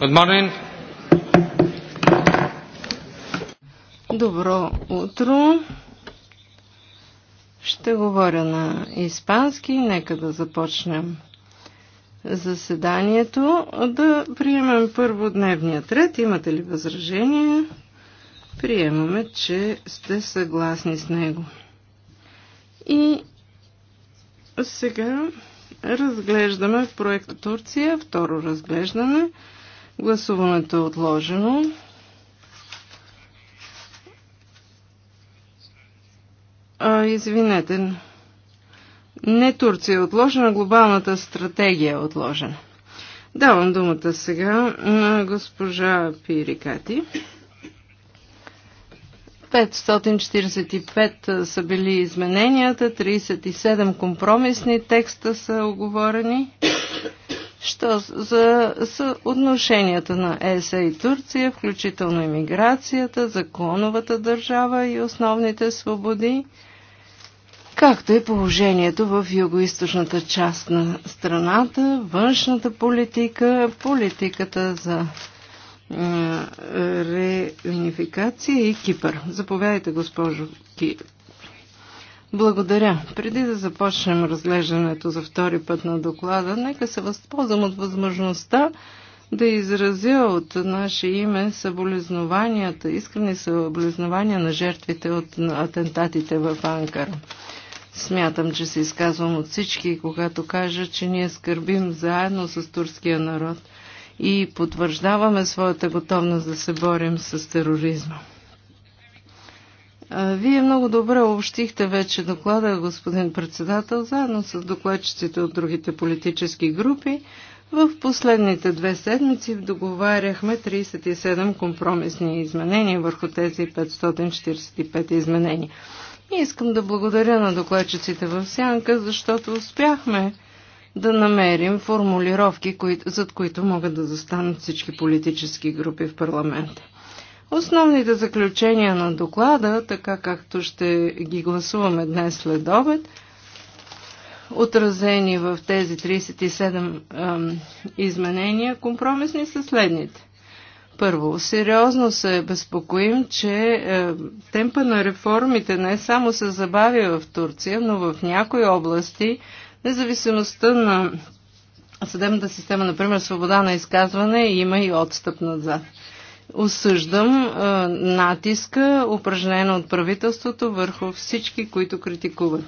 Good morning. Добро утро. Ще говоря на испански. Нека да започнем заседанието. Да приемем първо дневния ред. Имате ли възражения? Приемаме, че сте съгласни с него. И сега разглеждаме проекта Турция, второ разглеждане – Гласуването е отложено. А, извинете. Не Турция е отложена, глобалната стратегия е отложена. Давам думата сега на госпожа Пирикати. 545 са били измененията, 37 компромисни текста са оговорени що за отношенията на ЕСА и Турция, включително иммиграцията, законовата държава и основните свободи, както и положението в югоисточната част на страната, външната политика, политиката за е, реунификация и Кипър. Заповядайте, госпожо благодаря. Преди да започнем разглеждането за втори път на доклада, нека се възползвам от възможността да изразя от наше име съболезнованията, искрени съболезнования на жертвите от атентатите в Анкара. Смятам, че се изказвам от всички, когато кажа, че ние скърбим заедно с турския народ и потвърждаваме своята готовност да се борим с тероризма. Вие много добре общихте вече доклада, господин председател, заедно с докладчиците от другите политически групи. В последните две седмици договаряхме 37 компромисни изменения върху тези 545 изменения. И искам да благодаря на докладчиците в Сянка, защото успяхме да намерим формулировки, зад които могат да застанат всички политически групи в парламента. Основните заключения на доклада, така както ще ги гласуваме днес след обед, отразени в тези 37 изменения, компромисни са следните. Първо, сериозно се безпокоим, че е, темпа на реформите не само се забави в Турция, но в някои области независимостта на съдебната система, например свобода на изказване, има и отстъп назад осъждам а, натиска, упражнена от правителството върху всички, които критикуват.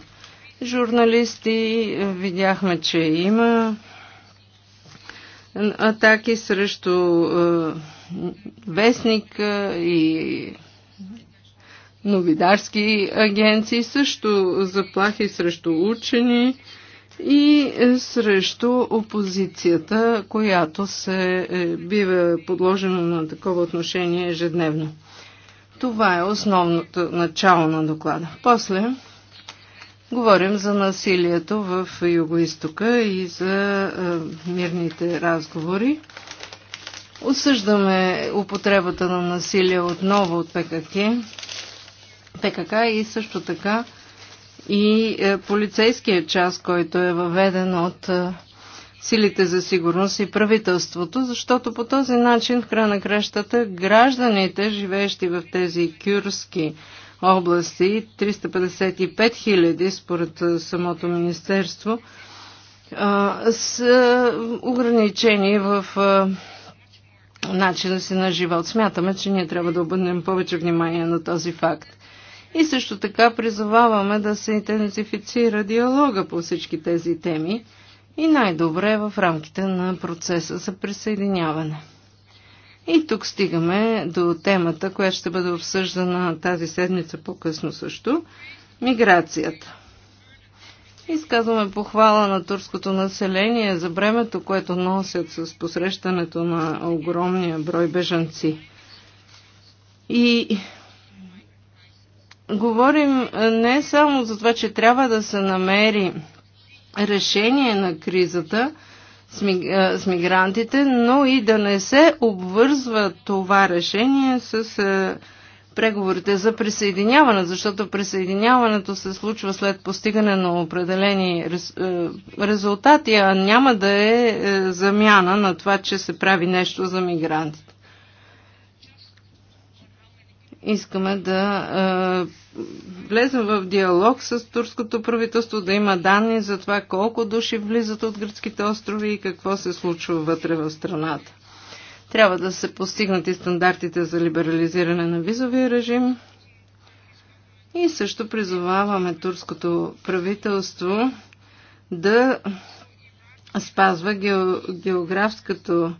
Журналисти видяхме, че има атаки срещу а, вестник а, и новидарски агенции, също заплахи срещу учени. А, и срещу опозицията, която се е, бива подложена на такова отношение ежедневно. Това е основното начало на доклада. После говорим за насилието в Юго-Истока и за е, мирните разговори. Осъждаме употребата на насилие отново от ПКК, ПКК и също така и е, полицейския част, който е въведен от е, силите за сигурност и правителството, защото по този начин в края на кращата гражданите, живеещи в тези кюрски области, 355 000 според е, самото министерство, са ограничени в начина си на живот. Смятаме, че ние трябва да обърнем повече внимание на този факт. И също така призоваваме да се интензифицира диалога по всички тези теми и най-добре в рамките на процеса за присъединяване. И тук стигаме до темата, която ще бъде обсъждана тази седмица по-късно също – миграцията. Изказваме похвала на турското население за бремето, което носят с посрещането на огромния брой бежанци. И говорим е, не само за това, че трябва да се намери решение на кризата с, ми, е, с мигрантите, но и да не се обвързва това решение с е, преговорите за присъединяване, защото присъединяването се случва след постигане на определени рез, е, резултати, а няма да е, е замяна на това, че се прави нещо за мигрантите. Искаме да е, влезем в диалог с турското правителство, да има данни за това колко души влизат от гръцките острови и какво се случва вътре в страната. Трябва да се постигнат и стандартите за либерализиране на визовия режим. И също призоваваме турското правителство да спазва географското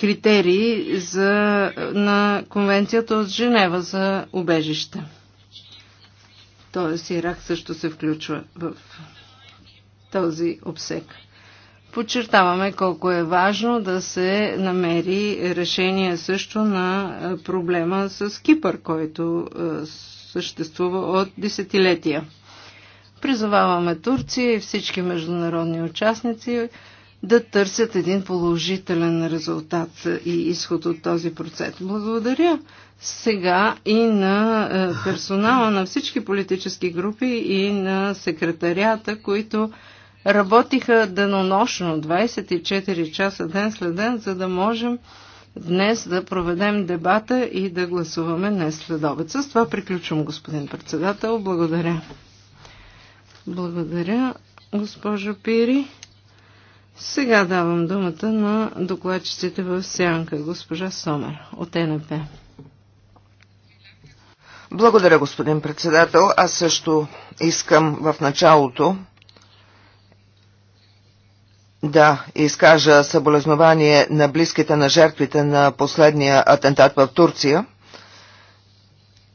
критерии за, на конвенцията от Женева за убежище. Тоест Ирак също се включва в този обсек. Подчертаваме колко е важно да се намери решение също на проблема с Кипър, който съществува от десетилетия. Призоваваме Турция и всички международни участници да търсят един положителен резултат и изход от този процес. Благодаря сега и на е, персонала на всички политически групи и на секретарията, които работиха денонощно, 24 часа ден след ден, за да можем днес да проведем дебата и да гласуваме днес след обед. С това приключвам, господин председател. Благодаря. Благодаря, госпожо Пири. Сега давам думата на докладчиците в Сянка, госпожа Сомер от НП. Благодаря, господин председател. Аз също искам в началото да изкажа съболезнование на близките на жертвите на последния атентат в Турция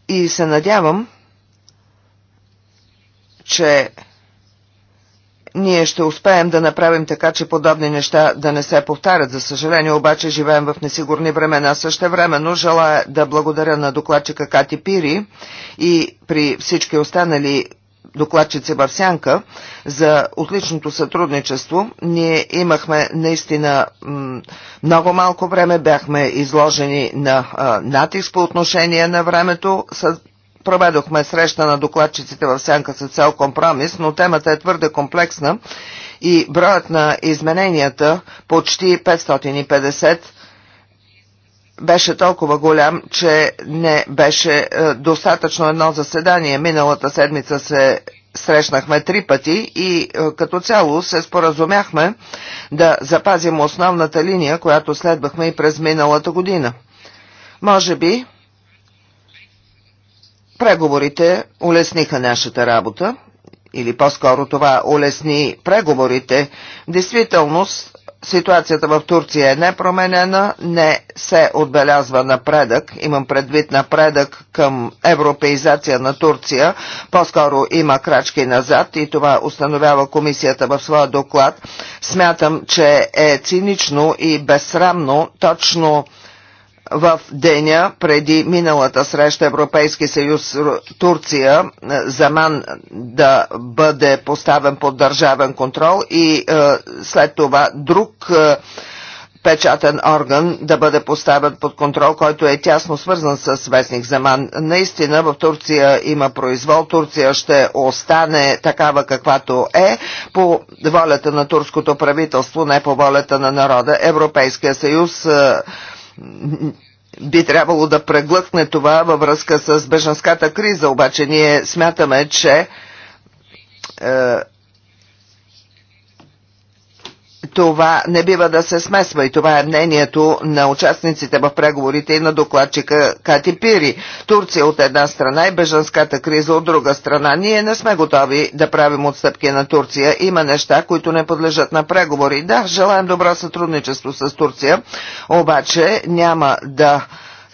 и се надявам, че ние ще успеем да направим така, че подобни неща да не се повтарят. За съжаление обаче живеем в несигурни времена. Също времено желая да благодаря на докладчика Кати Пири и при всички останали докладчици в Сянка за отличното сътрудничество. Ние имахме наистина много малко време, бяхме изложени на натиск по отношение на времето проведохме среща на докладчиците в сянка с цел компромис, но темата е твърде комплексна и броят на измененията, почти 550, беше толкова голям, че не беше е, достатъчно едно заседание. Миналата седмица се срещнахме три пъти и е, като цяло се споразумяхме да запазим основната линия, която следвахме и през миналата година. Може би Преговорите улесниха нашата работа, или по-скоро това улесни преговорите. В действителност ситуацията в Турция е непроменена, не се отбелязва напредък, имам предвид напредък към европеизация на Турция, по-скоро има крачки назад и това установява комисията в своя доклад. Смятам, че е цинично и безсрамно точно в деня преди миналата среща Европейски съюз Турция е, за мен да бъде поставен под държавен контрол и е, след това друг е, печатен орган да бъде поставен под контрол, който е тясно свързан с вестник Заман. Наистина в Турция има произвол, Турция ще остане такава каквато е, по волята на турското правителство, не по волята на народа. Европейския съюз би трябвало да преглъкне това във връзка с беженската криза, обаче ние смятаме, че е, това не бива да се смесва и това е мнението на участниците в преговорите и на докладчика Кати Пири. Турция от една страна и бежанската криза от друга страна. Ние не сме готови да правим отстъпки на Турция. Има неща, които не подлежат на преговори. Да, желаем добро сътрудничество с Турция, обаче няма да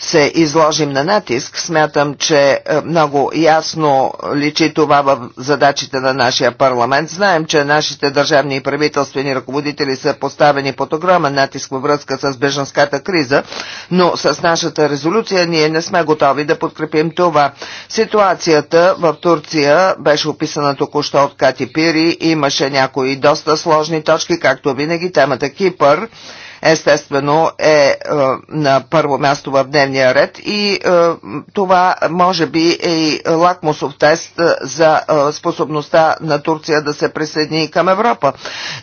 се изложим на натиск. Смятам, че е, много ясно личи това в задачите на нашия парламент. Знаем, че нашите държавни и правителствени ръководители са поставени под огромен натиск във връзка с беженската криза, но с нашата резолюция ние не сме готови да подкрепим това. Ситуацията в Турция беше описана току-що от Кати Пири. Имаше някои доста сложни точки, както винаги темата Кипър естествено е, е на първо място в дневния ред и е, това може би е и лакмусов тест е, за способността на Турция да се присъедини към Европа.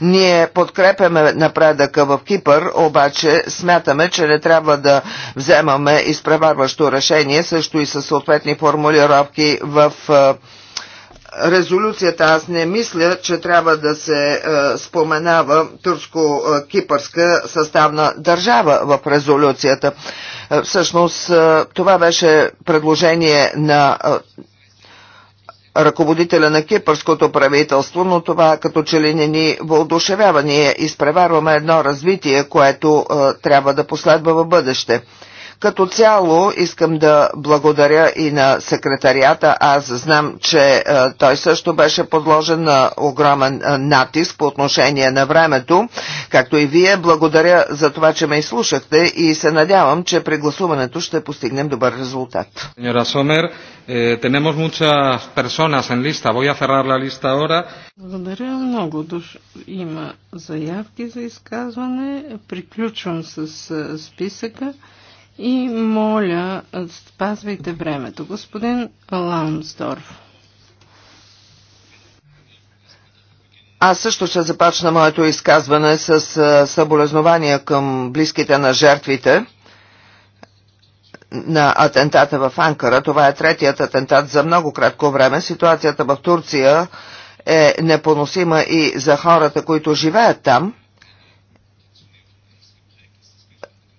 Ние подкрепяме напредъка в Кипър, обаче смятаме, че не трябва да вземаме изпреварващо решение, също и със съответни формулировки в резолюцията аз не мисля, че трябва да се е, споменава турско-кипърска съставна държава в резолюцията. Е, всъщност е, това беше предложение на е, ръководителя на кипърското правителство, но това като че ли не ни въодушевява. Ние изпреварваме едно развитие, което е, трябва да последва в бъдеще. Като цяло искам да благодаря и на секретарията. Аз знам, че е, той също беше подложен на огромен е, натиск по отношение на времето, както и вие. Благодаря за това, че ме изслушахте и се надявам, че при гласуването ще постигнем добър резултат. Е, благодаря много. Има заявки за изказване. Приключвам с списъка. И моля, спазвайте времето. Господин Лаунсдорф. Аз също ще започна моето изказване с съболезнования към близките на жертвите на атентата в Анкара. Това е третият атентат за много кратко време. Ситуацията в Турция е непоносима и за хората, които живеят там –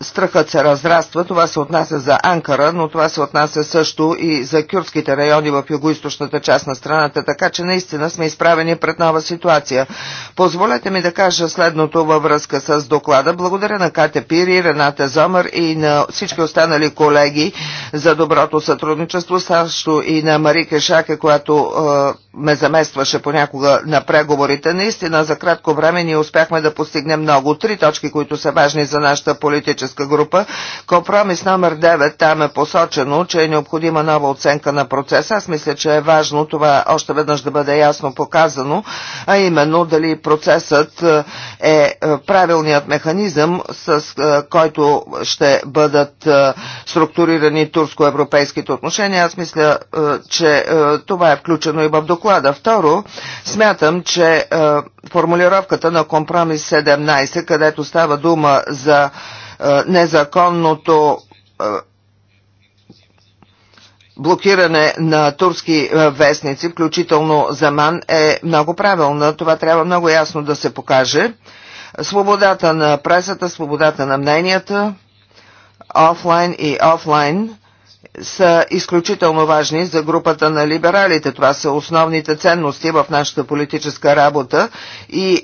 Страхът се разраства, това се отнася за Анкара, но това се отнася също и за кюрдските райони в югоисточната част на страната, така че наистина сме изправени пред нова ситуация. Позволете ми да кажа следното във връзка с доклада. Благодаря на Кате Пири, Рената Зомър и на всички останали колеги за доброто сътрудничество, също и на Марике Шаке, която е, ме заместваше понякога на преговорите. Наистина за кратко време ние успяхме да постигнем много. Три точки, които са важни за нашата политическа политическа група. Компромис номер 9, там е посочено, че е необходима нова оценка на процеса. Аз мисля, че е важно това още веднъж да бъде ясно показано, а именно дали процесът е, е правилният механизъм, с е, който ще бъдат е, структурирани турско-европейските отношения. Аз мисля, че това е включено и в доклада. Второ, смятам, че формулировката на компромис 17, където става дума за е, незаконното е, блокиране на турски е, вестници, включително Заман, е много правилна. Това трябва много ясно да се покаже. Свободата на пресата, свободата на мненията, офлайн и офлайн – са изключително важни за групата на либералите. Това са основните ценности в нашата политическа работа и е,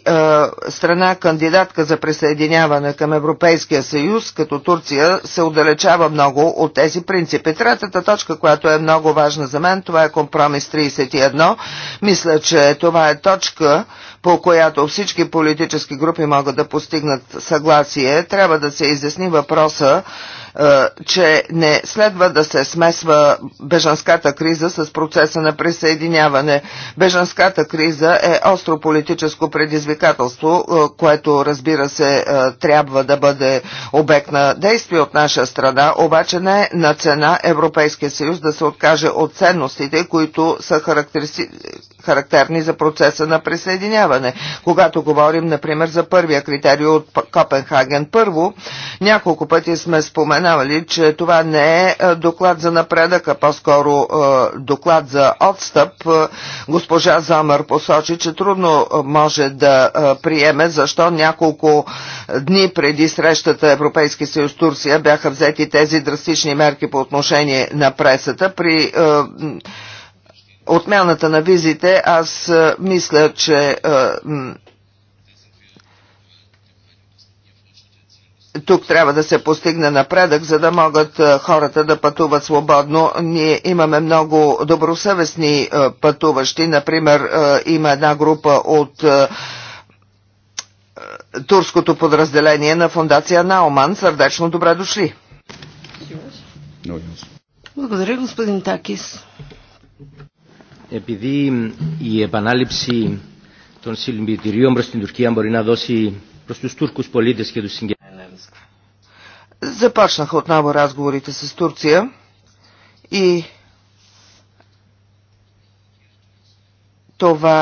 страна кандидатка за присъединяване към Европейския съюз, като Турция, се отдалечава много от тези принципи. Третата точка, която е много важна за мен, това е компромис 31. Мисля, че това е точка, по която всички политически групи могат да постигнат съгласие, трябва да се изясни въпроса, е, че не следва да се смесва бежанската криза с процеса на присъединяване. Бежанската криза е остро политическо предизвикателство, е, което разбира се е, трябва да бъде обект на действие от наша страна, обаче не на цена Европейския съюз да се откаже от ценностите, които са характеристични характерни за процеса на присъединяване. Когато говорим, например, за първия критерий от Копенхаген първо, няколко пъти сме споменавали, че това не е, е доклад за напредък, а по-скоро е, доклад за отстъп. Е, госпожа Замър посочи, че трудно може да приеме защо няколко дни преди срещата Европейски съюз Турция бяха взети тези драстични мерки по отношение на пресата при отмяната на визите, аз е, мисля, че е, тук трябва да се постигне напредък, за да могат е, хората да пътуват свободно. Ние имаме много добросъвестни пътуващи. Например, има една група от турското подразделение на фундация Наоман. Сърдечно добре дошли! Благодаря, господин Такис επειδή η επανάληψη των συλληπιτηρίων προς την Τουρκία μπορεί να δώσει προς τους Τούρκους πολίτες και τους συγγενείς. Започнах отново разговорите с Турция и това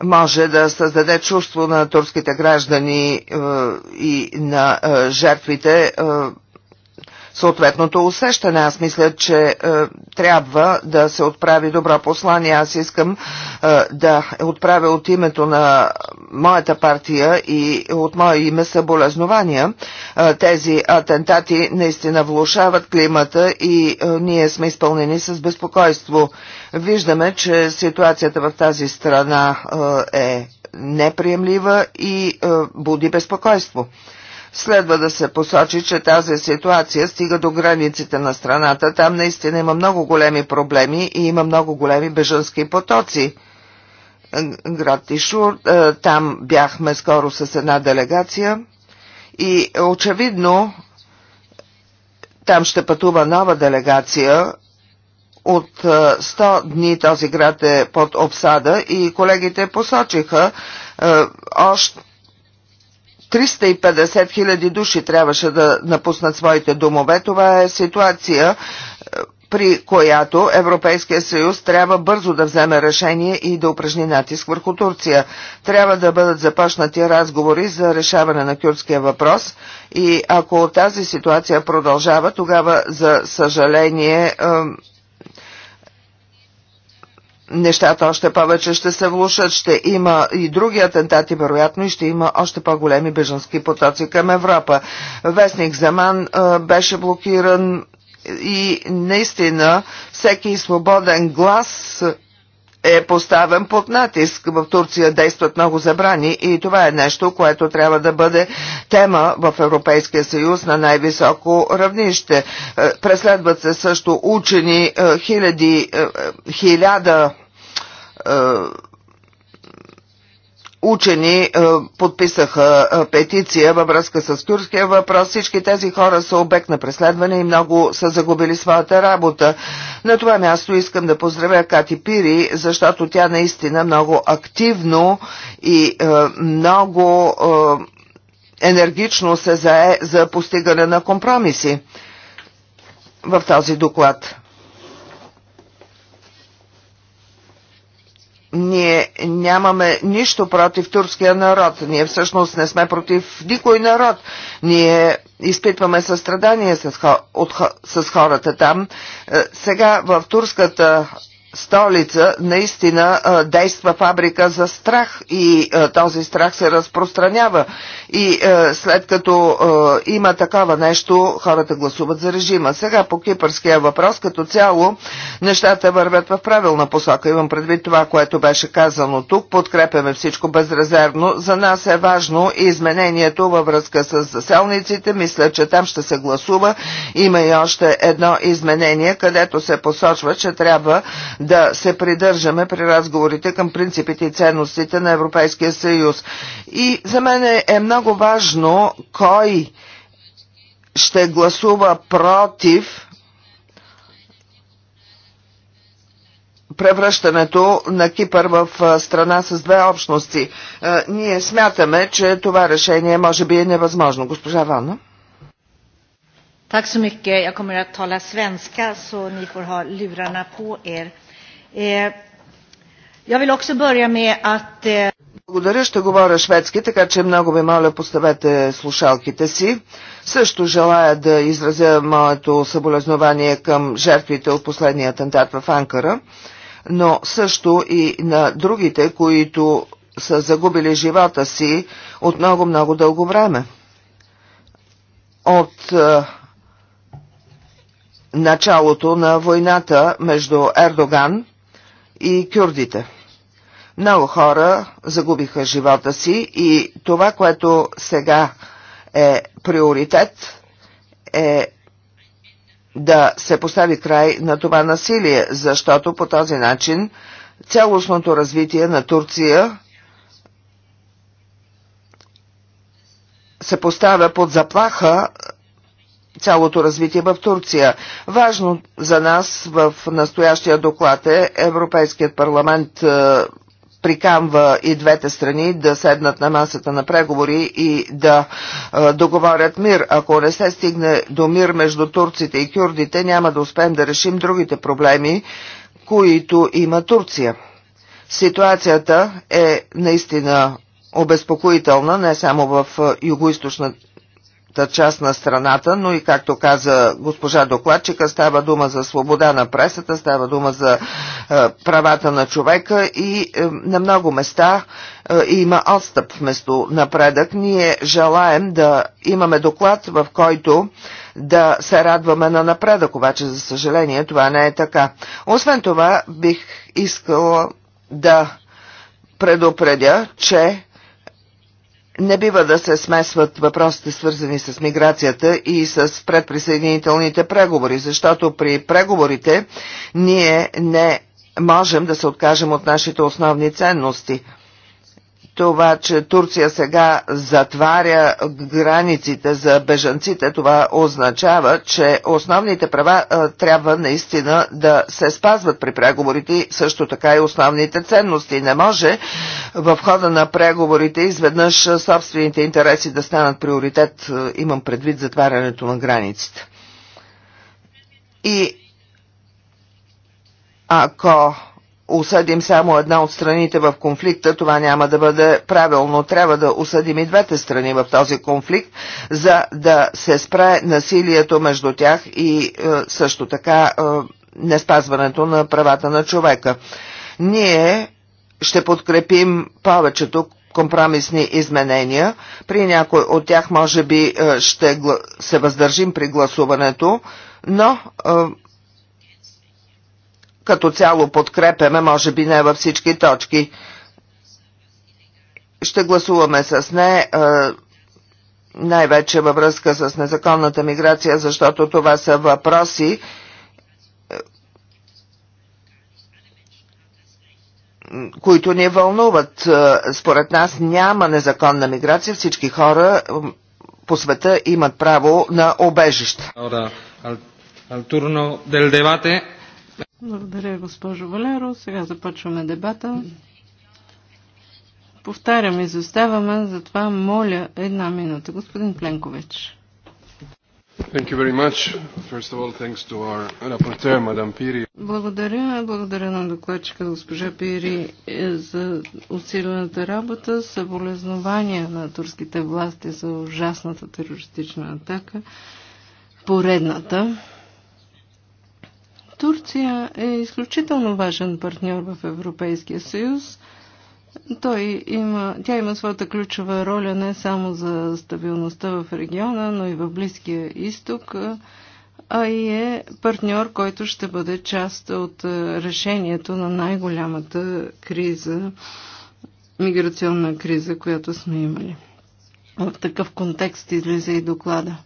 може да създаде чувство на турските граждани и на жертвите съответното усещане. Аз мисля, че е, трябва да се отправи добро послание. Аз искам е, да отправя от името на моята партия и от мое име съболезнования. Е, тези атентати наистина влушават климата и е, ние сме изпълнени с безпокойство. Виждаме, че ситуацията в тази страна е, е неприемлива и е, буди безпокойство. Следва да се посочи, че тази ситуация стига до границите на страната. Там наистина има много големи проблеми и има много големи бежански потоци. Град Тишур, е, там бяхме скоро с една делегация и очевидно там ще пътува нова делегация. От 100 е, дни този град е под обсада и колегите посочиха е, още 350 хиляди души трябваше да напуснат своите домове. Това е ситуация, е, при която Европейския съюз трябва бързо да вземе решение и да упражни натиск върху Турция. Трябва да бъдат започнати разговори за решаване на кюрдския въпрос и ако тази ситуация продължава, тогава, за съжаление, е, нещата още повече ще се влушат, ще има и други атентати, вероятно, и ще има още по-големи бежански потоци към Европа. Вестник Заман беше блокиран и наистина всеки свободен глас е поставен под натиск. В Турция действат много забрани и това е нещо, което трябва да бъде тема в Европейския съюз на най-високо равнище. Е, преследват се също учени е, хиляди, е, хиляда учени е, подписаха е, петиция във връзка с турския въпрос. Всички тези хора са обект на преследване и много са загубили своята работа. На това място искам да поздравя Кати Пири, защото тя наистина много активно и е, много енергично се зае за постигане на компромиси в този доклад. ние нямаме нищо против турския народ. Ние всъщност не сме против никой народ. Ние изпитваме състрадание с, хората там. Е, сега в турската столица наистина действа фабрика за страх и този страх се разпространява. И след като има такова нещо, хората гласуват за режима. Сега по кипърския въпрос като цяло нещата вървят в правилна посока. Имам предвид това, което беше казано тук. Подкрепяме всичко безрезервно. За нас е важно изменението във връзка с заселниците. Мисля, че там ще се гласува. Има и още едно изменение, където се посочва, че трябва да се придържаме при разговорите към принципите и ценностите на Европейския съюз. И за мен е много важно кой ще гласува против превръщането на Кипър в страна с две общности. Ние смятаме, че това решение може би е невъзможно. Госпожа Ванна. Tack så mycket. Jag kommer att tala svenska så ni får ha lurarna på er. Eh, jag vill också börja med att... Eh, Благодаря, ще говоря шведски, така че много ви моля поставете слушалките си. Също желая да изразя моето съболезнование към жертвите от последния атентат в Анкара, но също и на другите, които са загубили живота си от много-много дълго време. От е, началото на войната между Ердоган и кюрдите. Много хора загубиха живота си и това, което сега е приоритет, е да се постави край на това насилие, защото по този начин цялостното развитие на Турция се поставя под заплаха цялото развитие в Турция. Важно за нас в настоящия доклад е Европейският парламент прикамва е, приканва и двете страни да седнат на масата на преговори и да е, договорят мир. Ако не се стигне до мир между турците и кюрдите, няма да успеем да решим другите проблеми, които има Турция. Ситуацията е наистина обезпокоителна не само в е, югоизточната част на страната, но и както каза госпожа докладчика, става дума за свобода на пресата, става дума за е, правата на човека и е, на много места е, има отстъп вместо напредък. Ние желаем да имаме доклад, в който да се радваме на напредък, обаче за съжаление това не е така. Освен това бих искала да предупредя, че не бива да се смесват въпросите свързани с миграцията и с предприсъединителните преговори, защото при преговорите ние не можем да се откажем от нашите основни ценности – това, че Турция сега затваря границите за бежанците, това означава, че основните права а, трябва наистина да се спазват при преговорите, също така и основните ценности. Не може в хода на преговорите изведнъж собствените интереси да станат приоритет, имам предвид затварянето на границите. И ако осъдим само една от страните в конфликта, това няма да бъде правилно. Трябва да осъдим и двете страни в този конфликт, за да се спре насилието между тях и е, също така е, не спазването на правата на човека. Ние ще подкрепим повечето компромисни изменения. При някой от тях може би е, ще се въздържим при гласуването, но е, като цяло подкрепяме, може би не във всички точки. Ще гласуваме с не е, най-вече във връзка с незаконната миграция, защото това са въпроси, е, които ни вълнуват. Е, според нас няма незаконна миграция. Всички хора по света имат право на обежище. al turno del debate. Благодаря, госпожо Валеро. Сега започваме дебата. Повтарям, изоставаме, затова моля една минута. Господин Пленкович. All, благодаря, благодаря на докладчика госпожа Пири е, за усилената работа, съболезнования на турските власти за ужасната терористична атака, поредната. Турция е изключително важен партньор в Европейския съюз. Той има, тя има своята ключова роля не само за стабилността в региона, но и в Близкия изток, а и е партньор, който ще бъде част от е, решението на най-голямата криза, миграционна криза, която сме имали. В такъв контекст излиза и доклада.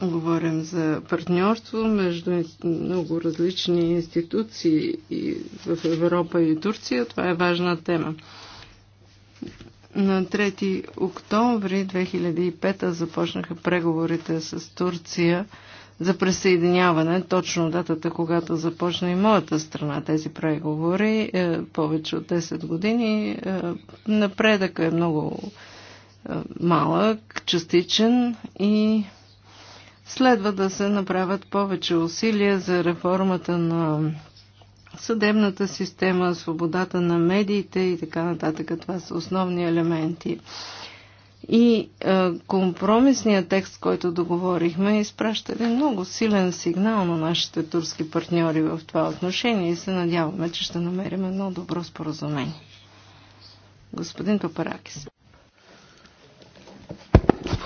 Говорим за партньорство между много различни институции и в Европа и Турция. Това е важна тема. На 3 октомври 2005 започнаха преговорите с Турция за присъединяване, точно датата, когато започна и моята страна тези преговори, е, повече от 10 години. Е, напредъка е много е, малък, частичен и Следва да се направят повече усилия за реформата на съдебната система, свободата на медиите и така нататък. Това са основни елементи. И е, компромисният текст, който договорихме, изпраща един много силен сигнал на нашите турски партньори в това отношение и се надяваме, че ще намерим едно добро споразумение. Господин Папаракис.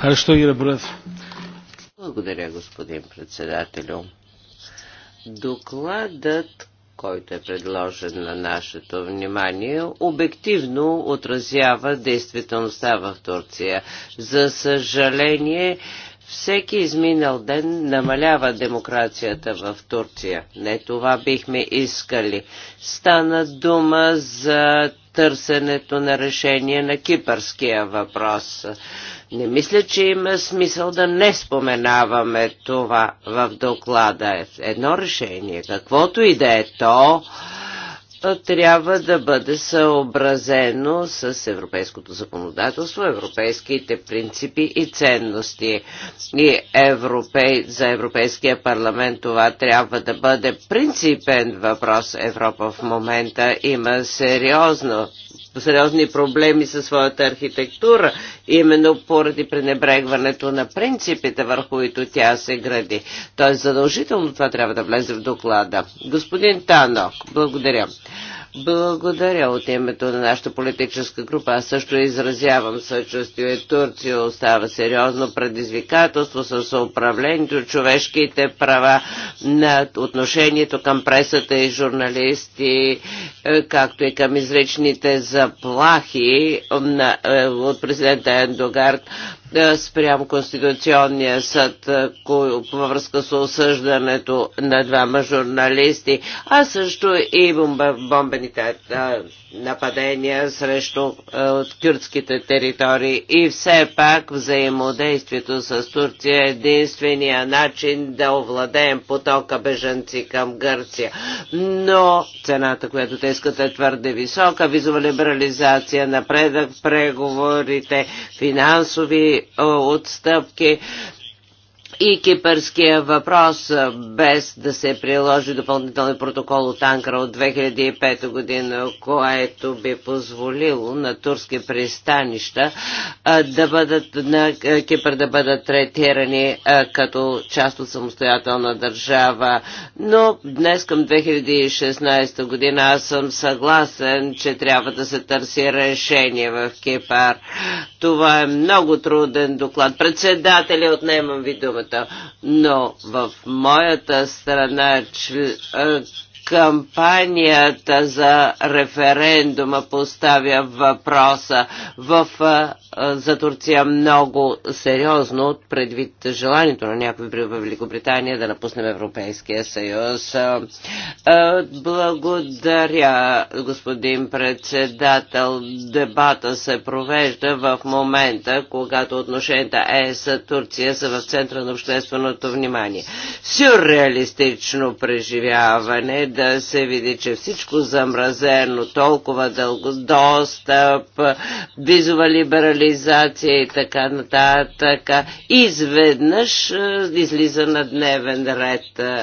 Хорошо, Ира Брат. Благодаря, господин председателю. Докладът, който е предложен на нашето внимание, обективно отразява действителността в Турция. За съжаление, всеки изминал ден намалява демокрацията в Турция. Не това бихме искали. Стана дума за търсенето на решение на кипърския въпрос. Не мисля, че има смисъл да не споменаваме това в доклада. Едно решение, каквото и да е то, трябва да бъде съобразено с европейското законодателство, европейските принципи и ценности. И европей, за Европейския парламент това трябва да бъде принципен въпрос. Европа в момента има сериозно сериозни проблеми със своята архитектура, именно поради пренебрегването на принципите, върху които тя се гради. Тоест задължително това трябва да влезе в доклада. Господин Танок, благодаря. Благодаря от името на нашата политическа група. Аз също изразявам съчувствие. Турция остава сериозно предизвикателство с управлението, човешките права на отношението към пресата и журналисти, е, както и към изричните заплахи е, от президента Ендогард е, спрямо Конституционния съд е, във връзка с осъждането на двама журналисти, а също и бомбените нападения срещу е, кюрдските територии. И все пак взаимодействието с Турция е единствения начин да овладеем потока бежанци към Гърция. Но цената, която те искат е твърде висока, визова либерализация, напредък, преговорите, финансови е, отстъпки, и кипърския въпрос, без да се приложи допълнителен протокол от Анкара от 2005 година, което би позволило на турски пристанища да бъдат, на Кипър да бъдат третирани като част от самостоятелна държава. Но днес към 2016 година аз съм съгласен, че трябва да се търси решение в Кипър. Това е много труден доклад. Председателя, отнемам ви думата. Но в моята страна чл кампанията за референдума поставя въпроса в, за Турция много сериозно, предвид желанието на някой в Великобритания да напуснем Европейския съюз. Благодаря, господин председател. Дебата се провежда в момента, когато отношенията ЕС Турция са в центъра на общественото внимание. Сюрреалистично преживяване, да да се види, че всичко замразено, толкова дълго достъп, визова либерализация и така нататък, изведнъж е, излиза на дневен ред.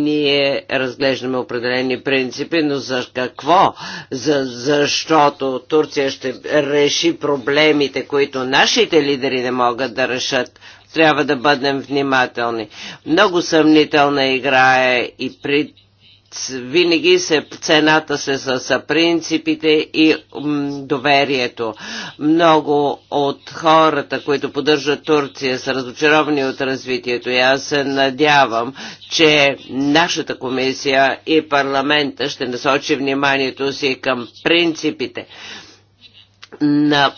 Ние разглеждаме определени принципи, но за какво? За, защото Турция ще реши проблемите, които нашите лидери не могат да решат трябва да бъдем внимателни. Много съмнителна игра е и при винаги се, цената се са, са принципите и м, доверието. Много от хората, които поддържат Турция, са разочаровани от развитието и аз се надявам, че нашата комисия и парламента ще насочи вниманието си към принципите на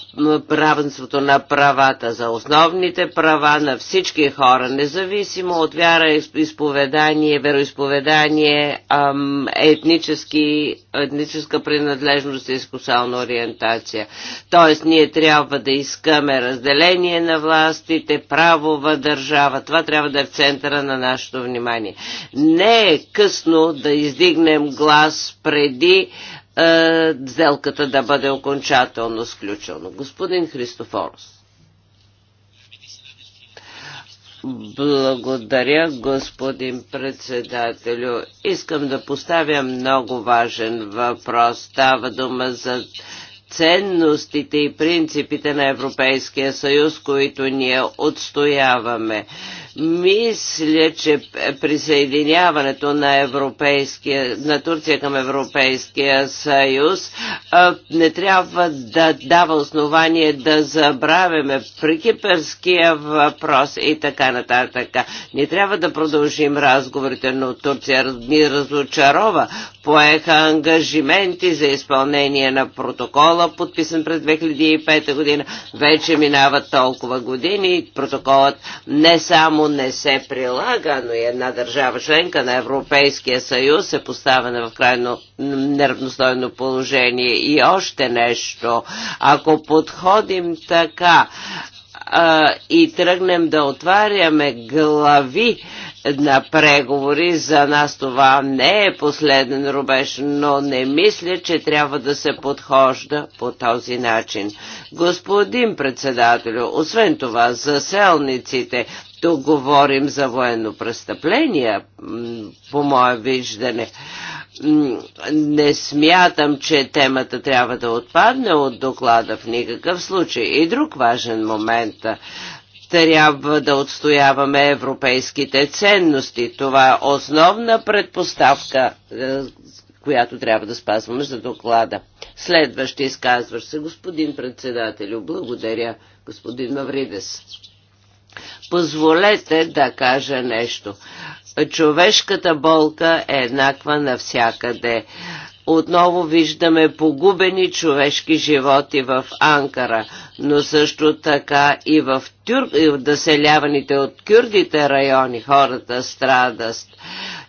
равенството на правата, за основните права на всички хора, независимо от вяра, изповедание, вероисповедание, етнически, етническа принадлежност и сексуална ориентация. Тоест, ние трябва да искаме разделение на властите, правова държава. Това трябва да е в центъра на нашето внимание. Не е късно да издигнем глас преди е, сделката да бъде окончателно сключена. Господин Христофорос. Благодаря, господин председателю. Искам да поставя много важен въпрос. Става дума за ценностите и принципите на Европейския съюз, които ние отстояваме. Мисля, че присъединяването на, Европейския, на Турция към Европейския съюз не трябва да дава основание да забравяме прикиперския въпрос и така нататък. Не трябва да продължим разговорите, но Турция ни разочарова. Поеха ангажименти за изпълнение на протокола, подписан през 2005 година. Вече минават толкова години. Протоколът не само му не се прилага, но и една държава членка на Европейския съюз е поставена в крайно неравностойно положение. И още нещо, ако подходим така а, и тръгнем да отваряме глави, на преговори. За нас това не е последен рубеж, но не мисля, че трябва да се подхожда по този начин. Господин председателю, освен това, за селниците тук говорим за военно престъпление, по мое виждане. Не смятам, че темата трябва да отпадне от доклада в никакъв случай. И друг важен момент трябва да отстояваме европейските ценности. Това е основна предпоставка, е, която трябва да спазваме за доклада. Следващи изказваш се, господин председателю. Благодаря, господин Мавридес. Позволете да кажа нещо. Човешката болка е еднаква навсякъде. Отново виждаме погубени човешки животи в Анкара, но също така и в, тюр... и в доселяваните от кюрдите райони хората страдат.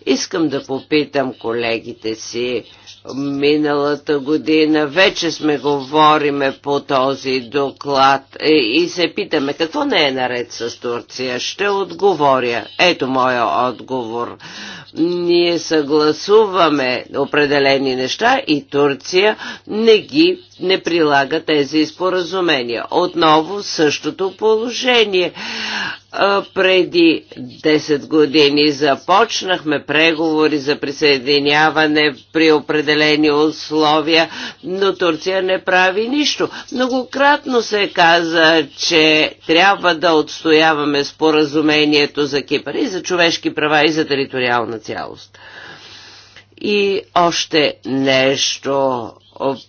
Искам да попитам колегите си. Миналата година вече сме говориме по този доклад и се питаме какво не е наред с Турция. Ще отговоря. Ето моя отговор. Ние съгласуваме определени неща и Турция не ги не прилага тези споразумения. Отново същото положение. Преди 10 години започнахме преговори за присъединяване при определени условия, но Турция не прави нищо. Многократно се каза, че трябва да отстояваме споразумението за Кипър и за човешки права и за териториална цялост. И още нещо.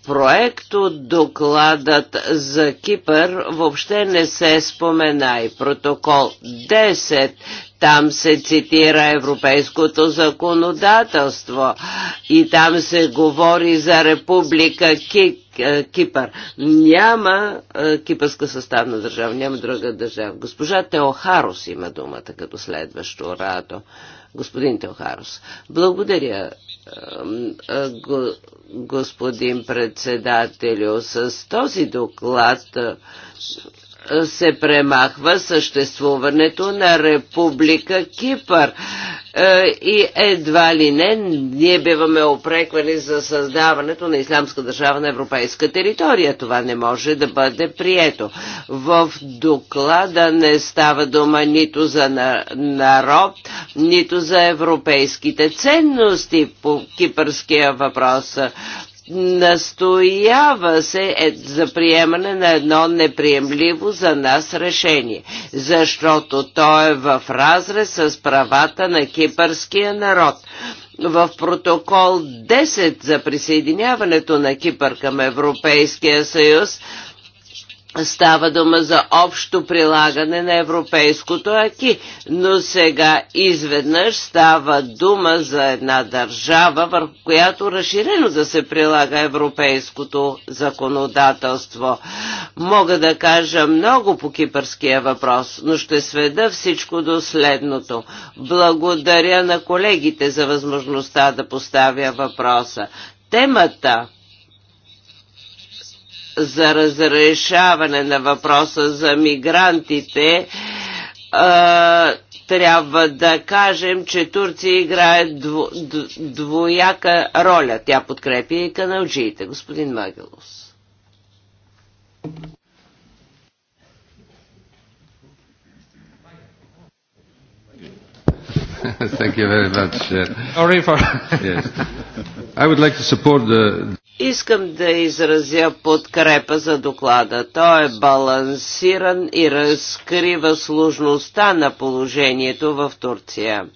Проекто докладът за Кипър въобще не се спомена и протокол 10 там се цитира европейското законодателство и там се говори за Република Ки, е, Кипър. Няма е, кипърска съставна държава, няма друга държава. Госпожа Теохарос има думата като следващо радо господин Теохарос. Благодаря, господин председателю. С този доклад се премахва съществуването на Република Кипър. Е, и едва ли не, ние биваме опреквани за създаването на Исламска държава на европейска територия. Това не може да бъде прието. В доклада не става дума нито за народ, нито за европейските ценности по кипърския въпрос. Настоява се е, за приемане на едно неприемливо за нас решение, защото то е в разрез с правата на кипърския народ. В протокол 10 за присъединяването на Кипър към Европейския съюз Става дума за общо прилагане на европейското аки, но сега изведнъж става дума за една държава, върху която разширено да се прилага европейското законодателство. Мога да кажа много по кипърския въпрос, но ще сведа всичко до следното. Благодаря на колегите за възможността да поставя въпроса. Темата за разрешаване на въпроса за мигрантите, трябва да кажем, че Турция играе дво, двояка роля. Тя подкрепи и каналджиите, господин Магелос. Thank you very much. Uh, Sorry for. yes. I would like to support the Искам да изразя подкрепа за доклада. Той е балансиран и разкрива сложността на положението в Турция.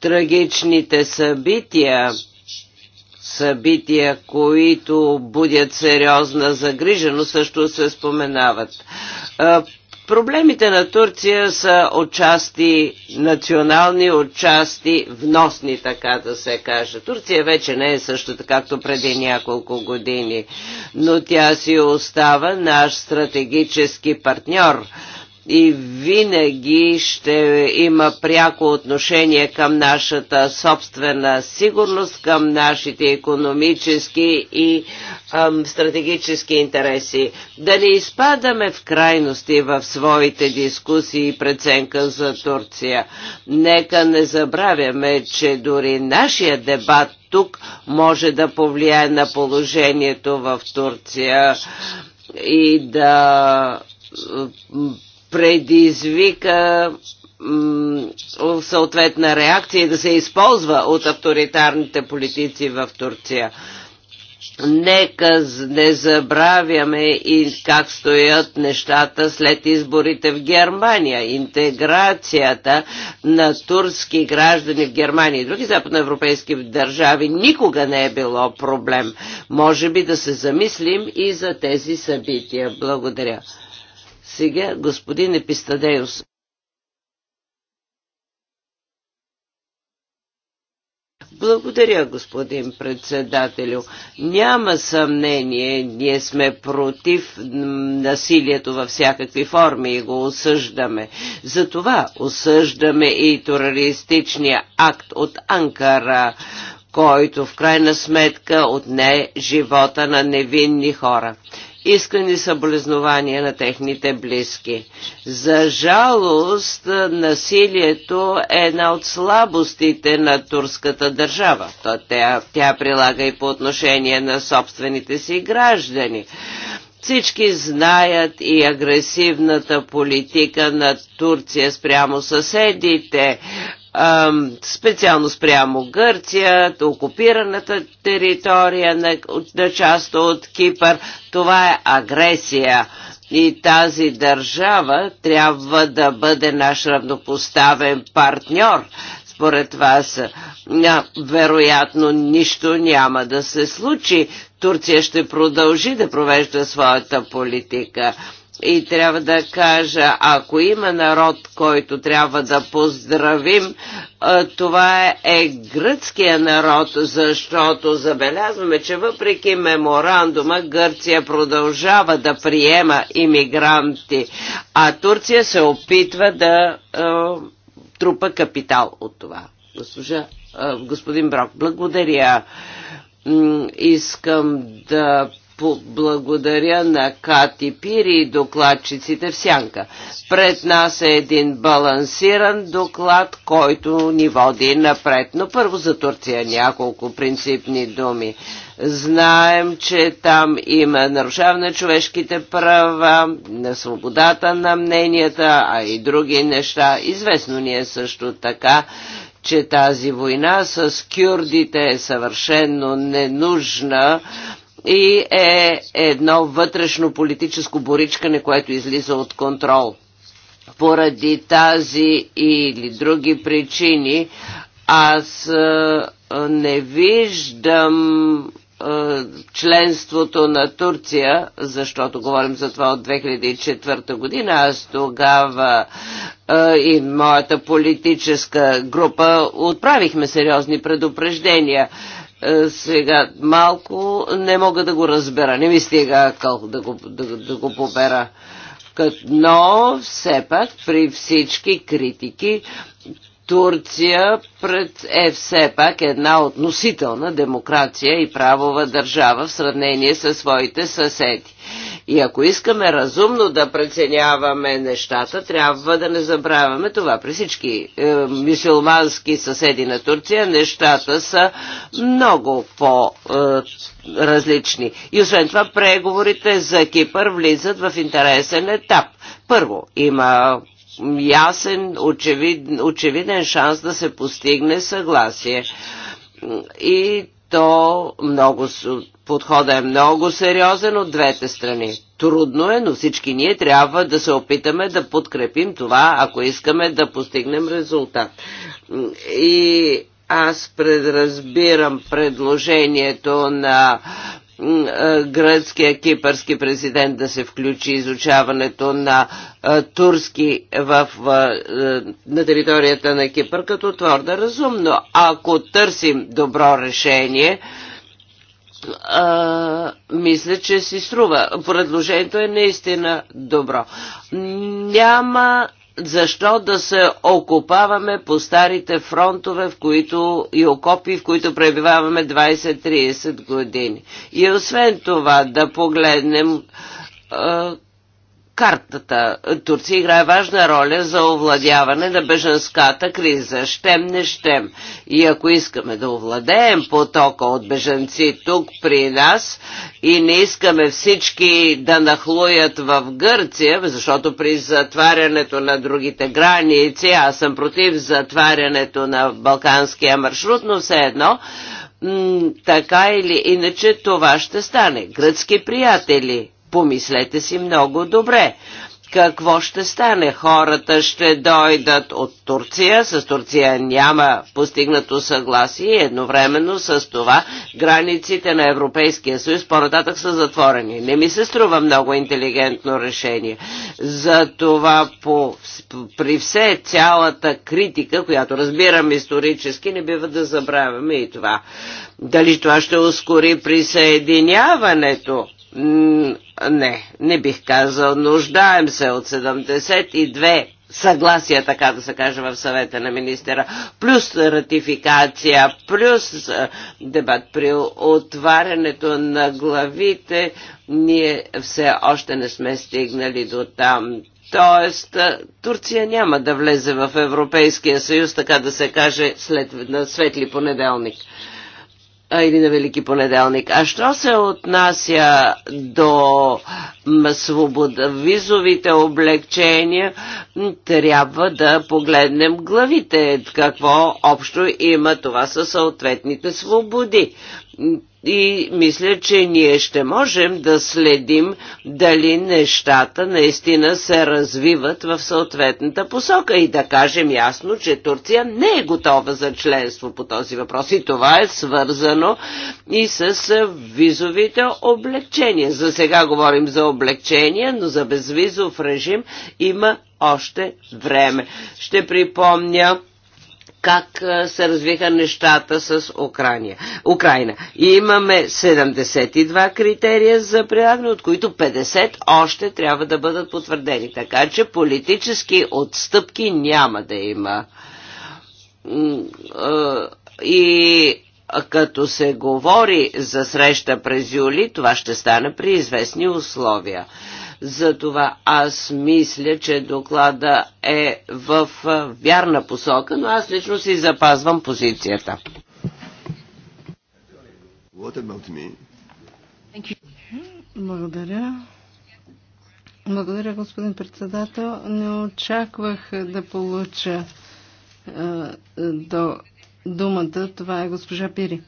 Трагичните събития, събития, които будят сериозна загриженост, също се споменават Проблемите на Турция са отчасти национални, отчасти вносни, така да се каже. Турция вече не е същата, както преди няколко години, но тя си остава наш стратегически партньор и винаги ще има пряко отношение към нашата собствена сигурност, към нашите економически и ам, стратегически интереси. Да не изпадаме в крайности в своите дискусии и преценка за Турция. Нека не забравяме, че дори нашия дебат тук може да повлияе на положението в Турция и да предизвика съответна реакция да се използва от авторитарните политици в Турция. Нека не забравяме и как стоят нещата след изборите в Германия. Интеграцията на турски граждани в Германия и други западноевропейски държави никога не е било проблем. Може би да се замислим и за тези събития. Благодаря. Сега господин Епистадеус. Благодаря, господин председателю. Няма съмнение, ние сме против насилието във всякакви форми и го осъждаме. Затова осъждаме и терористичния акт от Анкара, който в крайна сметка отне живота на невинни хора искрени съболезнования на техните близки. За жалост, насилието е една от слабостите на турската държава. То тя, тя прилага и по отношение на собствените си граждани. Всички знаят и агресивната политика на Турция спрямо съседите, специално спрямо Гърция, окупираната територия на, на част от Кипър. Това е агресия. И тази държава трябва да бъде наш равнопоставен партньор. Според вас, вероятно, нищо няма да се случи. Турция ще продължи да провежда своята политика и трябва да кажа, ако има народ, който трябва да поздравим, това е гръцкия народ, защото забелязваме, че въпреки меморандума Гърция продължава да приема иммигранти, а Турция се опитва да е, трупа капитал от това. Госпожа, е, господин Брок, благодаря искам да благодаря на Кати Пири и докладчиците в Сянка. Пред нас е един балансиран доклад, който ни води напред. Но първо за Турция няколко принципни думи. Знаем, че там има нарушаване на човешките права, на свободата на мненията, а и други неща. Известно ни е също така, че тази война с кюрдите е съвършенно ненужна и е едно вътрешно политическо боричкане, което излиза от контрол. Поради тази или други причини аз е, не виждам е, членството на Турция, защото говорим за това от 2004 година, аз тогава е, и моята политическа група отправихме сериозни предупреждения е, сега малко не мога да го разбера. Не ми стига колко да го, да, да го побера. Но все пак при всички критики Турция пред е все пак една относителна демокрация и правова държава в сравнение със своите съседи. И ако искаме разумно да преценяваме нещата, трябва да не забравяме това. При всички е, мюсюлмански съседи на Турция нещата са много по-различни. Е, и освен това, преговорите за Кипър влизат в интересен етап. Първо, има ясен, очевид, очевиден шанс да се постигне съгласие. И то много, подходът е много сериозен от двете страни. Трудно е, но всички ние трябва да се опитаме да подкрепим това, ако искаме да постигнем резултат. И аз предразбирам предложението на гръцкия кипърски президент да се включи изучаването на турски в, на територията на Кипър като твърда разумно. Ако търсим добро решение, а, мисля, че си струва. Предложението е наистина добро. Няма защо да се окупаваме по старите фронтове в които, и окопи, в които пребиваваме 20-30 години. И освен това да погледнем картата. Турция играе важна роля за овладяване на беженската криза. Щем не щем. И ако искаме да овладеем потока от беженци тук при нас и не искаме всички да нахлуят в Гърция, защото при затварянето на другите граници, аз съм против затварянето на балканския маршрут, но все едно, така или иначе това ще стане. Гръцки приятели, Помислете си много добре. Какво ще стане? Хората ще дойдат от Турция. С Турция няма постигнато съгласие. Едновременно с това границите на Европейския съюз по-нататък са затворени. Не ми се струва много интелигентно решение. Затова по, при все цялата критика, която разбирам исторически, не бива да забравяме и това. Дали това ще ускори присъединяването? не, не бих казал, нуждаем се от 72 съгласия, така да се каже, в съвета на министера, плюс ратификация, плюс дебат при отварянето на главите, ние все още не сме стигнали до там. Тоест, Турция няма да влезе в Европейския съюз, така да се каже, след на светли понеделник или на Велики понеделник. А що се отнася до свобода, визовите облегчения, трябва да погледнем главите, какво общо има това със съответните свободи и мисля, че ние ще можем да следим дали нещата наистина се развиват в съответната посока и да кажем ясно, че Турция не е готова за членство по този въпрос. И това е свързано и с визовите облегчения. За сега говорим за облегчения, но за безвизов режим има още време. Ще припомня как се развиха нещата с Украина. Украина. И имаме 72 критерия за прилагане, от които 50 още трябва да бъдат потвърдени. Така че политически отстъпки няма да има. И като се говори за среща през юли, това ще стане при известни условия. Затова аз мисля, че доклада е в вярна посока, но аз лично си запазвам позицията. Благодаря. Благодаря, господин председател. Не очаквах да получа е, до думата. Това е госпожа Пири.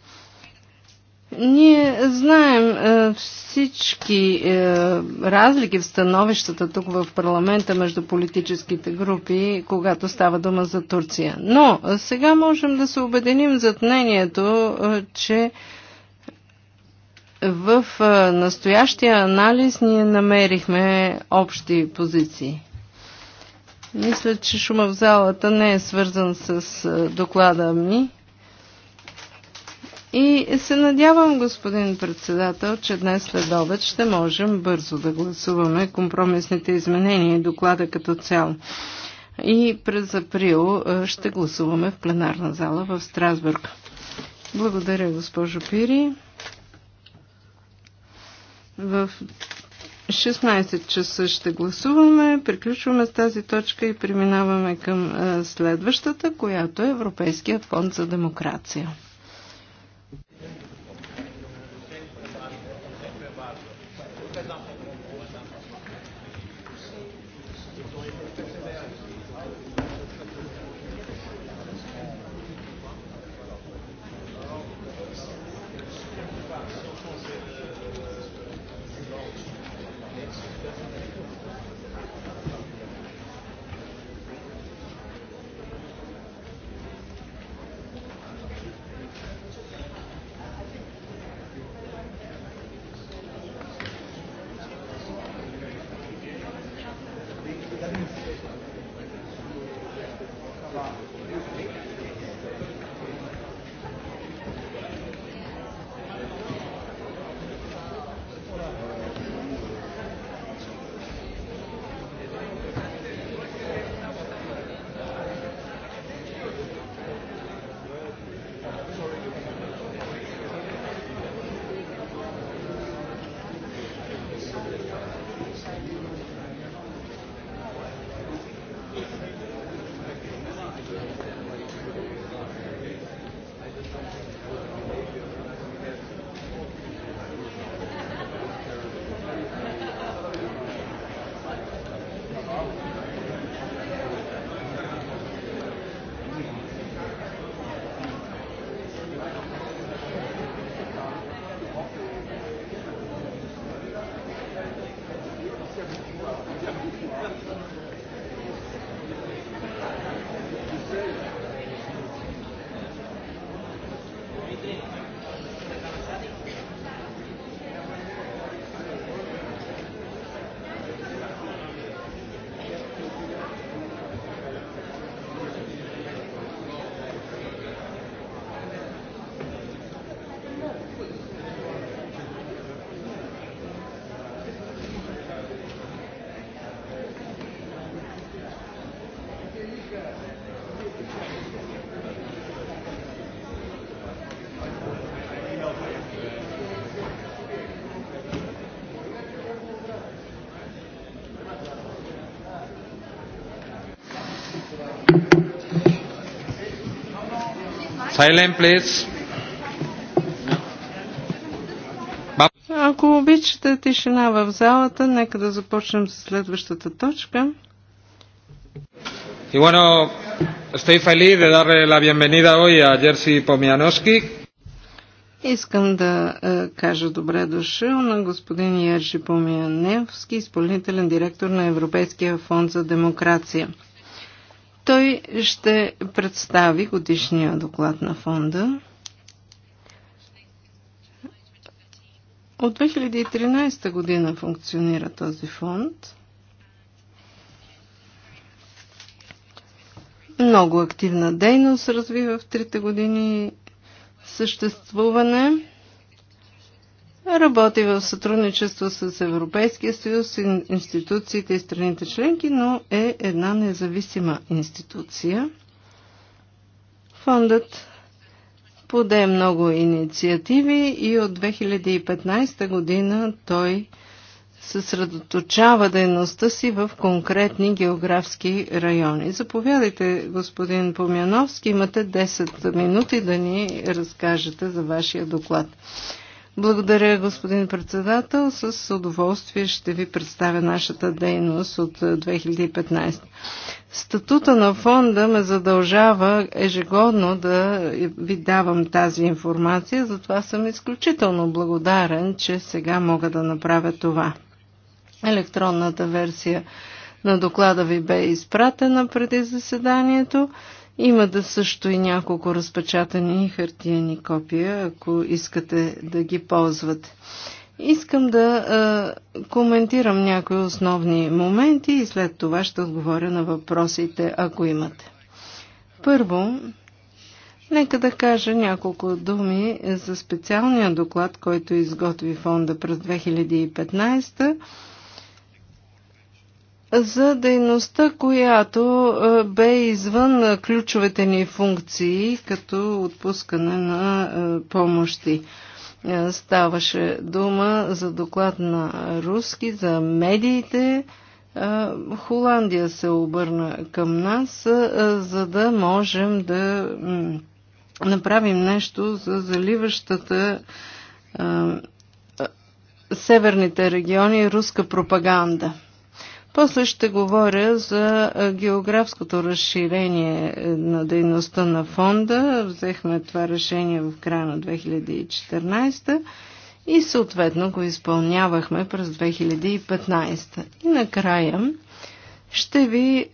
Ние знаем е, всички е, разлики в становищата тук в парламента между политическите групи, когато става дума за Турция. Но е, сега можем да се обединим зад мнението, че в настоящия анализ ние намерихме общи позиции. Мисля, че шума в залата не е свързан с доклада ми. И се надявам, господин председател, че днес след обед ще можем бързо да гласуваме компромисните изменения и доклада като цяло. И през април е, ще гласуваме в пленарна зала в Страсбург. Благодаря, госпожо Пири. В 16 часа ще гласуваме, приключваме с тази точка и преминаваме към е, следващата, която е Европейския фонд за демокрация. Silent, please. Ако обичате тишина в залата, нека да започнем с следващата точка. И bueno, estoy feliz de darle la bienvenida hoy a Jerzy Pomianowski. Искам да е, кажа добре дошъл на господин Ержи Помяневски, изпълнителен директор на Европейския фонд за демокрация. Той ще представи годишния доклад на фонда. От 2013 година функционира този фонд. Много активна дейност развива в трите години съществуване. Работи в сътрудничество с Европейския съюз, институциите и страните членки, но е една независима институция. Фондът поде много инициативи и от 2015 година той съсредоточава дейността си в конкретни географски райони. Заповядайте, господин Помяновски, имате 10 минути да ни разкажете за вашия доклад. Благодаря, господин председател. С удоволствие ще ви представя нашата дейност от 2015. Е, Статута на фонда ме задължава ежегодно да ви давам тази информация, затова съм изключително благодарен, че сега мога да направя това. Електронната версия на доклада ви бе изпратена преди заседанието. Има да също и няколко разпечатани хартияни копия, ако искате да ги ползвате. Искам да е, коментирам някои основни моменти и след това ще отговоря на въпросите, ако имате. Първо, нека да кажа няколко думи за специалния доклад, който изготви фонда през 2015 за дейността, която е, бе извън ключовете ни функции, като отпускане на е, помощи. Е, ставаше дума за доклад на руски, за медиите. Холандия се обърна към нас, за да можем да направим нещо за заливащата северните региони руска пропаганда. После ще говоря за географското разширение е, на дейността на фонда. Взехме това решение в края на 2014 и съответно го изпълнявахме през 2015. И накрая ще ви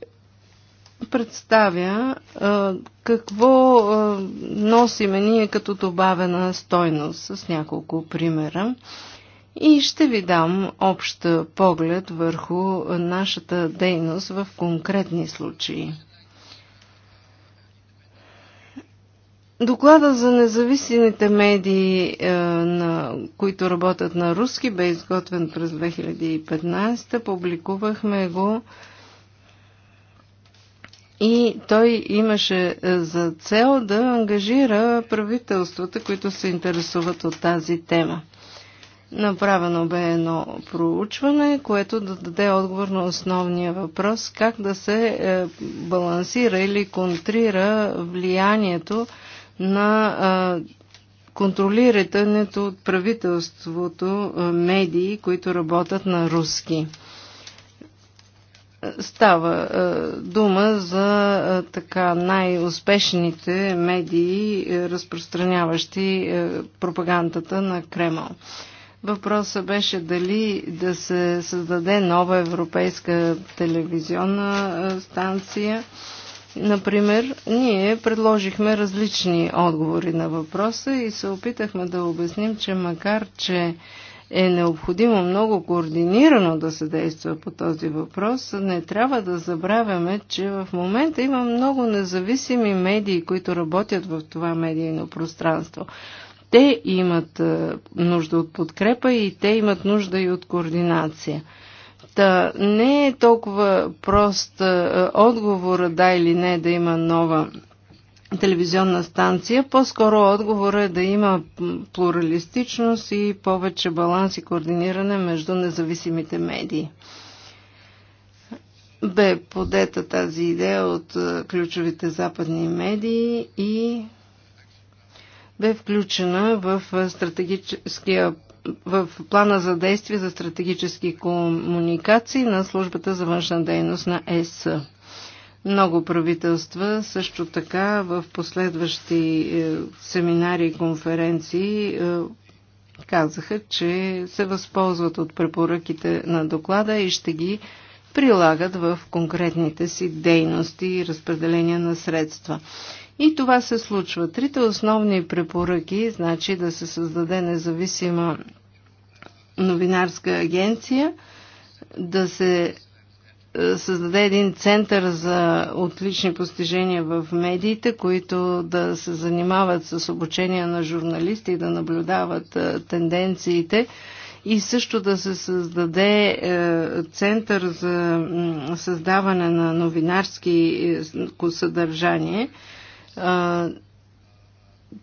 представя а, какво а, носиме ние като добавена стойност с няколко примера и ще ви дам общ поглед върху нашата дейност в конкретни случаи. Доклада за независимите медии, е, на, които работят на руски, бе изготвен през 2015. Публикувахме го и той имаше е, за цел да ангажира правителствата, които се интересуват от тази тема. Направено бе едно проучване, което да даде отговор на основния въпрос как да се е, балансира или контрира влиянието на е, контролирането от правителството е, медии, които работят на руски. Става е, дума за е, така най-успешните медии, е, разпространяващи е, пропагандата на Кремъл. Въпросът беше дали да се създаде нова европейска телевизионна станция. Например, ние предложихме различни отговори на въпроса и се опитахме да обясним, че макар, че е необходимо много координирано да се действа по този въпрос, не трябва да забравяме, че в момента има много независими медии, които работят в това медийно пространство те имат е, нужда от подкрепа и те имат нужда и от координация. Та не е толкова прост е, отговор да или не да има нова телевизионна станция. По-скоро отговор е да има плуралистичност и повече баланс и координиране между независимите медии. Бе подета тази идея от е, ключовите западни медии и бе включена в стратегическия в плана за действие за стратегически комуникации на службата за външна дейност на ЕС. Много правителства също така в последващи е, семинари и конференции е, казаха, че се възползват от препоръките на доклада и ще ги прилагат в конкретните си дейности и разпределения на средства. И това се случва. Трите основни препоръки, значи да се създаде независима новинарска агенция, да се е, създаде един център за отлични постижения в медиите, които да се занимават с обучение на журналисти и да наблюдават е, тенденциите и също да се създаде е, център за създаване на новинарски съдържание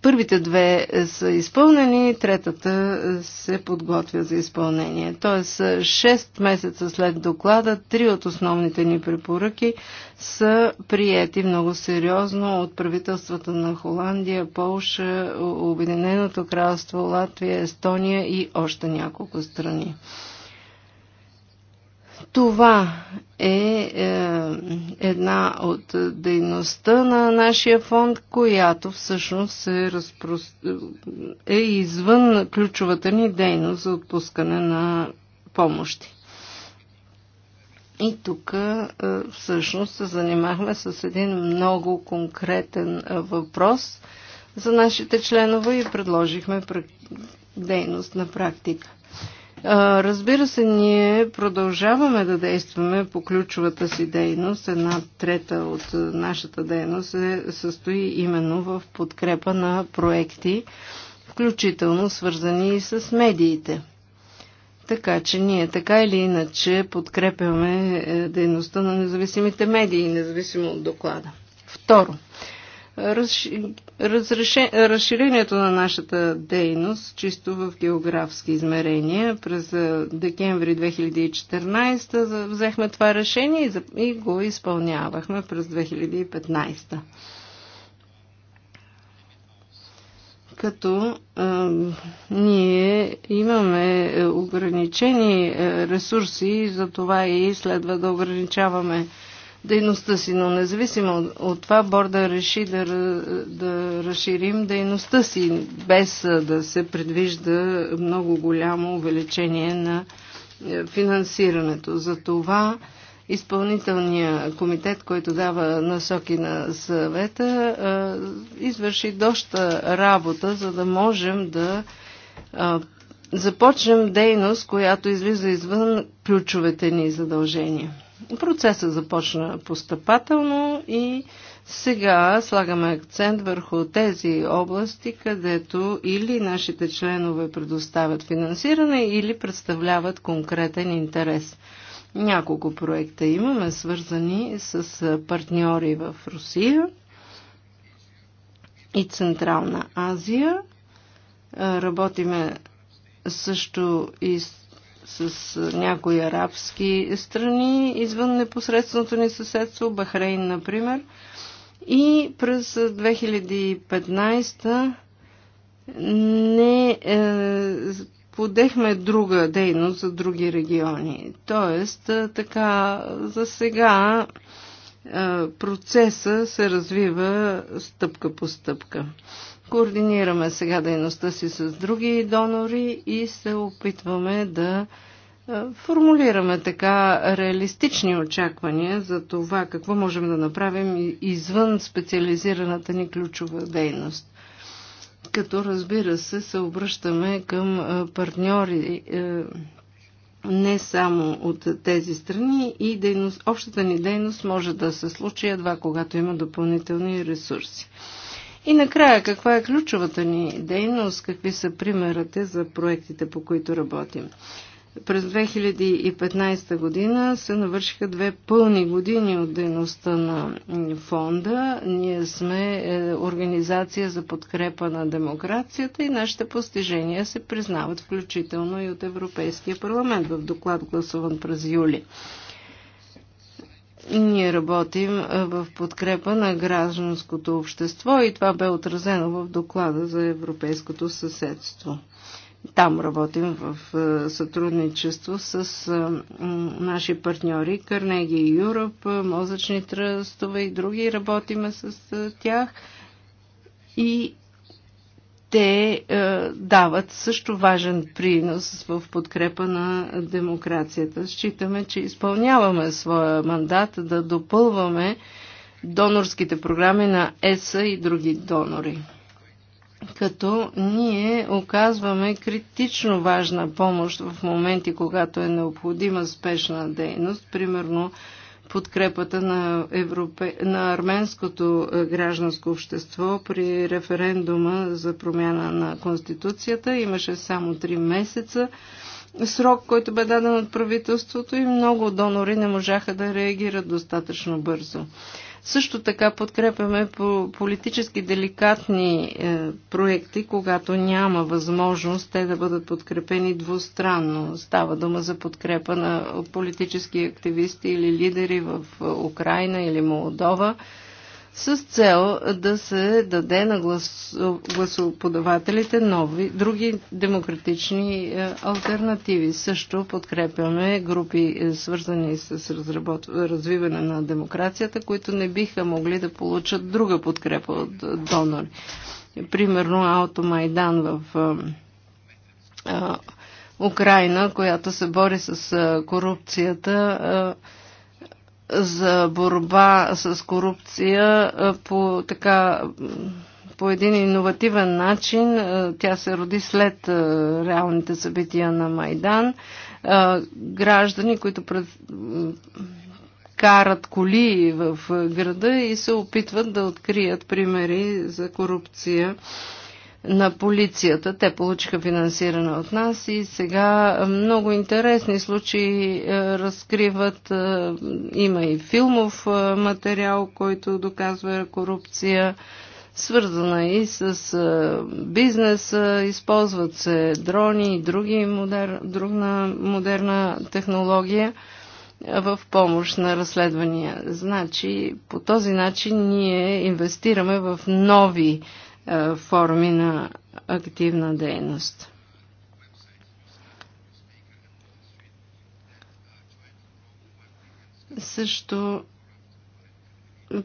Първите две са изпълнени, третата се подготвя за изпълнение. Тоест, 6 месеца след доклада, три от основните ни препоръки са приети много сериозно от правителствата на Холандия, Полша, Обединеното кралство, Латвия, Естония и още няколко страни. Това е, е една от дейността на нашия фонд, която всъщност е, разпро... е извън ключовата ни дейност за отпускане на помощи. И тук е, всъщност се занимахме с един много конкретен е, въпрос за нашите членове и предложихме дейност на практика. Разбира се, ние продължаваме да действаме по ключовата си дейност. Една трета от нашата дейност се състои именно в подкрепа на проекти, включително свързани и с медиите. Така че ние така или иначе подкрепяме е, дейността на независимите медии, независимо от доклада. Второ, Разреше... Разширението на нашата дейност, чисто в географски измерения, през декември 2014 взехме това решение и го изпълнявахме през 2015. Като а, ние имаме е, ограничени е, ресурси, за това и следва да ограничаваме а, дейността си, но независимо от това борда реши да, да разширим дейността си, без да се предвижда много голямо увеличение на е, финансирането. За това изпълнителният комитет, който дава насоки на съвета, извърши доста работа, за да можем да започнем дейност, която излиза извън ключовете ни задължения. Процесът започна постъпателно и сега слагаме акцент върху тези области, където или нашите членове предоставят финансиране, или представляват конкретен интерес. Няколко проекта имаме, свързани с партньори в Русия и Централна Азия. Работиме също и с с някои арабски страни извън непосредственото ни съседство, Бахрейн, например. И през 2015 не е, подехме друга дейност за други региони. Тоест, е, така, за сега е, процеса се развива стъпка по стъпка. Координираме сега дейността си с други донори и се опитваме да формулираме така реалистични очаквания за това какво можем да направим извън специализираната ни ключова дейност. Като разбира се, се обръщаме към партньори е, не само от тези страни и дейност, общата ни дейност може да се случи едва когато има допълнителни ресурси. И накрая, каква е ключовата ни дейност, какви са примерите за проектите, по които работим? През 2015 година се навършиха две пълни години от дейността на фонда. Ние сме е, организация за подкрепа на демокрацията и нашите постижения се признават включително и от Европейския парламент в доклад гласуван през юли. Ние работим в подкрепа на гражданското общество и това бе отразено в доклада за европейското съседство. Там работим в сътрудничество с наши партньори Карнеги Юроп, мозъчни тръстове и други. Работиме с тях и те е, дават също важен принос в подкрепа на демокрацията. Считаме, че изпълняваме своя мандат да допълваме донорските програми на ЕСА и други донори. Като ние оказваме критично важна помощ в моменти, когато е необходима спешна дейност, примерно подкрепата на, европе... на арменското е, гражданско общество при референдума за промяна на Конституцията. Имаше само 3 месеца срок, който бе даден от правителството и много донори не можаха да реагират достатъчно бързо. Също така подкрепяме по политически деликатни е, проекти, когато няма възможност те да бъдат подкрепени двустранно. Става дума за подкрепа на политически активисти или лидери в е, Украина или Молдова – с цел да се даде на гласоподавателите нови, други демократични е, альтернативи. Също подкрепяме групи, е, свързани с разработ... развиване на демокрацията, които не биха могли да получат друга подкрепа от е, донори. Примерно Аутомайдан в Украина, която се бори с корупцията, за борба с корупция по така по един иновативен начин. Тя се роди след реалните събития на Майдан. Граждани, които пред... карат коли в града и се опитват да открият примери за корупция на полицията. Те получиха финансиране от нас и сега много интересни случаи е, разкриват. Е, има и филмов е, материал, който доказва корупция, свързана и с бизнеса. Използват се дрони и други модер... друга модерна технология в помощ на разследвания. Значи, по този начин ние инвестираме в нови е, форми на активна дейност. Също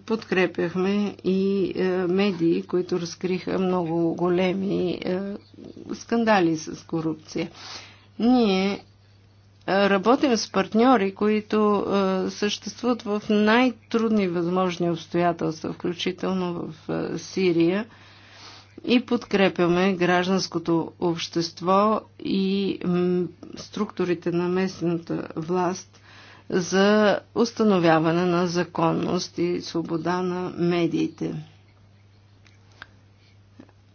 подкрепяхме и е, медии, които разкриха много големи е, скандали с корупция. Ние работим с партньори, които съществуват в най-трудни възможни обстоятелства, включително в Сирия – и подкрепяме гражданското общество и структурите на местната власт за установяване на законност и свобода на медиите.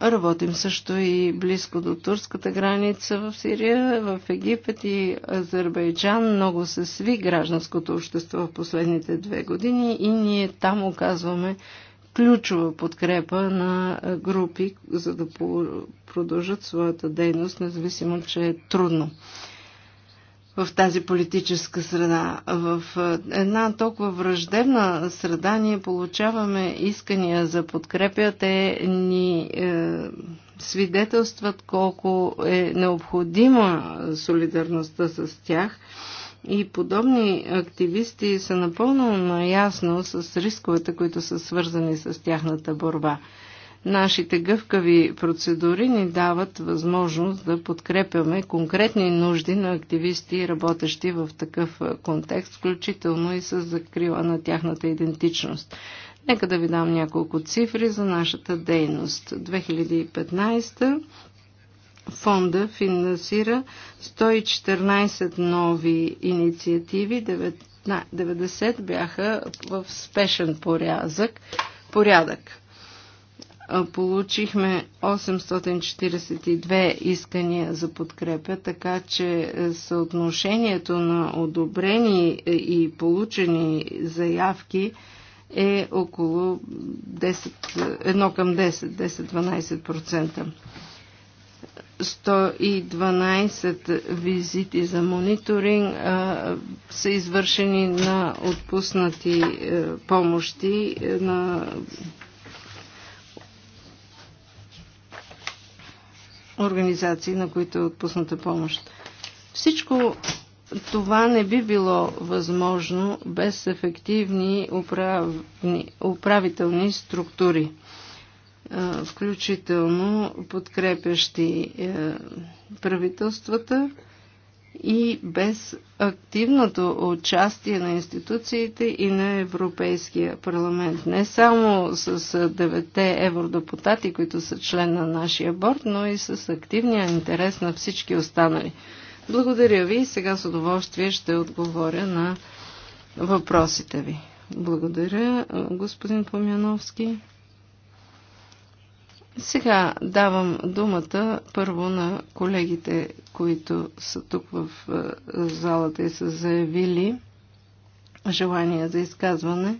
Работим също и близко до турската граница в Сирия, в Египет и Азербайджан. Много се сви гражданското общество в последните две години и ние там оказваме ключова подкрепа на групи, за да продължат своята дейност, независимо, че е трудно в тази политическа среда. В една толкова враждебна среда ние получаваме искания за подкрепя. Те ни е, свидетелстват колко е необходима солидарността с тях. И подобни активисти са напълно наясно с рисковете, които са свързани с тяхната борба. Нашите гъвкави процедури ни дават възможност да подкрепяме конкретни нужди на активисти, работещи в такъв контекст, включително и с закрила на тяхната идентичност. Нека да ви дам няколко цифри за нашата дейност. 2015 Фонда финансира 114 нови инициативи, 90 бяха в спешен порязък, порядък. Получихме 842 искания за подкрепя, така че е, съотношението на одобрени е, и получени заявки е около 10, 1 е, към 10, 10-12%. 112 визити за мониторинг а, са извършени на отпуснати а, е, помощи е, на организации, на които е отпусната помощ. Всичко това не би било възможно без ефективни управителни структури включително подкрепящи е, правителствата и без активното участие на институциите и на Европейския парламент. Не само с девете евродепутати, които са член на нашия борт, но и с активния интерес на всички останали. Благодаря ви и сега с удоволствие ще отговоря на въпросите ви. Благодаря, господин Помяновски. Сега давам думата първо на колегите, които са тук в е, залата и са заявили желание за изказване.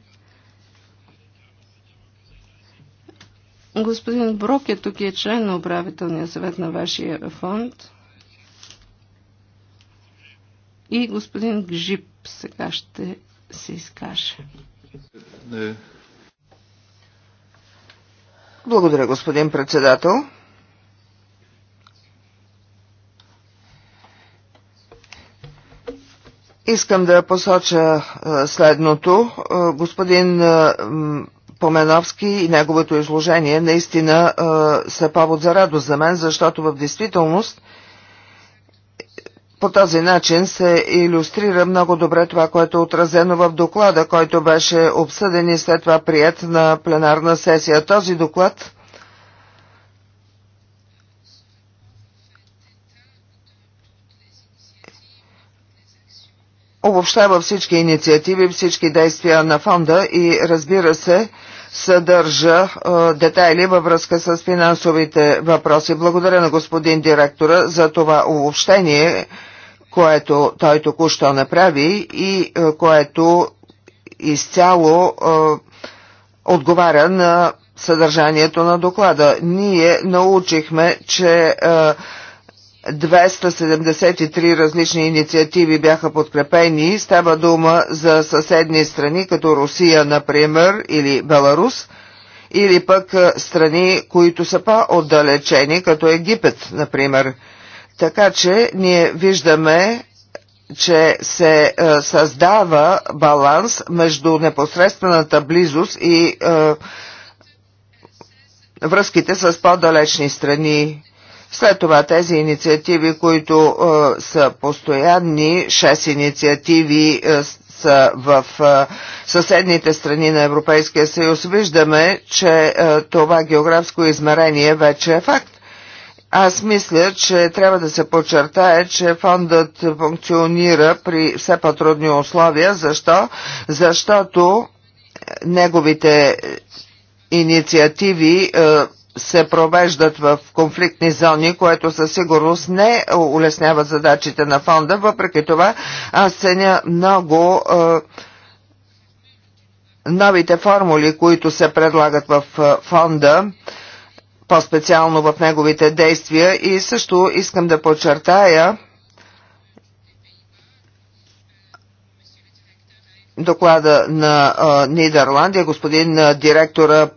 Господин Брок е тук и е член на управителния съвет на вашия фонд. И господин Гжип сега ще се изкаже. Е, благодаря, господин председател. Искам да посоча е, следното. Е, господин е, Поменовски и неговото изложение наистина са повод за радост за мен, защото в действителност по този начин се иллюстрира много добре това, което е отразено в доклада, който беше обсъден и след това прият на пленарна сесия. Този доклад обобщава всички инициативи, всички действия на фонда и разбира се, съдържа е, детайли във връзка с финансовите въпроси. Благодаря на господин директора за това обобщение, което той току-що направи и е, което изцяло е, отговаря на съдържанието на доклада. Ние научихме, че 273 е, различни инициативи бяха подкрепени. Става дума за съседни страни, като Русия, например, или Беларус, или пък страни, които са по-отдалечени, като Египет, например. Така че ние виждаме че се е, създава баланс между непосредствената близост и е, връзките с по-далечни страни. След това тези инициативи, които е, са постоянни, 6 инициативи е, са в е, съседните страни на Европейския съюз, виждаме, че е, това географско измерение вече е факт. Аз мисля, че трябва да се подчертае, че фондът функционира при все по-трудни условия. Защо? Защото неговите инициативи е, се провеждат в конфликтни зони, което със сигурност не улеснява задачите на фонда. Въпреки това, аз ценя много е, новите формули, които се предлагат в е, фонда по-специално в неговите действия и също искам да подчертая, доклада на а, Нидерландия. Господин а, директора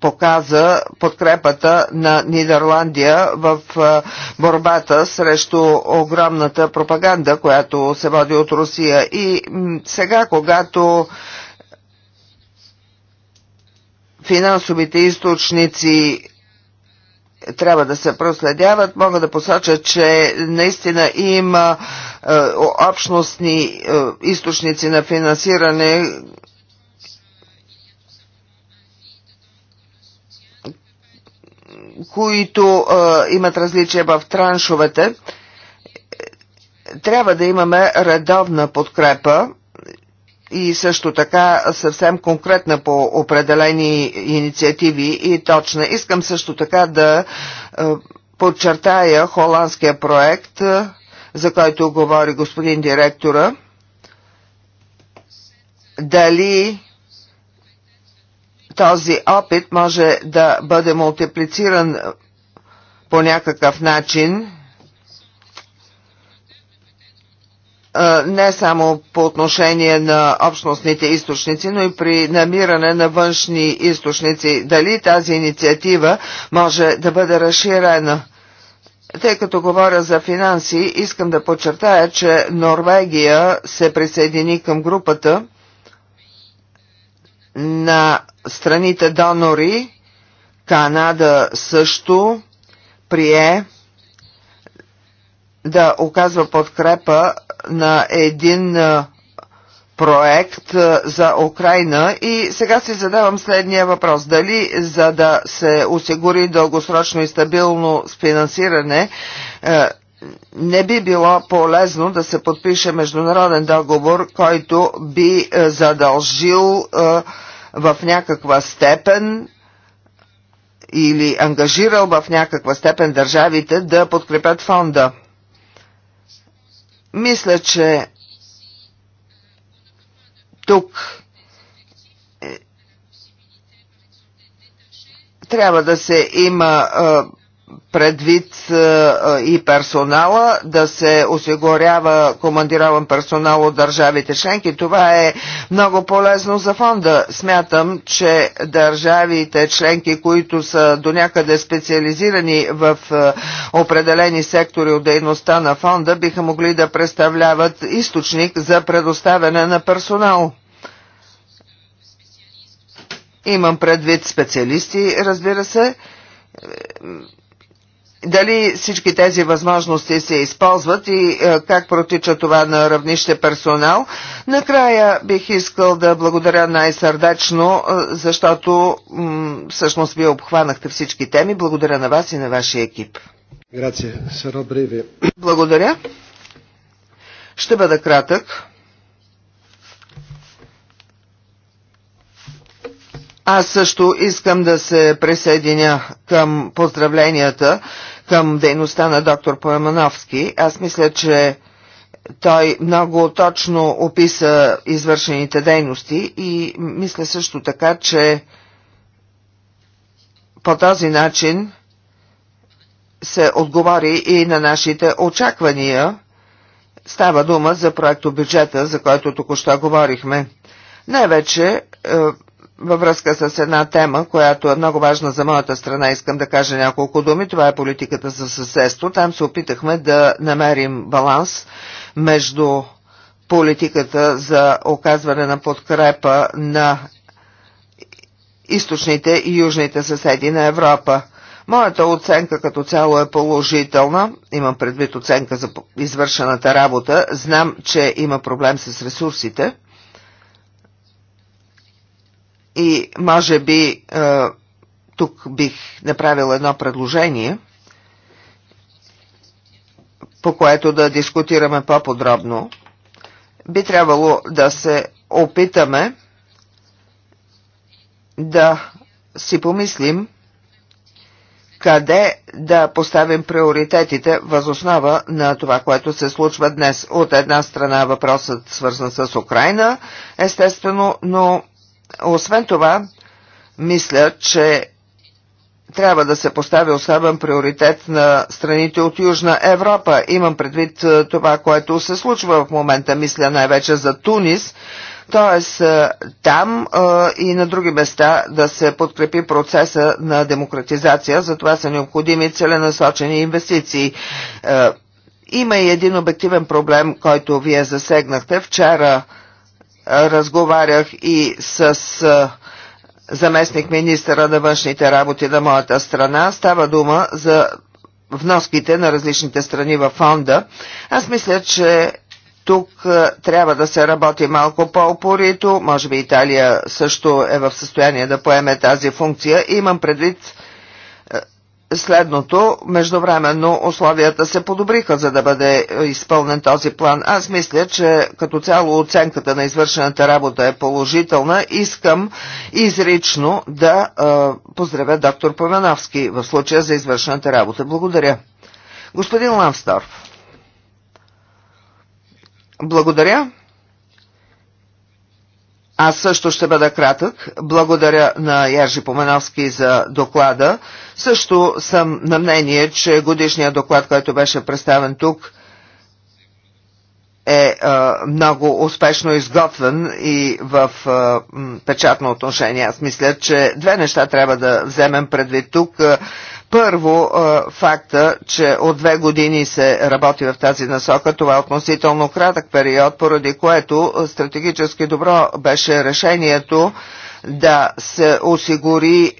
показа подкрепата на Нидерландия в а, борбата срещу огромната пропаганда, която се води от Русия. И сега, когато финансовите източници трябва да се проследяват. Мога да посоча, че наистина има е, общностни е, източници на финансиране, които е, имат различия в траншовете. Трябва да имаме редовна подкрепа и също така съвсем конкретна по определени инициативи и точна. Искам също така да е, подчертая холандския проект, е, за който говори господин директора. Дали този опит може да бъде мултиплициран по някакъв начин не само по отношение на общностните източници, но и при намиране на външни източници. Дали тази инициатива може да бъде разширена? Тъй като говоря за финанси, искам да подчертая, че Норвегия се присъедини към групата на страните донори. Канада също прие да оказва подкрепа на един проект за Украина и сега си задавам следния въпрос. Дали за да се осигури дългосрочно и стабилно финансиране не би било полезно да се подпише международен договор, който би задължил в някаква степен или ангажирал в някаква степен държавите да подкрепят фонда. Мисля, че тук е, трябва да се има предвид и персонала, да се осигурява командирован персонал от държавите членки. Това е много полезно за фонда. Смятам, че държавите членки, които са до някъде специализирани в определени сектори от дейността на фонда, биха могли да представляват източник за предоставяне на персонал. Имам предвид специалисти, разбира се, дали всички тези възможности се използват и е, как протича това на равнище персонал. Накрая бих искал да благодаря най-сърдечно, е, защото всъщност вие обхванахте всички теми. Благодаря на вас и на вашия екип. Благодаря. Ще бъда кратък. Аз също искам да се присъединя към поздравленията към дейността на доктор Поемановски. Аз мисля, че той много точно описа извършените дейности и мисля също така, че по този начин се отговори и на нашите очаквания. Става дума за проекто бюджета, за който току-що говорихме. Най-вече е, във връзка с една тема, която е много важна за моята страна, искам да кажа няколко думи. Това е политиката за съседство. Там се опитахме да намерим баланс между политиката за оказване на подкрепа на източните и южните съседи на Европа. Моята оценка като цяло е положителна. Имам предвид оценка за извършената работа. Знам, че има проблем с ресурсите. И може би е, тук бих направил едно предложение, по което да дискутираме по-подробно. Би трябвало да се опитаме да си помислим къде да поставим приоритетите възоснова на това, което се случва днес. От една страна въпросът свързан с Украина, естествено, но освен това, мисля, че трябва да се постави особен приоритет на страните от Южна Европа. Имам предвид е, това, което се случва в момента, мисля най-вече за Тунис, т.е. там е, и на други места да се подкрепи процеса на демократизация, за това са необходими целенасочени инвестиции. Е, има и един обективен проблем, който вие засегнахте. Вчера разговарях и с заместник министра на външните работи на моята страна. Става дума за вноските на различните страни във фонда. Аз мисля, че тук трябва да се работи малко по-опорито. Може би Италия също е в състояние да поеме тази функция. Имам предвид следното, междувременно условията се подобриха, за да бъде е, изпълнен този план. Аз мисля, че като цяло оценката на извършената работа е положителна. Искам изрично да е, поздравя доктор Павановски в случая за извършената работа. Благодаря. Господин Ланстор. Благодаря. Аз също ще бъда кратък. Благодаря на Яржи Поменовски за доклада. Също съм на мнение, че годишният доклад, който беше представен тук, е а, много успешно изготвен и в а, печатно отношение. Аз мисля, че две неща трябва да вземем предвид тук. Първо, факта, че от две години се работи в тази насока, това е относително кратък период, поради което стратегически добро беше решението да се осигури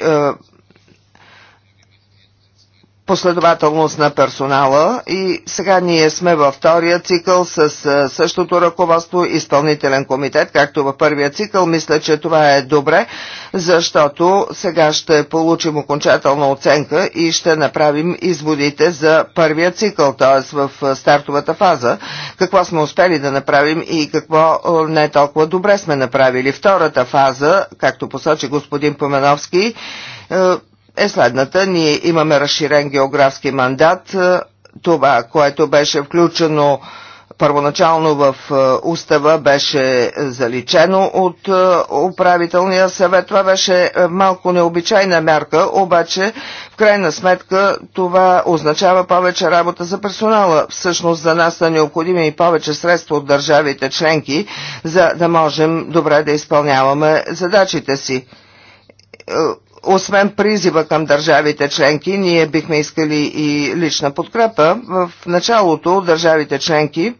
последователност на персонала и сега ние сме във втория цикъл с същото ръководство, изпълнителен комитет, както във първия цикъл. Мисля, че това е добре, защото сега ще получим окончателна оценка и ще направим изводите за първия цикъл, т.е. в стартовата фаза, какво сме успели да направим и какво не толкова добре сме направили. Втората фаза, както посочи господин Поменовски, е следната. Ние имаме разширен географски мандат. Е, това, което беше включено първоначално в е, устава беше заличено от е, управителния съвет. Това беше малко необичайна мярка, обаче в крайна сметка това означава повече работа за персонала. Всъщност за нас са необходими и повече средства от държавите членки, за да можем добре да изпълняваме задачите си освен призива към държавите членки, ние бихме искали и лична подкрепа. В началото държавите членки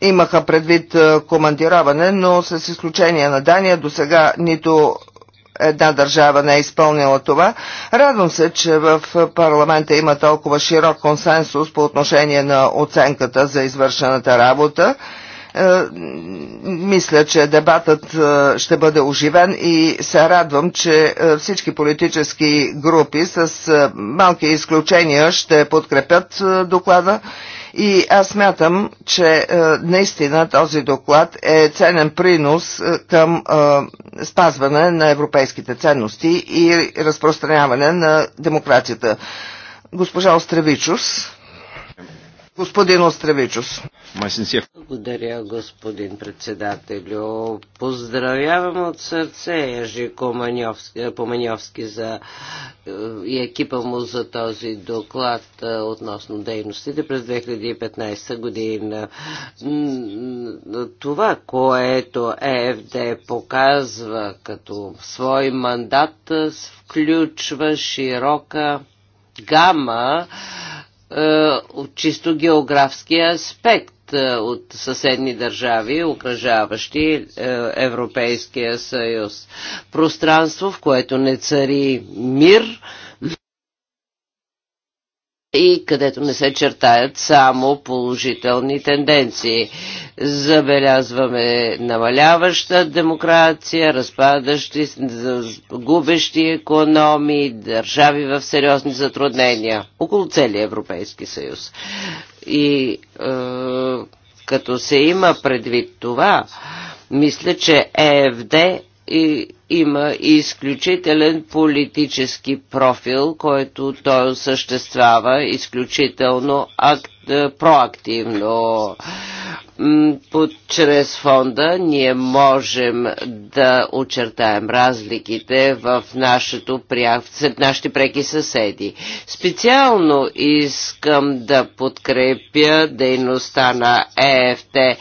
имаха предвид е, командираване, но с изключение на Дания до сега нито една държава не е изпълнила това. Радвам се, че в парламента има толкова широк консенсус по отношение на оценката за извършената работа. Е, мисля, че дебатът е, ще бъде оживен и се радвам, че е, всички политически групи с малки изключения ще подкрепят доклада. И аз смятам, че наистина този доклад е ценен принос към спазване на европейските ценности и разпространяване на демокрацията. Госпожа Остревичус. Господин Остревичус. Благодаря, господин председателю. Поздравявам от сърце Ежи е, Поманьовски за, е, и екипа му за този доклад е, относно дейностите през 2015 година. Това, което ЕФД показва като свой мандат, включва широка гама от чисто географски аспект е, от съседни държави, окръжаващи е, Европейския съюз. Пространство, в което не цари мир и където не се чертаят само положителни тенденции. Забелязваме намаляваща демокрация, разпадащи, губещи економии, държави в сериозни затруднения около целия Европейски съюз. И е, като се има предвид това, мисля, че ЕФД и има изключителен политически профил, който той осъществява изключително акт, е, проактивно. Под, чрез фонда ние можем да очертаем разликите в нашето сред нашите преки съседи. Специално искам да подкрепя дейността на ЕФТ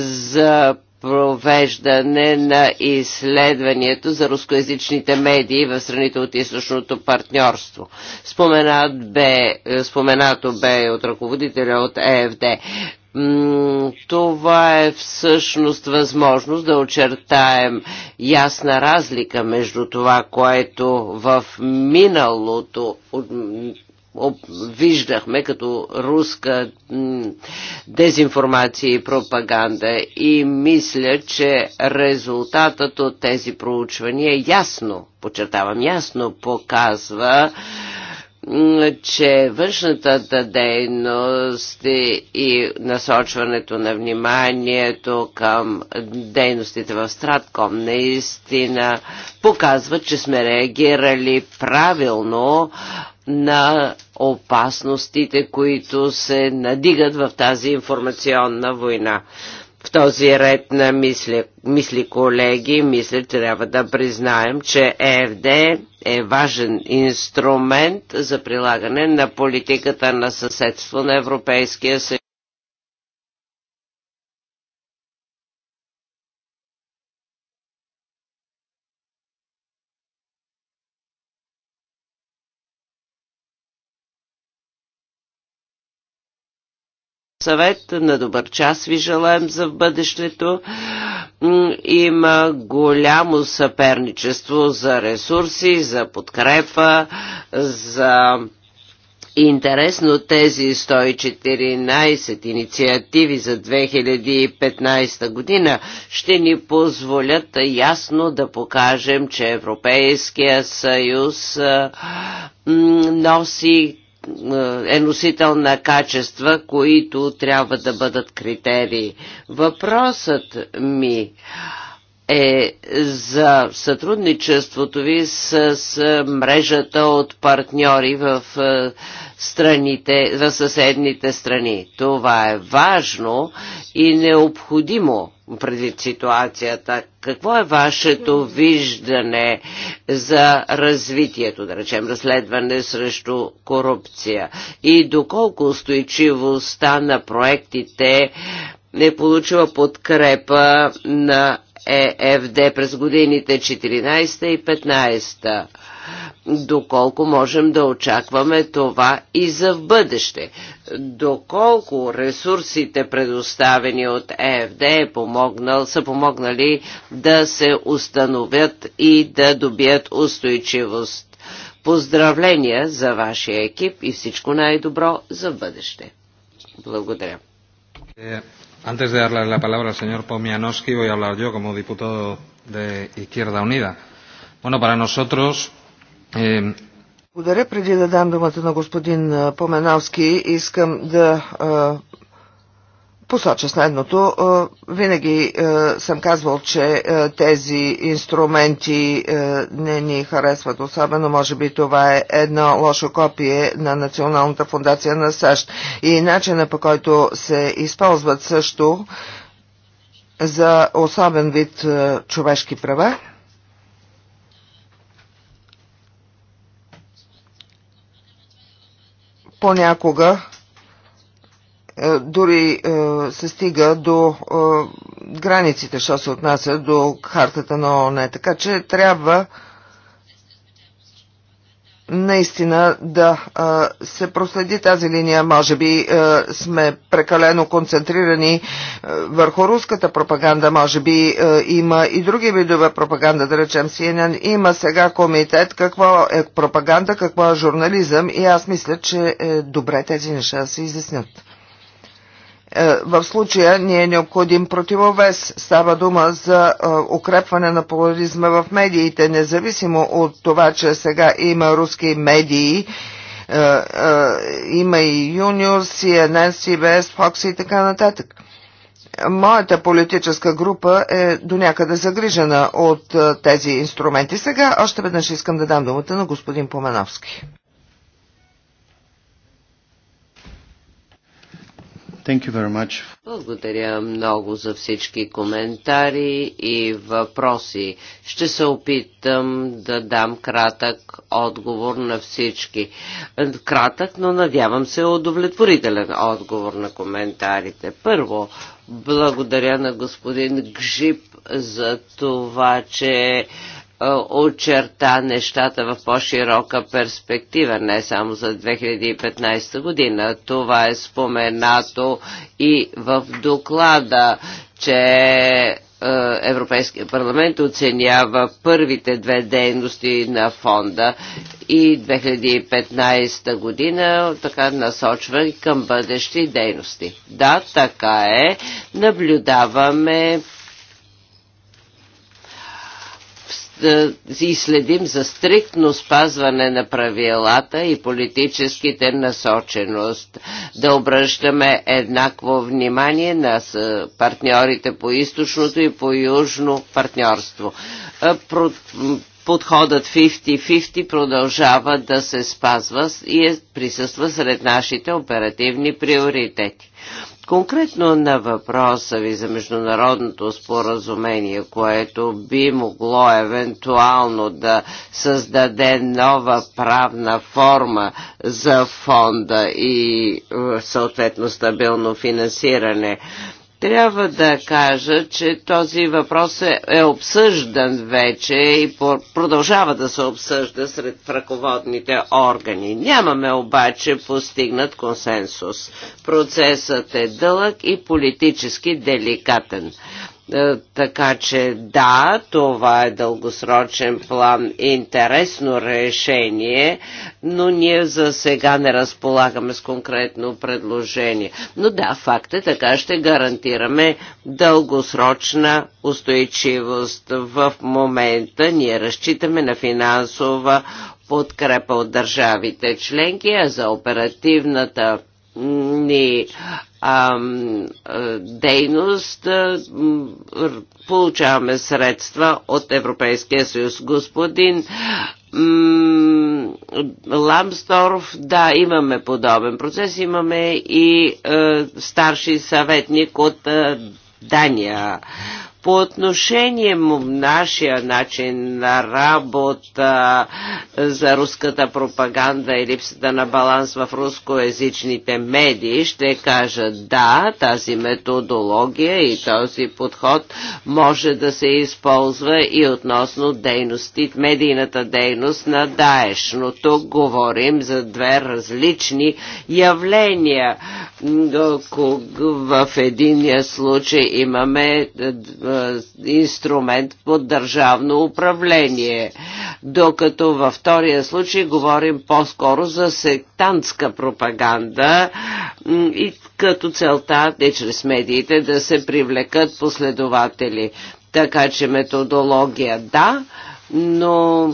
за провеждане на изследването за рускоязичните медии в страните от източното партньорство. Споменат бе, споменато бе от ръководителя от ЕФД. Това е всъщност възможност да очертаем ясна разлика между това, което в миналото виждахме като руска дезинформация и пропаганда и мисля, че резултатът от тези проучвания ясно, подчертавам ясно, показва, че външната дейност и насочването на вниманието към дейностите в Стратком наистина показва, че сме реагирали правилно на опасностите, които се надигат в тази информационна война. В този ред на мисли, мисли колеги, мисля, трябва да признаем, че ЕФД е важен инструмент за прилагане на политиката на съседство на Европейския съюз. съвет. На добър час ви желаем за бъдещето. Има голямо съперничество за ресурси, за подкрепа, за Интересно тези 114 инициативи за 2015 година ще ни позволят ясно да покажем, че Европейския съюз носи е носител на качества, които трябва да бъдат критерии. Въпросът ми е за сътрудничеството ви с мрежата от партньори в е, страните, в съседните страни. Това е важно и необходимо предвид ситуацията. Какво е вашето виждане за развитието, да речем, разследване срещу корупция и доколко устойчивостта на проектите е получила подкрепа на ЕФД през годините 14 и 15? Доколко можем да очакваме това и за в бъдеще? Доколко ресурсите, предоставени от ЕФД, е помогнал, са помогнали да се установят и да добият устойчивост? Поздравления за вашия екип и всичко най-добро за бъдеще. Благодаря. Е, Antes de darle la palabra al señor Pomianowski, voy a hablar yo como diputado de Izquierda Unida. Bueno, para nosotros е... Благодаря. Преди да дам думата на господин Поменавски, искам да посоча следното. Винаги съм казвал, че тези инструменти не ни харесват особено. Може би това е едно лошо копие на Националната фундация на САЩ. И начина по който се използват също за особен вид човешки права. понякога е, дори е, се стига до е, границите, що се отнася до хартата на ОНЕ. Така че трябва наистина да а, се проследи тази линия. Може би а, сме прекалено концентрирани а, върху руската пропаганда, може би а, има и други видове пропаганда, да речем CNN. Има сега комитет какво е пропаганда, какво е журнализъм и аз мисля, че е добре тези неща да се изяснят. Е, в случая ни е необходим противовес. Става дума за е, укрепване на поларизма в медиите, независимо от това, че сега има руски медии, е, има и Юниор, CNN, CBS, Fox и така нататък. Моята политическа група е до някъде загрижена от тези инструменти. Сега още веднъж искам да дам думата на господин Поменовски. Thank you very much. Благодаря много за всички коментари и въпроси. Ще се опитам да дам кратък отговор на всички. Кратък, но надявам се удовлетворителен отговор на коментарите. Първо, благодаря на господин Гжип за това, че е, очерта нещата в по-широка перспектива, не само за 2015 година. Това е споменато и в доклада, че е, Европейския парламент оценява първите две дейности на фонда и 2015 година така насочва към бъдещи дейности. Да, така е. Наблюдаваме и следим за стриктно спазване на правилата и политическите насоченост. Да обръщаме еднакво внимание на партньорите по източното и по южно партньорство. Подходът 50-50 продължава да се спазва и е, присъства сред нашите оперативни приоритети. Конкретно на въпроса ви за международното споразумение, което би могло евентуално да създаде нова правна форма за фонда и е, съответно стабилно финансиране. Трябва да кажа, че този въпрос е, е обсъждан вече и по, продължава да се обсъжда сред ръководните органи. Нямаме обаче постигнат консенсус. Процесът е дълъг и политически деликатен. Е, така че да, това е дългосрочен план, интересно решение, но ние за сега не разполагаме с конкретно предложение. Но да, факт е, така ще гарантираме дългосрочна устойчивост. В момента ние разчитаме на финансова подкрепа от държавите членки, а за оперативната ни а, дейност, получаваме средства от Европейския съюз. Господин Ламсторф, да, имаме подобен процес. Имаме и старши съветник от Дания. По отношение му нашия начин на работа за руската пропаганда и липсата на баланс в рускоязичните медии, ще кажа да, тази методология и този подход може да се използва и относно дейности, медийната дейност на Даеш, но тук говорим за две различни явления. В единия случай имаме е, инструмент под държавно управление. Докато във втория случай говорим по-скоро за сектантска пропаганда и като целта е чрез медиите да се привлекат последователи. Така че методология да, но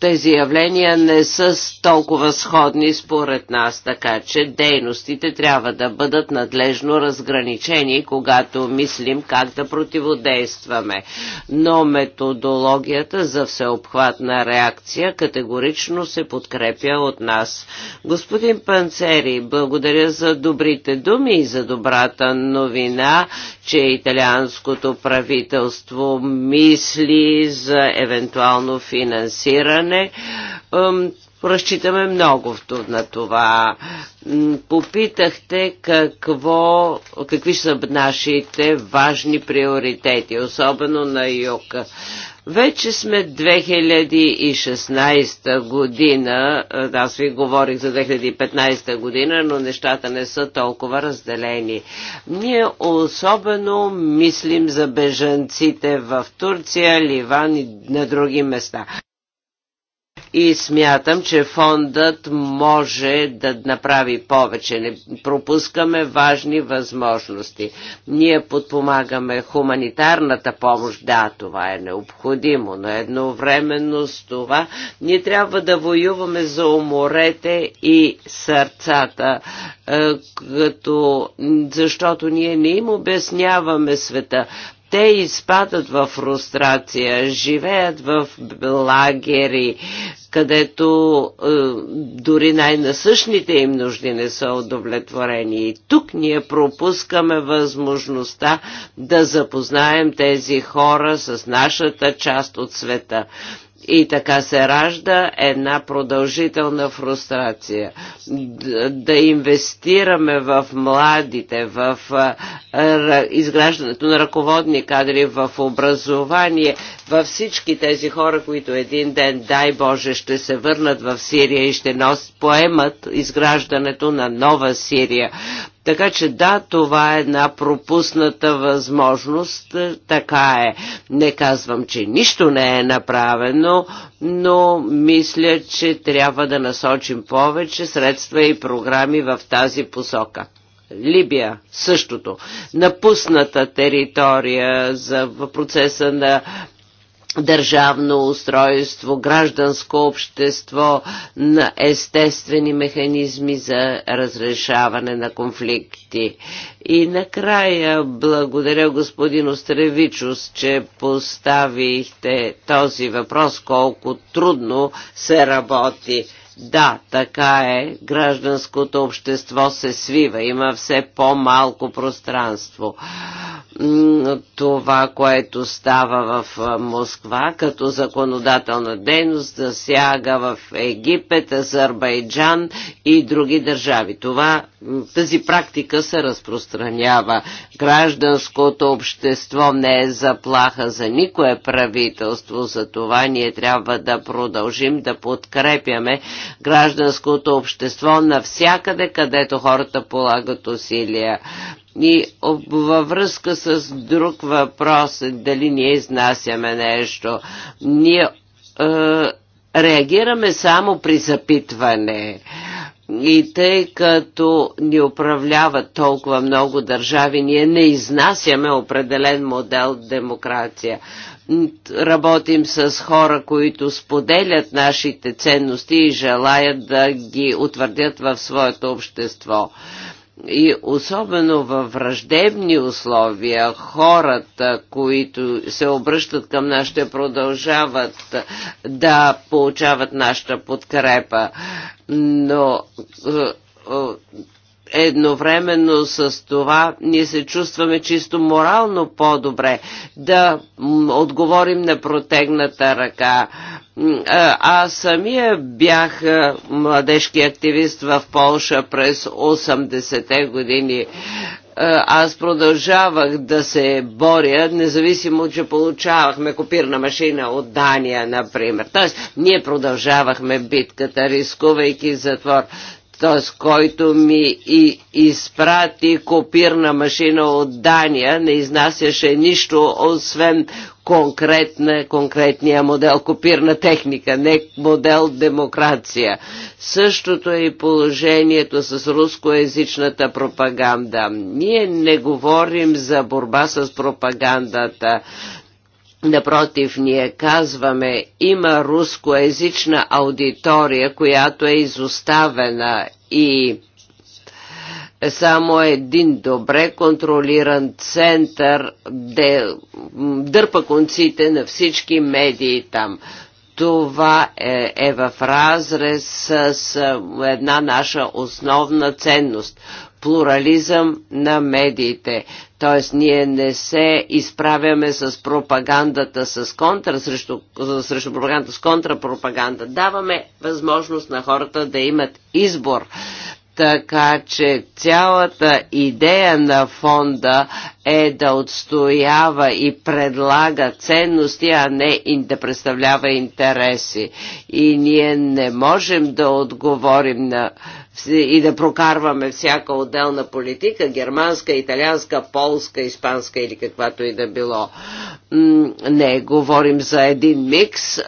тези явления не са толкова сходни според нас, така че дейностите трябва да бъдат надлежно разграничени, когато мислим как да противодействаме. Но методологията за всеобхватна реакция категорично се подкрепя от нас. Господин Панцери, благодаря за добрите думи и за добрата новина, че италианското правителство мисли за евентуално допълнително финансиране. Разчитаме много на това. Попитахте какво, какви са нашите важни приоритети, особено на юг. Вече сме 2016 година, аз ви говорих за 2015 година, но нещата не са толкова разделени. Ние особено мислим за бежанците в Турция, Ливан и на други места и смятам, че фондът може да направи повече. Не пропускаме важни възможности. Ние подпомагаме хуманитарната помощ. Да, това е необходимо, но едновременно с това ние трябва да воюваме за уморете и сърцата, е, като, защото ние не им обясняваме света те изпадат в фрустрация, живеят в лагери, където е, дори най-насъщните им нужди не са удовлетворени. И тук ние пропускаме възможността да запознаем тези хора с нашата част от света. И така се ражда една продължителна фрустрация. Да инвестираме в младите, в изграждането на ръководни кадри, в образование, във всички тези хора, които един ден, дай Боже, ще се върнат в Сирия и ще нос, поемат изграждането на нова Сирия. Така че да, това е една пропусната възможност, така е. Не казвам, че нищо не е направено, но мисля, че трябва да насочим повече средства и програми в тази посока. Либия същото. Напусната територия за процеса на държавно устройство, гражданско общество, на естествени механизми за разрешаване на конфликти. И накрая благодаря господин Остревичус, че поставихте този въпрос, колко трудно се работи да, така е. Гражданското общество се свива. Има все по-малко пространство. Това, което става в Москва като законодателна дейност, засяга в Египет, Азербайджан и други държави. Това тази практика се разпространява. Гражданското общество не е заплаха за никое правителство, за това ние трябва да продължим да подкрепяме гражданското общество навсякъде, където хората полагат усилия. И във връзка с друг въпрос, дали ние изнасяме нещо, ние е, реагираме само при запитване. Е, и тъй като ни управляват толкова много държави, ние не изнасяме определен модел демокрация. Работим с хора, които споделят нашите ценности и желаят да ги утвърдят в своето общество. И особено във враждебни условия хората, които се обръщат към нас, ще продължават да получават нашата подкрепа. Но е, е, едновременно с това ние се чувстваме чисто морално по-добре да отговорим на протегната ръка. Аз самия бях младежки активист в Полша през 80-те години аз продължавах да се боря, независимо, че получавахме копирна машина от Дания, например. Тоест, ние продължавахме битката, рискувайки затвор с който ми и изпрати копирна машина от Дания, не изнасяше нищо, освен конкретна, конкретния модел копирна техника, не модел демокрация. Същото е и положението с рускоязичната пропаганда. Ние не говорим за борба с пропагандата. Напротив, ние казваме, има рускоязична аудитория, която е изоставена и само един добре контролиран център де, дърпа конците на всички медии там. Това е, е в разрез с, с една наша основна ценност плурализъм на медиите. Т.е. ние не се изправяме с пропагандата с контра, срещу, срещу пропаганда с контрапропаганда. Даваме възможност на хората да имат избор. Така че цялата идея на фонда е да отстоява и предлага ценности, а не да представлява интереси. И ние не можем да отговорим на и да прокарваме всяка отделна политика, германска, италианска, полска, испанска или каквато и да било. Не, говорим за един микс,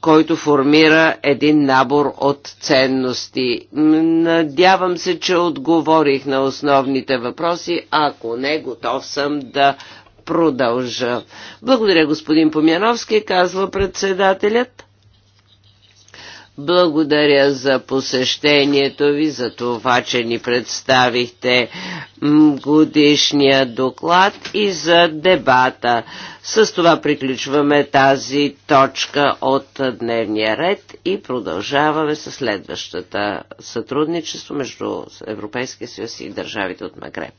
който формира един набор от ценности. Надявам се, че отговорих на основните въпроси. Ако не, готов съм да продължа. Благодаря, господин Помяновски, казва председателят. Благодаря за посещението ви, за това, че ни представихте годишния доклад и за дебата. С това приключваме тази точка от дневния ред и продължаваме с следващата сътрудничество между Европейския съюз и държавите от Магреб.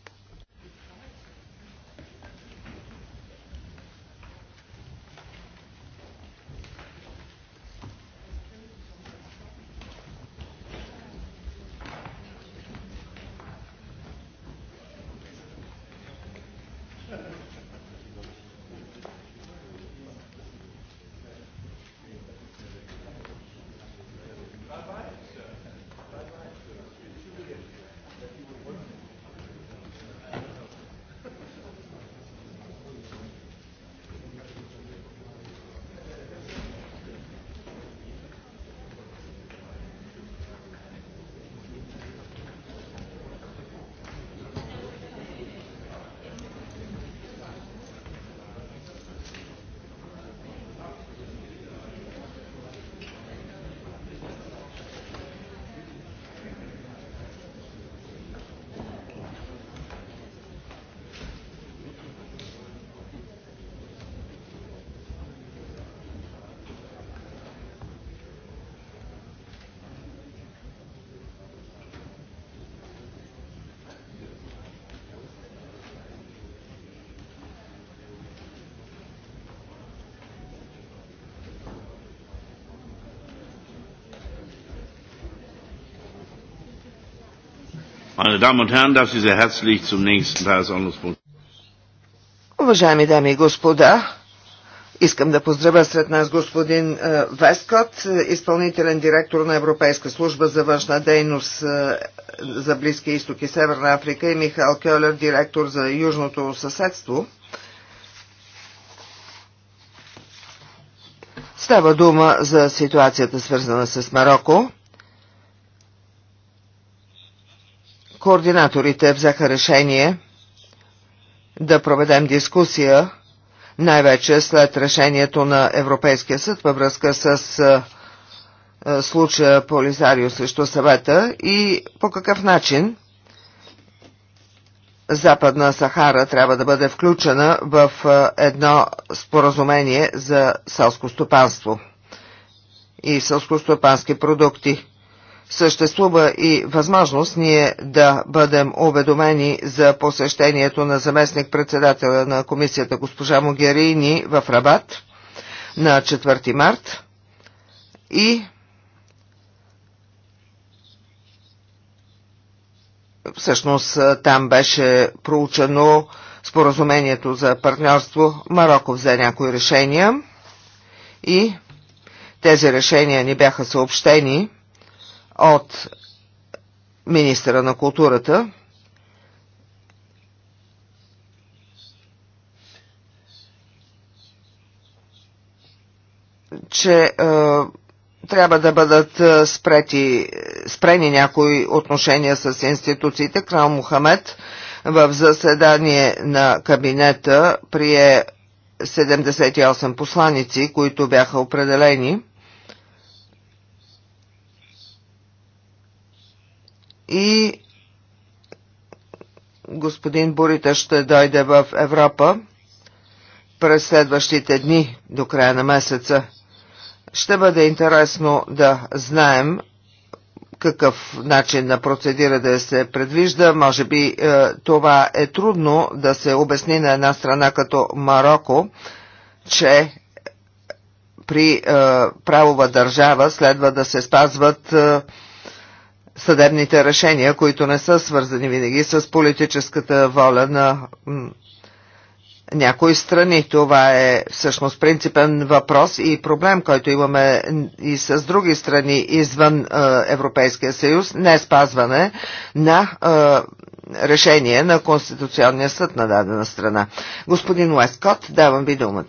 Meine Damen und Herren, darf Sie sehr herzlich zum nächsten Tagesordnungspunkt. Уважаеми дами и господа, искам да поздравя сред нас господин е, Весткот, изпълнителен директор на Европейска служба за външна дейност е, за Близкия изток и Северна Африка и Михаил Кьолер, директор за Южното съседство. Става дума за ситуацията свързана с Марокко. Координаторите взеха решение да проведем дискусия, най-вече след решението на Европейския съд във връзка с случая Полизарио срещу съвета и по какъв начин Западна Сахара трябва да бъде включена в едно споразумение за селско стопанство и селскостопански продукти. Съществува и възможност ние да бъдем уведомени за посещението на заместник-председателя на комисията госпожа Могерини в Рабат на 4 март и всъщност там беше проучено споразумението за партньорство. Марокко взе някои решения и тези решения ни бяха съобщени от министра на културата. че е, трябва да бъдат е, спрети, е, спрени някои отношения с институциите. Крал Мухамед в заседание на кабинета прие 78 посланици, които бяха определени. и господин Бурита ще дойде в Европа през следващите дни до края на месеца. Ще бъде интересно да знаем какъв начин на процедира да се предвижда. Може би е, това е трудно да се обясни на една страна като Марокко, че при е, правова държава следва да се спазват е, съдебните решения, които не са свързани винаги с политическата воля на някои страни. Това е всъщност принципен въпрос и проблем, който имаме и с други страни извън е, Европейския съюз, не е спазване на е, решение на Конституционния съд на дадена страна. Господин Уескот, давам ви думата.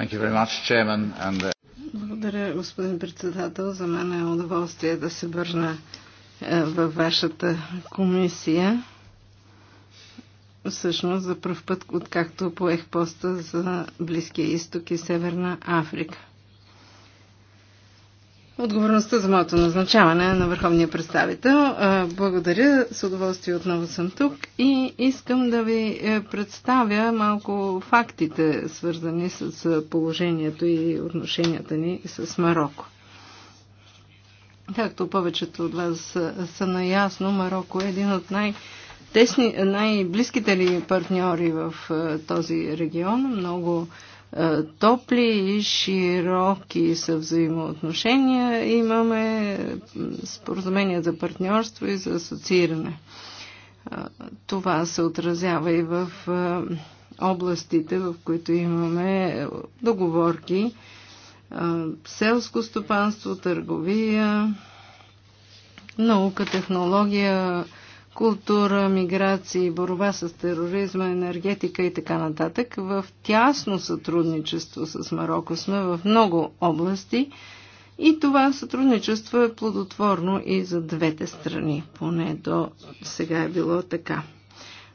Uh, благодаря, господин председател. За мен е удоволствие да се върна е, във вашата комисия. Всъщност, за първ път, откакто поех поста за Близкия изток и Северна Африка отговорността за моето назначаване е на върховния представител. Благодаря, с удоволствие отново съм тук и искам да ви е, представя малко фактите, свързани с положението и отношенията ни с Марокко. Както повечето от вас е, са наясно, Марокко е един от най- тесни, най-близките ли партньори в този регион. Много е, топли и широки са взаимоотношения. Имаме споразумения за партньорство и за асоцииране. Е, това се отразява и в е, областите, в които имаме договорки. Селско стопанство, търговия, наука, технология, култура, миграции, борба с тероризма, енергетика и така нататък. В тясно сътрудничество с Марокко сме в много области и това сътрудничество е плодотворно и за двете страни, поне до сега е било така.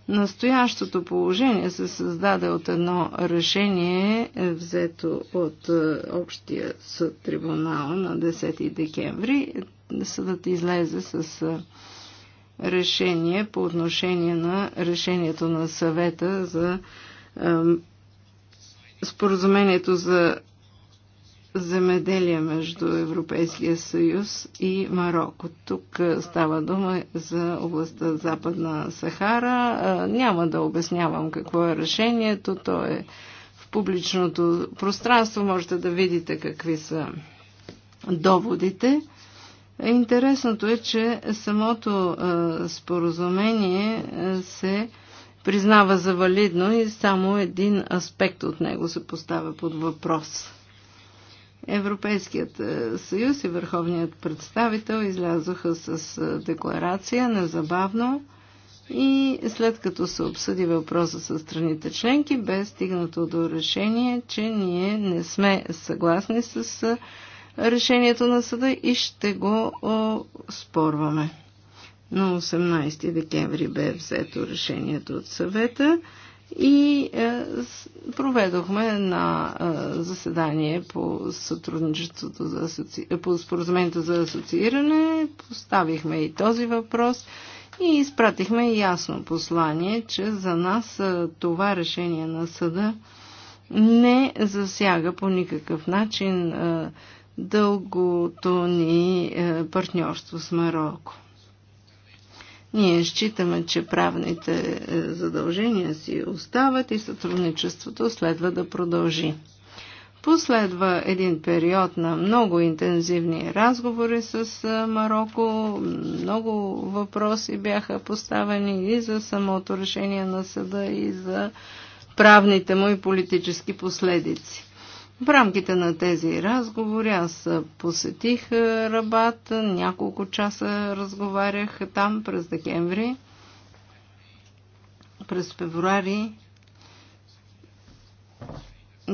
Настоящото положение се създаде от едно решение, е взето от е, Общия съд трибунал на 10 декември. Съдът излезе с е, решение по отношение на решението на съвета за споразумението за земеделие между Европейския съюз и Марокко. Тук е, става дума за областта Западна Сахара. Е, няма да обяснявам какво е решението. То е в публичното пространство. Можете да видите какви са доводите. Интересното е, че самото споразумение се признава за валидно и само един аспект от него се поставя под въпрос. Европейският съюз и върховният представител излязоха с декларация незабавно и след като се обсъди въпроса с страните членки, бе стигнато до решение, че ние не сме съгласни с решението на съда и ще го спорваме. На 18 декември бе взето решението от съвета и е, проведохме на е, заседание по сътрудничеството за асоци... по споразумението за асоцииране, поставихме и този въпрос и изпратихме ясно послание, че за нас е, това решение на съда не засяга по никакъв начин дългото ни е, партньорство с Марокко. Ние считаме, че правните е, задължения си остават и сътрудничеството следва да продължи. Последва един период на много интензивни разговори с е, Марокко. Много въпроси бяха поставени и за самото решение на съда, и за правните му и политически последици. В рамките на тези разговори аз посетих е, Рабат, няколко часа разговарях там през декември, през февруари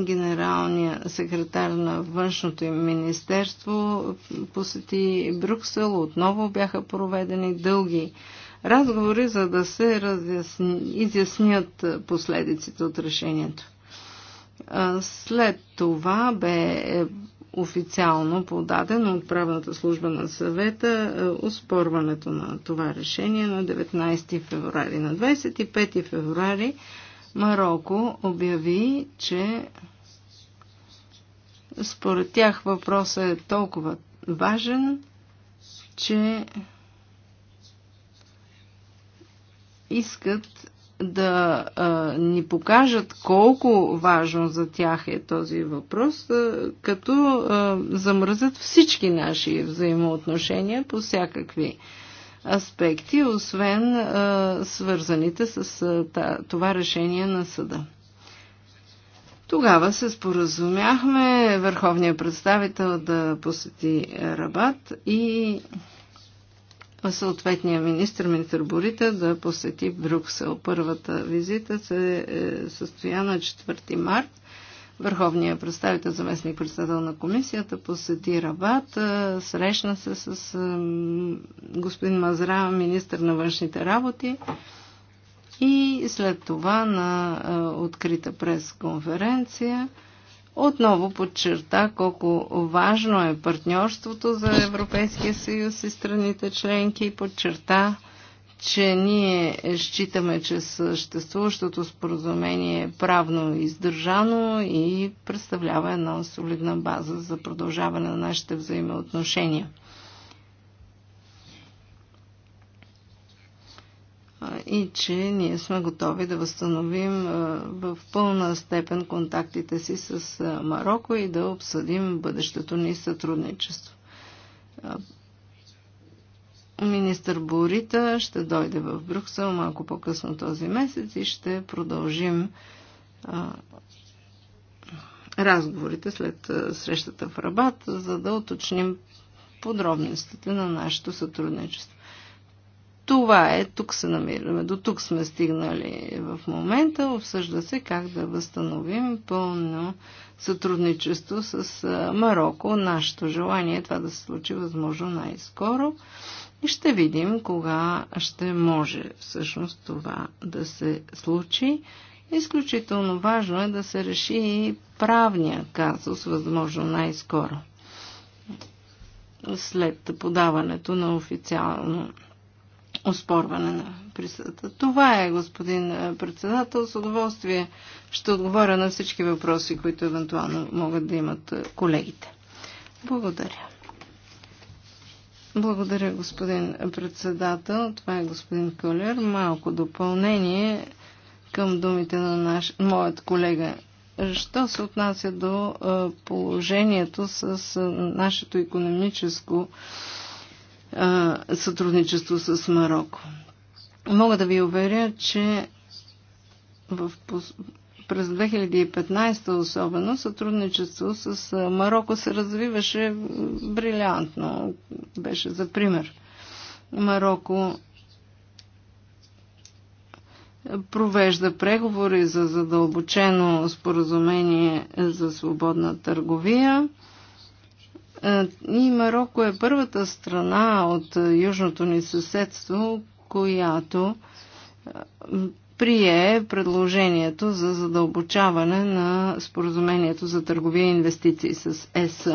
генералният секретар на външното им министерство посети Брюксел. Отново бяха проведени дълги разговори, за да се разясни, изяснят последиците от решението. След това бе е, официално подадено от правната служба на съвета успорването е, на това решение на 19 феврари. На 25 феврари Марокко обяви, че според тях въпросът е толкова важен, че искат да а, ни покажат колко важно за тях е този въпрос, а, като а, замръзат всички наши взаимоотношения по всякакви аспекти, освен а, свързаните с а, това решение на съда. Тогава се споразумяхме Върховния представител да посети Рабат и съответния министр, министр Борита, да посети Брюксел. Първата визита се е, състоя на 4 март. Върховният представител, заместник председател на комисията, посети Рабат, е, срещна се с е, господин Мазра, министр на външните работи и след това на открита прес конференция отново подчерта колко важно е партньорството за Европейския съюз и страните членки и подчерта, че ние считаме, че съществуващото споразумение е правно издържано и представлява една солидна база за продължаване на нашите взаимоотношения. и че ние сме готови да възстановим в пълна степен контактите си с Марокко и да обсъдим бъдещето ни сътрудничество. Министър Борита ще дойде в Брюксел малко по-късно този месец и ще продължим разговорите след срещата в Рабат, за да уточним подробностите на нашето сътрудничество. Това е, тук се намираме, до тук сме стигнали в момента. Обсъжда се как да възстановим пълно сътрудничество с Марокко. Нашето желание е това да се случи възможно най-скоро. И ще видим кога ще може всъщност това да се случи. Изключително важно е да се реши и правния казус възможно най-скоро. След подаването на официално оспорване на присъдата. Това е, господин е, председател. С удоволствие ще отговоря на всички въпроси, които евентуално могат да имат е, колегите. Благодаря. Благодаря, господин председател. Това е господин Кълер. Малко допълнение към думите на наш, моят колега. Що се отнася до е, положението с нашето економическо а, сътрудничество с Марокко. Мога да ви уверя, че в, през 2015 особено сътрудничество с Марокко се развиваше брилянтно. Беше за пример. Марокко провежда преговори за задълбочено споразумение за свободна търговия. Е, и Марокко е първата страна от южното ни съседство, която е, прие предложението за задълбочаване на споразумението за търговия и инвестиции с ЕС.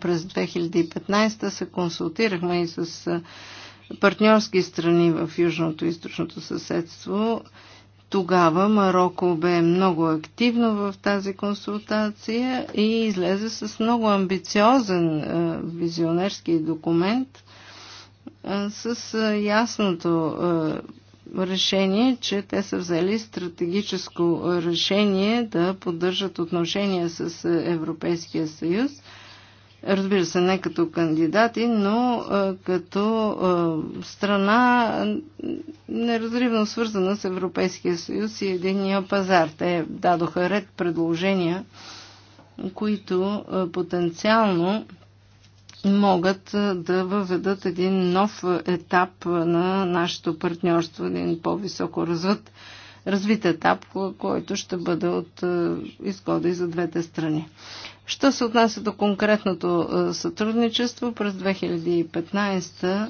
През 2015 се консултирахме и с е, партньорски страни в Южното и Източното съседство тогава Марокко бе много активно в тази консултация и излезе с много амбициозен е, визионерски документ е, с е, ясното решение, че те са взели стратегическо решение да поддържат отношения с Европейския съюз – Разбира се, не като кандидати, но като страна неразривно свързана с Европейския съюз и единния пазар. Те дадоха ред предложения, които потенциално могат да въведат един нов етап на нашето партньорство, един по-високо развит, развит етап, който ще бъде от изгода и за двете страни. Що се отнася до конкретното е, сътрудничество, през 2015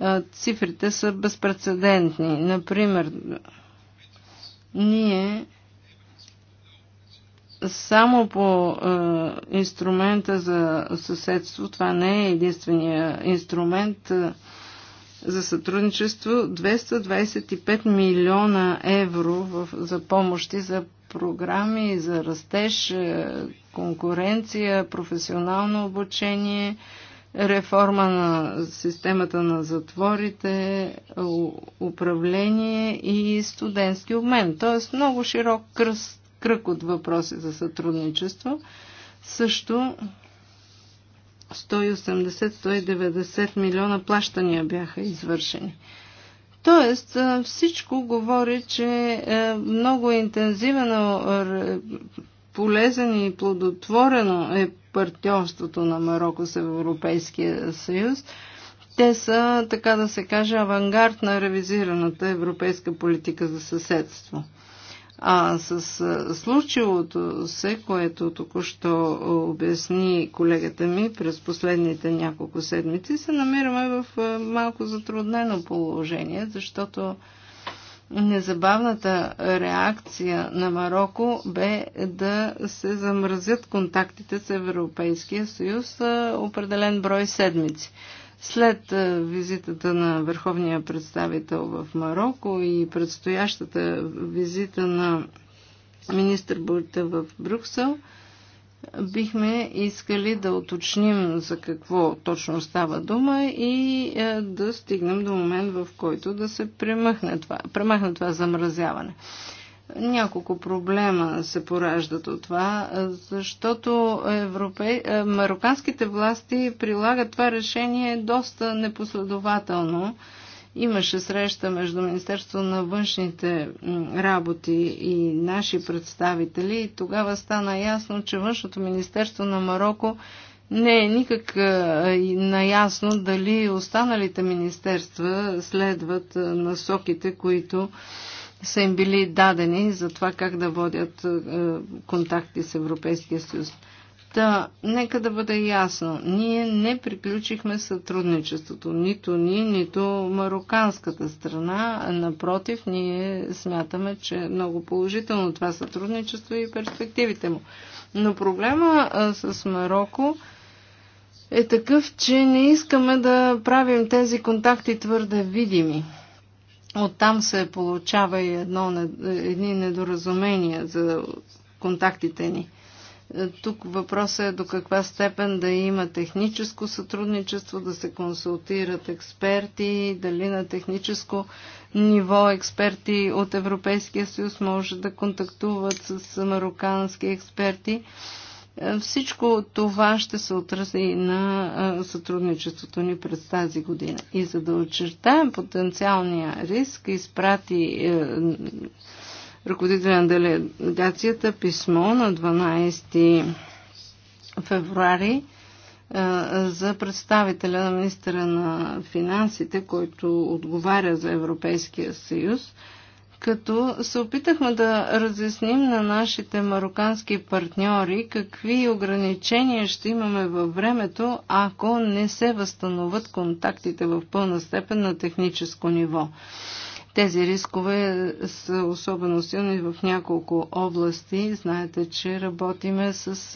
е, цифрите са безпредседентни. Например, ние само по е, инструмента за съседство, това не е единствения инструмент е, за сътрудничество, 225 милиона евро в, за помощи за програми за растеж, е, конкуренция, професионално обучение, реформа на системата на затворите, управление и студентски обмен. Тоест много широк кръг от въпроси за сътрудничество. Също 180-190 милиона плащания бяха извършени. Тоест, всичко говори, че е, много интензивно, е, полезен и плодотворено е партньорството на Марокко с Европейския съюз. Те са, така да се каже, авангард на ревизираната европейска политика за съседство. А с случилото се, което току-що обясни колегата ми през последните няколко седмици, се намираме в малко затруднено положение, защото незабавната реакция на Марокко бе да се замразят контактите с Европейския съюз определен брой седмици. След визитата на върховния представител в Марокко и предстоящата визита на министър Бурта в Брюксел, бихме искали да уточним за какво точно става дума и да стигнем до момент, в който да се премахне това, премахне това замразяване. Няколко проблема се пораждат от това, защото европе... Е, мароканските власти прилагат това решение доста непоследователно. Имаше среща между Министерство на външните работи и наши представители и тогава стана ясно, че външното Министерство на Марокко не е никак е, наясно дали останалите министерства следват е, насоките, които са им били дадени за това как да водят е, контакти с Европейския съюз. Та, нека да бъде ясно, ние не приключихме сътрудничеството, нито ние, нито мароканската страна. Напротив, ние смятаме, че е много положително това сътрудничество и перспективите му. Но проблема е, с Марокко е такъв, че не искаме да правим тези контакти твърде видими. Оттам се получава и едно, едни недоразумения за контактите ни. Е, тук въпросът е до каква степен да има техническо сътрудничество, да се консултират експерти, дали на техническо ниво експерти от Европейския съюз може да контактуват с марокански експерти всичко това ще се отрази на сътрудничеството ни през тази година. И за да очертаем потенциалния риск, изпрати е, ръководителя на делегацията писмо на 12 февруари е, за представителя на министра на финансите, който отговаря за Европейския съюз – като се опитахме да разясним на нашите марокански партньори какви ограничения ще имаме във времето, ако не се възстановят контактите в пълна степен на техническо ниво. Тези рискове са особено силни в няколко области. Знаете, че работиме с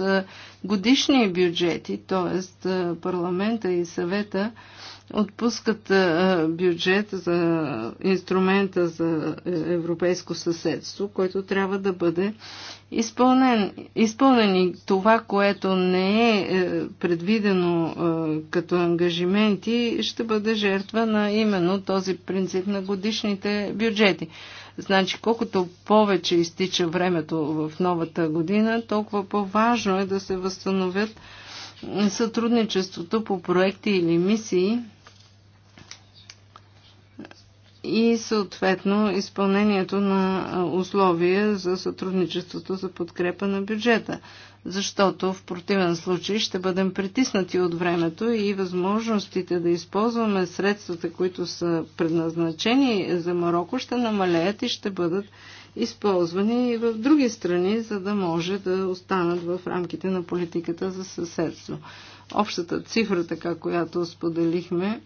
годишни бюджети, т.е. парламента и съвета отпускат бюджет за инструмента за е, европейско съседство, който трябва да бъде изпълнен. Изпълнен и това, което не е, е предвидено като ангажименти, ще бъде жертва на именно този принцип на годишните бюджети. Значи, колкото повече изтича времето в новата година, толкова по-важно е да се възстановят сътрудничеството по проекти или мисии, и съответно изпълнението на условия за сътрудничеството за подкрепа на бюджета, защото в противен случай ще бъдем притиснати от времето и възможностите да използваме средствата, които са предназначени за Марокко, ще намалеят и ще бъдат използвани и в други страни, за да може да останат в рамките на политиката за съседство. Общата цифра, така която споделихме,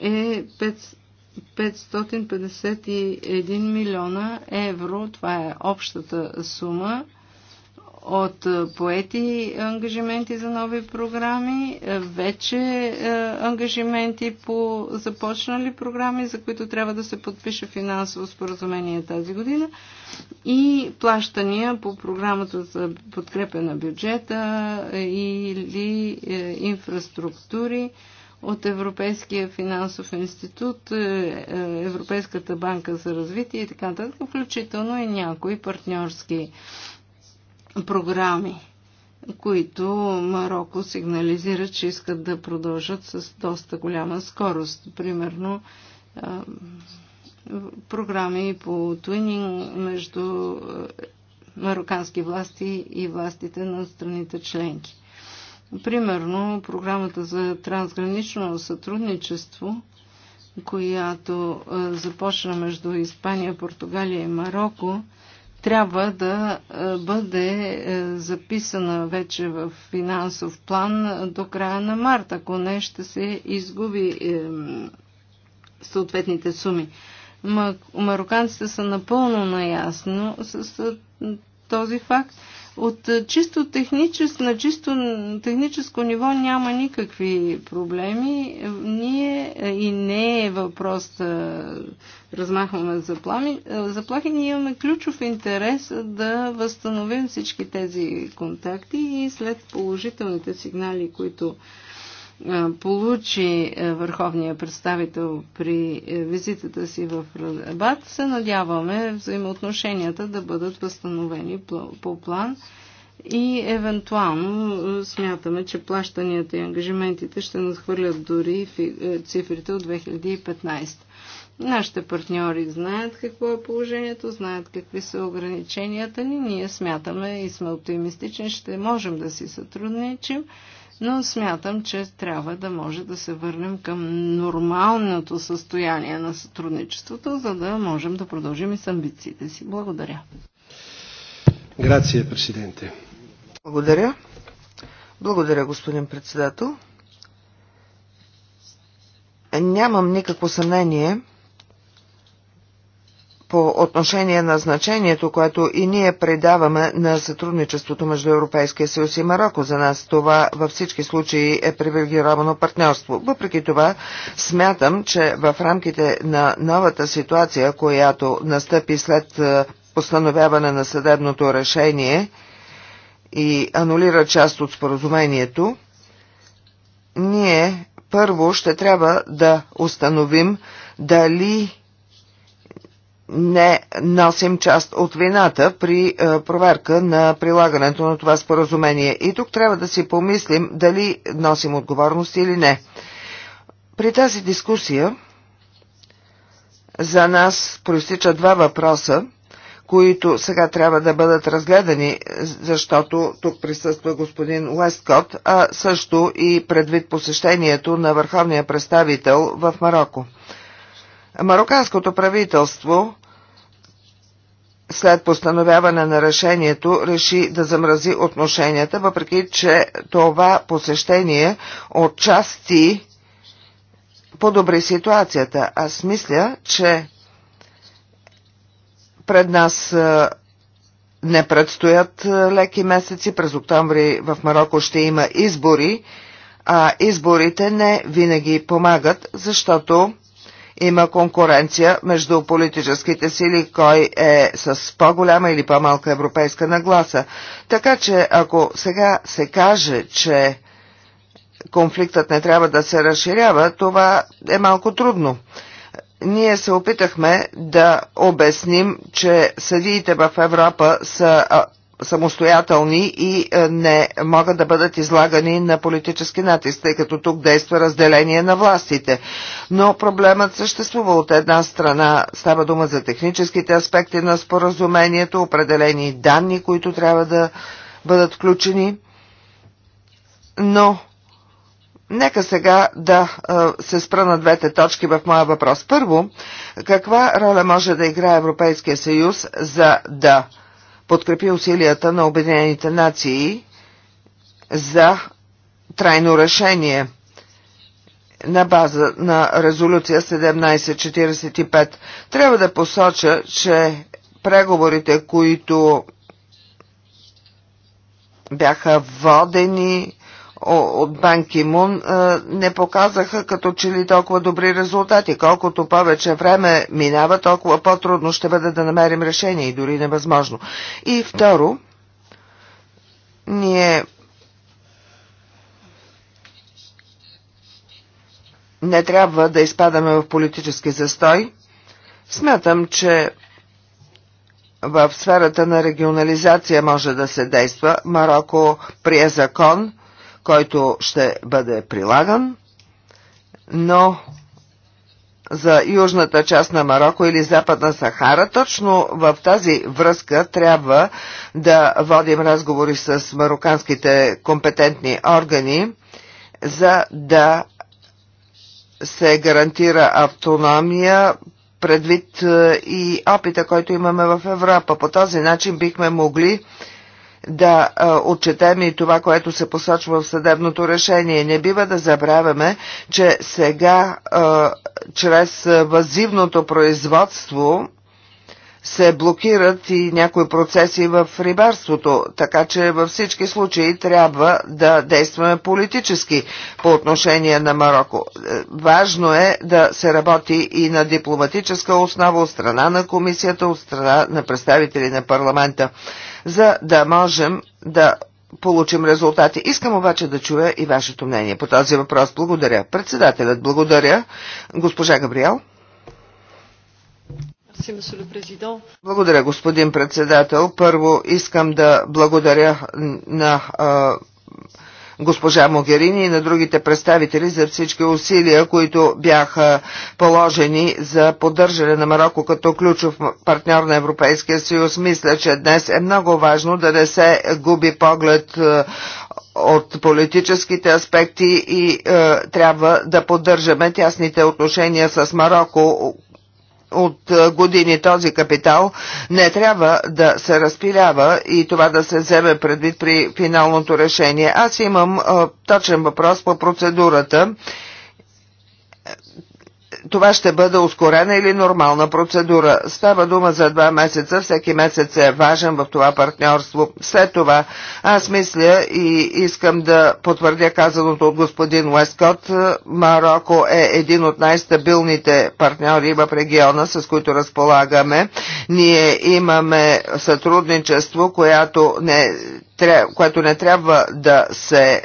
е 5 551 милиона евро. Това е общата сума от е, поети ангажименти за нови програми, е, вече е, ангажименти по започнали програми, за които трябва да се подпише финансово споразумение тази година и плащания по програмата за подкрепа на бюджета или инфраструктури от Европейския финансов институт, е, е, Европейската банка за развитие и така нататък, включително и някои партньорски програми, които Марокко сигнализира, че искат да продължат с доста голяма скорост. Примерно е, програми по туининг между марокански власти и властите на страните членки. Примерно, програмата за трансгранично сътрудничество, която е, започна между Испания, Португалия и Марокко, трябва да е, бъде е, записана вече в финансов план до края на март. Ако не, ще се изгуби съответните суми. Мароканците са напълно наясно с този факт от е, чисто техническо, на чисто техническо ниво няма никакви проблеми. Е, ние е, и не е въпрос да размахваме заплахи. заплахи. Ние имаме ключов интерес да възстановим всички тези контакти и след положителните сигнали, които получи е, върховния представител при е, визитата си в Рабат, се надяваме взаимоотношенията да бъдат възстановени по план и евентуално е, смятаме, че плащанията и ангажиментите ще надхвърлят дори цифрите от 2015. Нашите партньори знаят какво е положението, знаят какви са ограниченията ни. Ние смятаме и сме оптимистични, ще можем да си сътрудничим но смятам, че трябва да може да се върнем към нормалното състояние на сътрудничеството, за да можем да продължим и с амбициите си. Благодаря. Грация, президенте. Благодаря. Благодаря, господин председател. Нямам никакво съмнение, по отношение на значението, което и ние предаваме на сътрудничеството между Европейския съюз и Марокко. За нас това във всички случаи е привилегировано партньорство. Въпреки това, смятам, че в рамките на новата ситуация, която настъпи след е, постановяване на съдебното решение и анулира част от споразумението, ние първо ще трябва да установим дали не носим част от вината при е, проверка на прилагането на това споразумение. И тук трябва да си помислим дали носим отговорност или не. При тази дискусия за нас проистичат два въпроса, които сега трябва да бъдат разгледани, защото тук присъства господин Уесткот, а също и предвид посещението на върховния представител в Марокко. Марокканското правителство след постановяване на решението реши да замрази отношенията, въпреки че това посещение отчасти подобри ситуацията. Аз мисля, че пред нас не предстоят леки месеци. През октомври в Марокко ще има избори, а изборите не винаги помагат, защото има конкуренция между политическите сили, кой е с по-голяма или по-малка европейска нагласа. Така че ако сега се каже, че конфликтът не трябва да се разширява, това е малко трудно ние се опитахме да обясним, че съдиите в Европа са самостоятелни и е, не могат да бъдат излагани на политически натиск, тъй като тук действа разделение на властите. Но проблемът съществува от една страна. Става дума за техническите аспекти на споразумението, определени данни, които трябва да бъдат включени. Но Нека сега да е, се спра на двете точки в моя въпрос. Първо, каква роля може да играе Европейския съюз за да подкрепи усилията на Обединените нации за трайно решение на база на резолюция 1745. Трябва да посоча, че преговорите, които бяха водени от Банки Мун не показаха като че ли толкова добри резултати. Колкото повече време минава, толкова по-трудно ще бъде да намерим решение и дори невъзможно. И второ, ние не трябва да изпадаме в политически застой. Смятам, че в сферата на регионализация може да се действа. Марокко прие закон който ще бъде прилаган, но за южната част на Марокко или Западна Сахара. Точно в тази връзка трябва да водим разговори с мароканските компетентни органи, за да се гарантира автономия предвид е, и опита, който имаме в Европа. По този начин бихме могли да отчетем и това, което се посочва в съдебното решение. Не бива да забравяме, че сега чрез вазивното производство се блокират и някои процеси в рибарството, така че във всички случаи трябва да действаме политически по отношение на Марокко. Е, важно е да се работи и на дипломатическа основа от страна на комисията, от страна на представители на парламента за да можем да получим резултати. Искам обаче да чуя и вашето мнение по този въпрос. Благодаря. Председателят, благодаря. Госпожа Габриел. Благодаря, господин председател. Първо искам да благодаря на госпожа Могерини и на другите представители за всички усилия, които бяха положени за поддържане на Марокко като ключов партньор на Европейския съюз. Мисля, че днес е много важно да не се губи поглед е, от политическите аспекти и е, трябва да поддържаме тясните отношения с Марокко, от години този капитал не трябва да се разпилява и това да се вземе предвид при финалното решение. Аз имам точен въпрос по процедурата това ще бъде ускорена или нормална процедура. Става дума за два месеца, всеки месец е важен в това партньорство. След това аз мисля и искам да потвърдя казаното от господин Уескот. Марокко е един от най-стабилните партньори в региона, с които разполагаме. Ние имаме сътрудничество, което не, което не трябва да се е,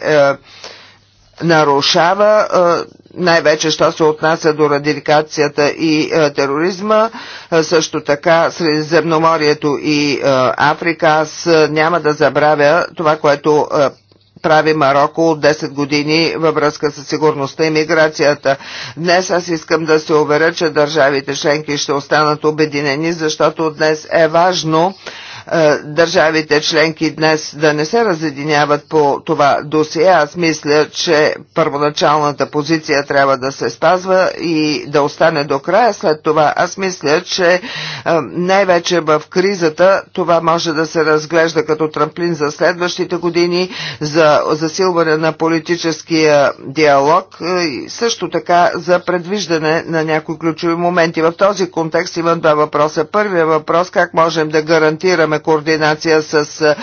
нарушава. Е, най-вече, що се отнася до радикацията и е, тероризма, е, също така Средиземноморието и е, Африка. Аз няма да забравя това, което прави Марокко от 10 години във връзка с сигурността и миграцията. Днес аз искам да се уверя, че държавите членки ще останат обединени, защото днес е важно е, държавите членки днес да не се разединяват по това досие. Аз мисля, че първоначалната позиция трябва да се спазва и да остане до края. След това аз мисля, че е, най-вече в кризата това може да се разглежда като трамплин за следващите години, за засилване на политическия диалог е, и също така за предвиждане на някои ключови моменти. В този контекст имам два въпроса. Първият въпрос – как можем да гарантираме имаме координация с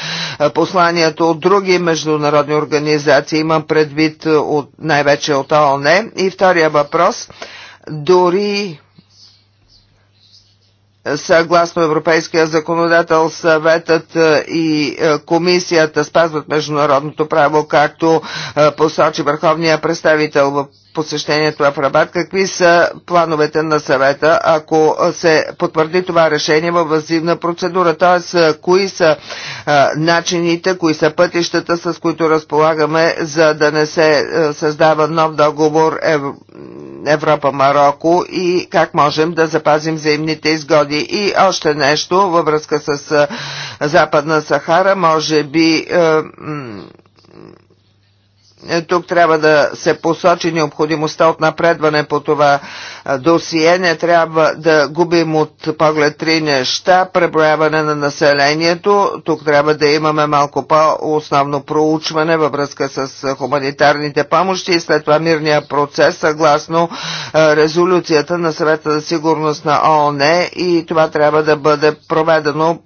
посланието от други международни организации, имам предвид от, най-вече от ООН. И втория въпрос, дори съгласно Европейския законодател съветът и комисията спазват международното право, както посочи върховния представител в посещението в Рабат, какви са плановете на съвета, ако се потвърди това решение във въззивна процедура, т.е. кои са а, начините, кои са пътищата, с които разполагаме, за да не се а, създава нов договор Ев... Европа-Марокко и как можем да запазим взаимните изгоди. И още нещо във връзка с а, Западна Сахара, може би а, е, тук трябва да се посочи необходимостта от напредване по това е, досие. Не трябва да губим от поглед три неща. Преброяване на населението. Тук трябва да имаме малко по-основно проучване във връзка с е, хуманитарните помощи и след това мирния процес съгласно резолюцията на съвета за сигурност на ООН и това трябва да бъде проведено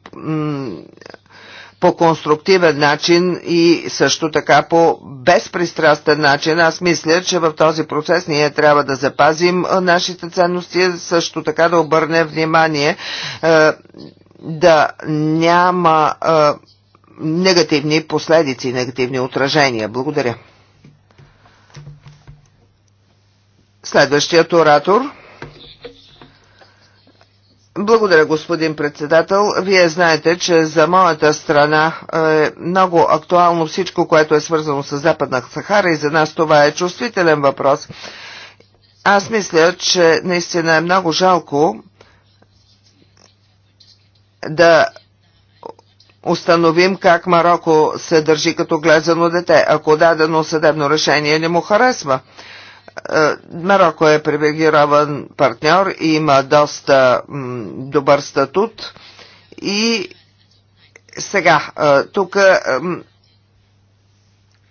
по конструктивен начин и също така по безпристрастен начин. Аз мисля, че в този процес ние трябва да запазим нашите ценности, също така да обърнем внимание да няма негативни последици, негативни отражения. Благодаря. Следващият оратор – благодаря, господин председател. Вие знаете, че за моята страна е много актуално всичко, което е свързано с Западна Сахара и за нас това е чувствителен въпрос. Аз мисля, че наистина е много жалко да установим как Марокко се държи като глезано дете, ако дадено съдебно решение не му харесва. Е, Марокко е привилегирован партньор и има доста добър статут. И сега, е, тук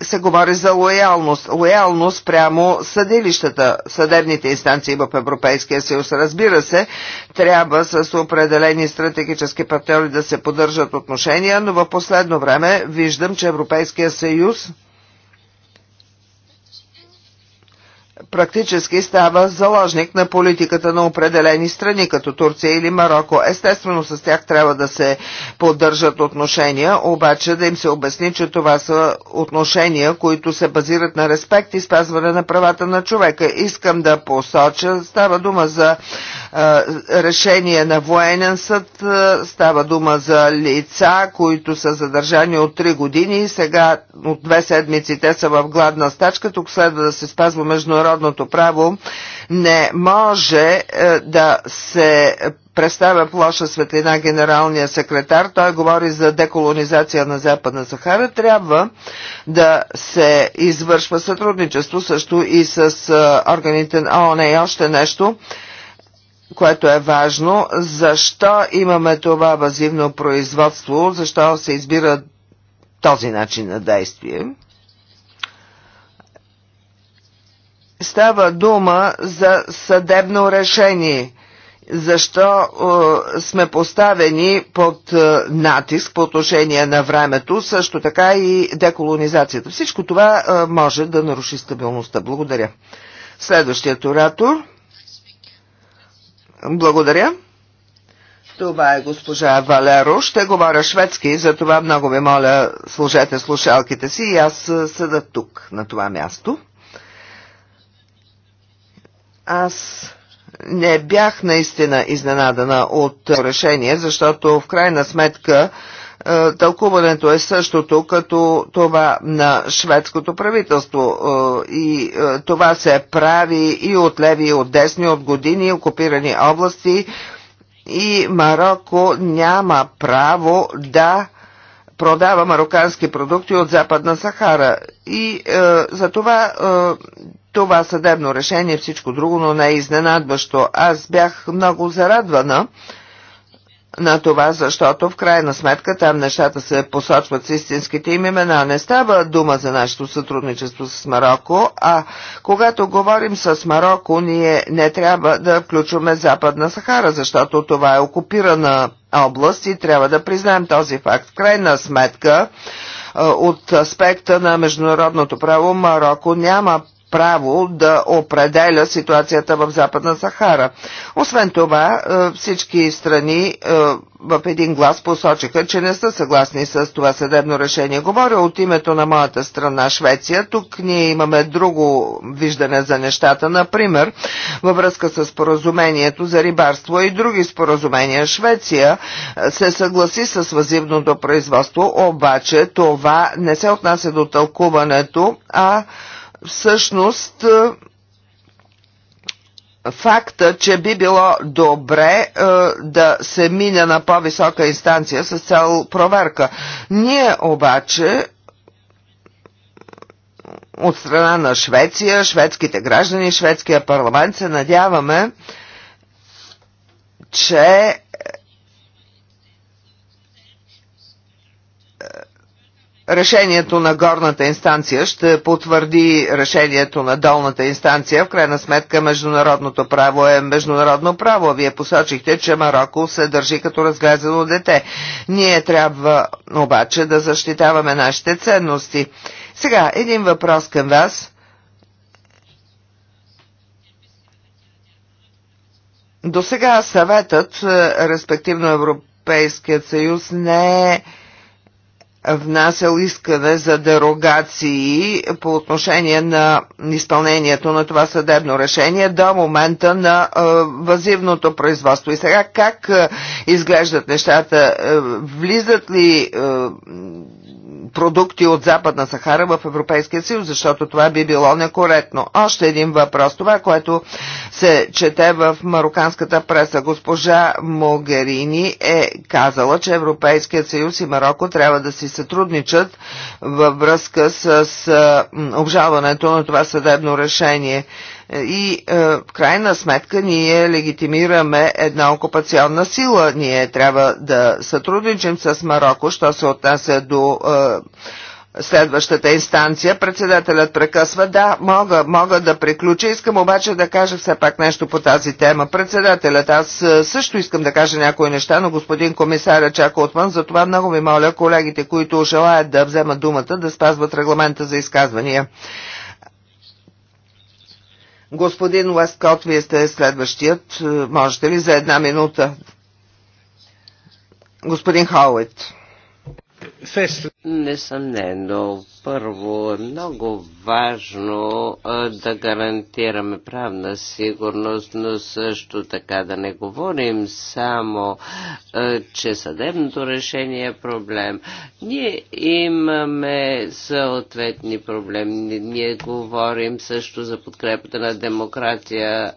се говори за лоялност. Лоялност прямо съдилищата, съдебните инстанции в Европейския съюз. Разбира се, трябва с определени стратегически партньори да се поддържат отношения, но в последно време виждам, че Европейския съюз практически става заложник на политиката на определени страни, като Турция или Марокко. Естествено с тях трябва да се поддържат отношения, обаче да им се обясни, че това са отношения, които се базират на респект и спазване на правата на човека. Искам да посоча, става дума за решение на военен съд. Става дума за лица, които са задържани от 3 години. Сега от две седмици те са в гладна стачка. Тук следва да се спазва международното право. Не може е, да се представя плоша светлина генералния секретар. Той говори за деколонизация на Западна Сахара. Трябва да се извършва сътрудничество също и с е, органите на ООН и още нещо което е важно. Защо имаме това базивно производство? Защо се избира този начин на действие? Става дума за съдебно решение защо е, сме поставени под е, натиск по отношение на времето, също така и деколонизацията. Всичко това е, може да наруши стабилността. Благодаря. Следващият оратор. Благодаря. Това е госпожа Валеро. Ще говоря шведски, затова много ви моля, служете слушалките си и аз съда тук, на това място. Аз не бях наистина изненадана от решение, защото в крайна сметка е, тълкуването е същото като това на шведското правителство е, и е, това се прави и от леви, и от десни, от години, окупирани области и Марокко няма право да продава марокански продукти от Западна Сахара. И е, за това е, това съдебно решение, всичко друго, но не е изненадващо. Аз бях много зарадвана, на това, защото в крайна сметка там нещата се посочват с истинските им имена. Не става дума за нашето сътрудничество с Марокко, а когато говорим с Марокко, ние не трябва да включваме Западна Сахара, защото това е окупирана област и трябва да признаем този факт. В крайна сметка, е, от аспекта на международното право Марокко няма право да определя ситуацията в Западна Сахара. Освен това, е, всички страни е, в един глас посочиха, че не са съгласни с това съдебно решение. Говоря от името на моята страна Швеция. Тук ние имаме друго виждане за нещата. Например, във връзка с споразумението за рибарство и други споразумения. Швеция е, се съгласи с възивното производство, обаче това не се отнася до тълкуването, а всъщност е, факта, че би било добре е, да се мине на по-висока инстанция с цел проверка. Ние обаче от страна на Швеция, шведските граждани, шведския парламент се надяваме, че решението на горната инстанция ще потвърди решението на долната инстанция. В крайна сметка международното право е международно право. Вие посочихте, че Марокко се държи като разглезено дете. Ние трябва обаче да защитаваме нашите ценности. Сега, един въпрос към вас. До сега съветът, е, респективно Европейският съюз, не е внасял искане за дерогации по отношение на изпълнението на това съдебно решение до момента на е, възивното производство. И сега как е, изглеждат нещата? Е, влизат ли продукти от Западна Сахара в Европейския съюз, защото това би било некоректно. Още един въпрос. Това, което се чете в мароканската преса. Госпожа Могерини е казала, че Европейският съюз и Марокко трябва да си сътрудничат във връзка с обжалването на това съдебно решение и е, в крайна сметка ние легитимираме една окупационна сила. Ние трябва да сътрудничим с Марокко, що се отнася до е, следващата инстанция. Председателят прекъсва. Да, мога, мога да приключа. Искам обаче да кажа все пак нещо по тази тема. Председателят, аз също искам да кажа някои неща, но господин комисаря чака отвън. Затова много ви моля колегите, които желаят да вземат думата, да спазват регламента за изказвания. Господин Уесткот, вие сте следващият. Можете ли за една минута? Господин Хауит. Е, Несъмнено, първо е много важно да гарантираме правна сигурност, но също така да не говорим само, че съдебното решение е проблем. Ние имаме съответни проблеми. Ние говорим също за подкрепата на демокрация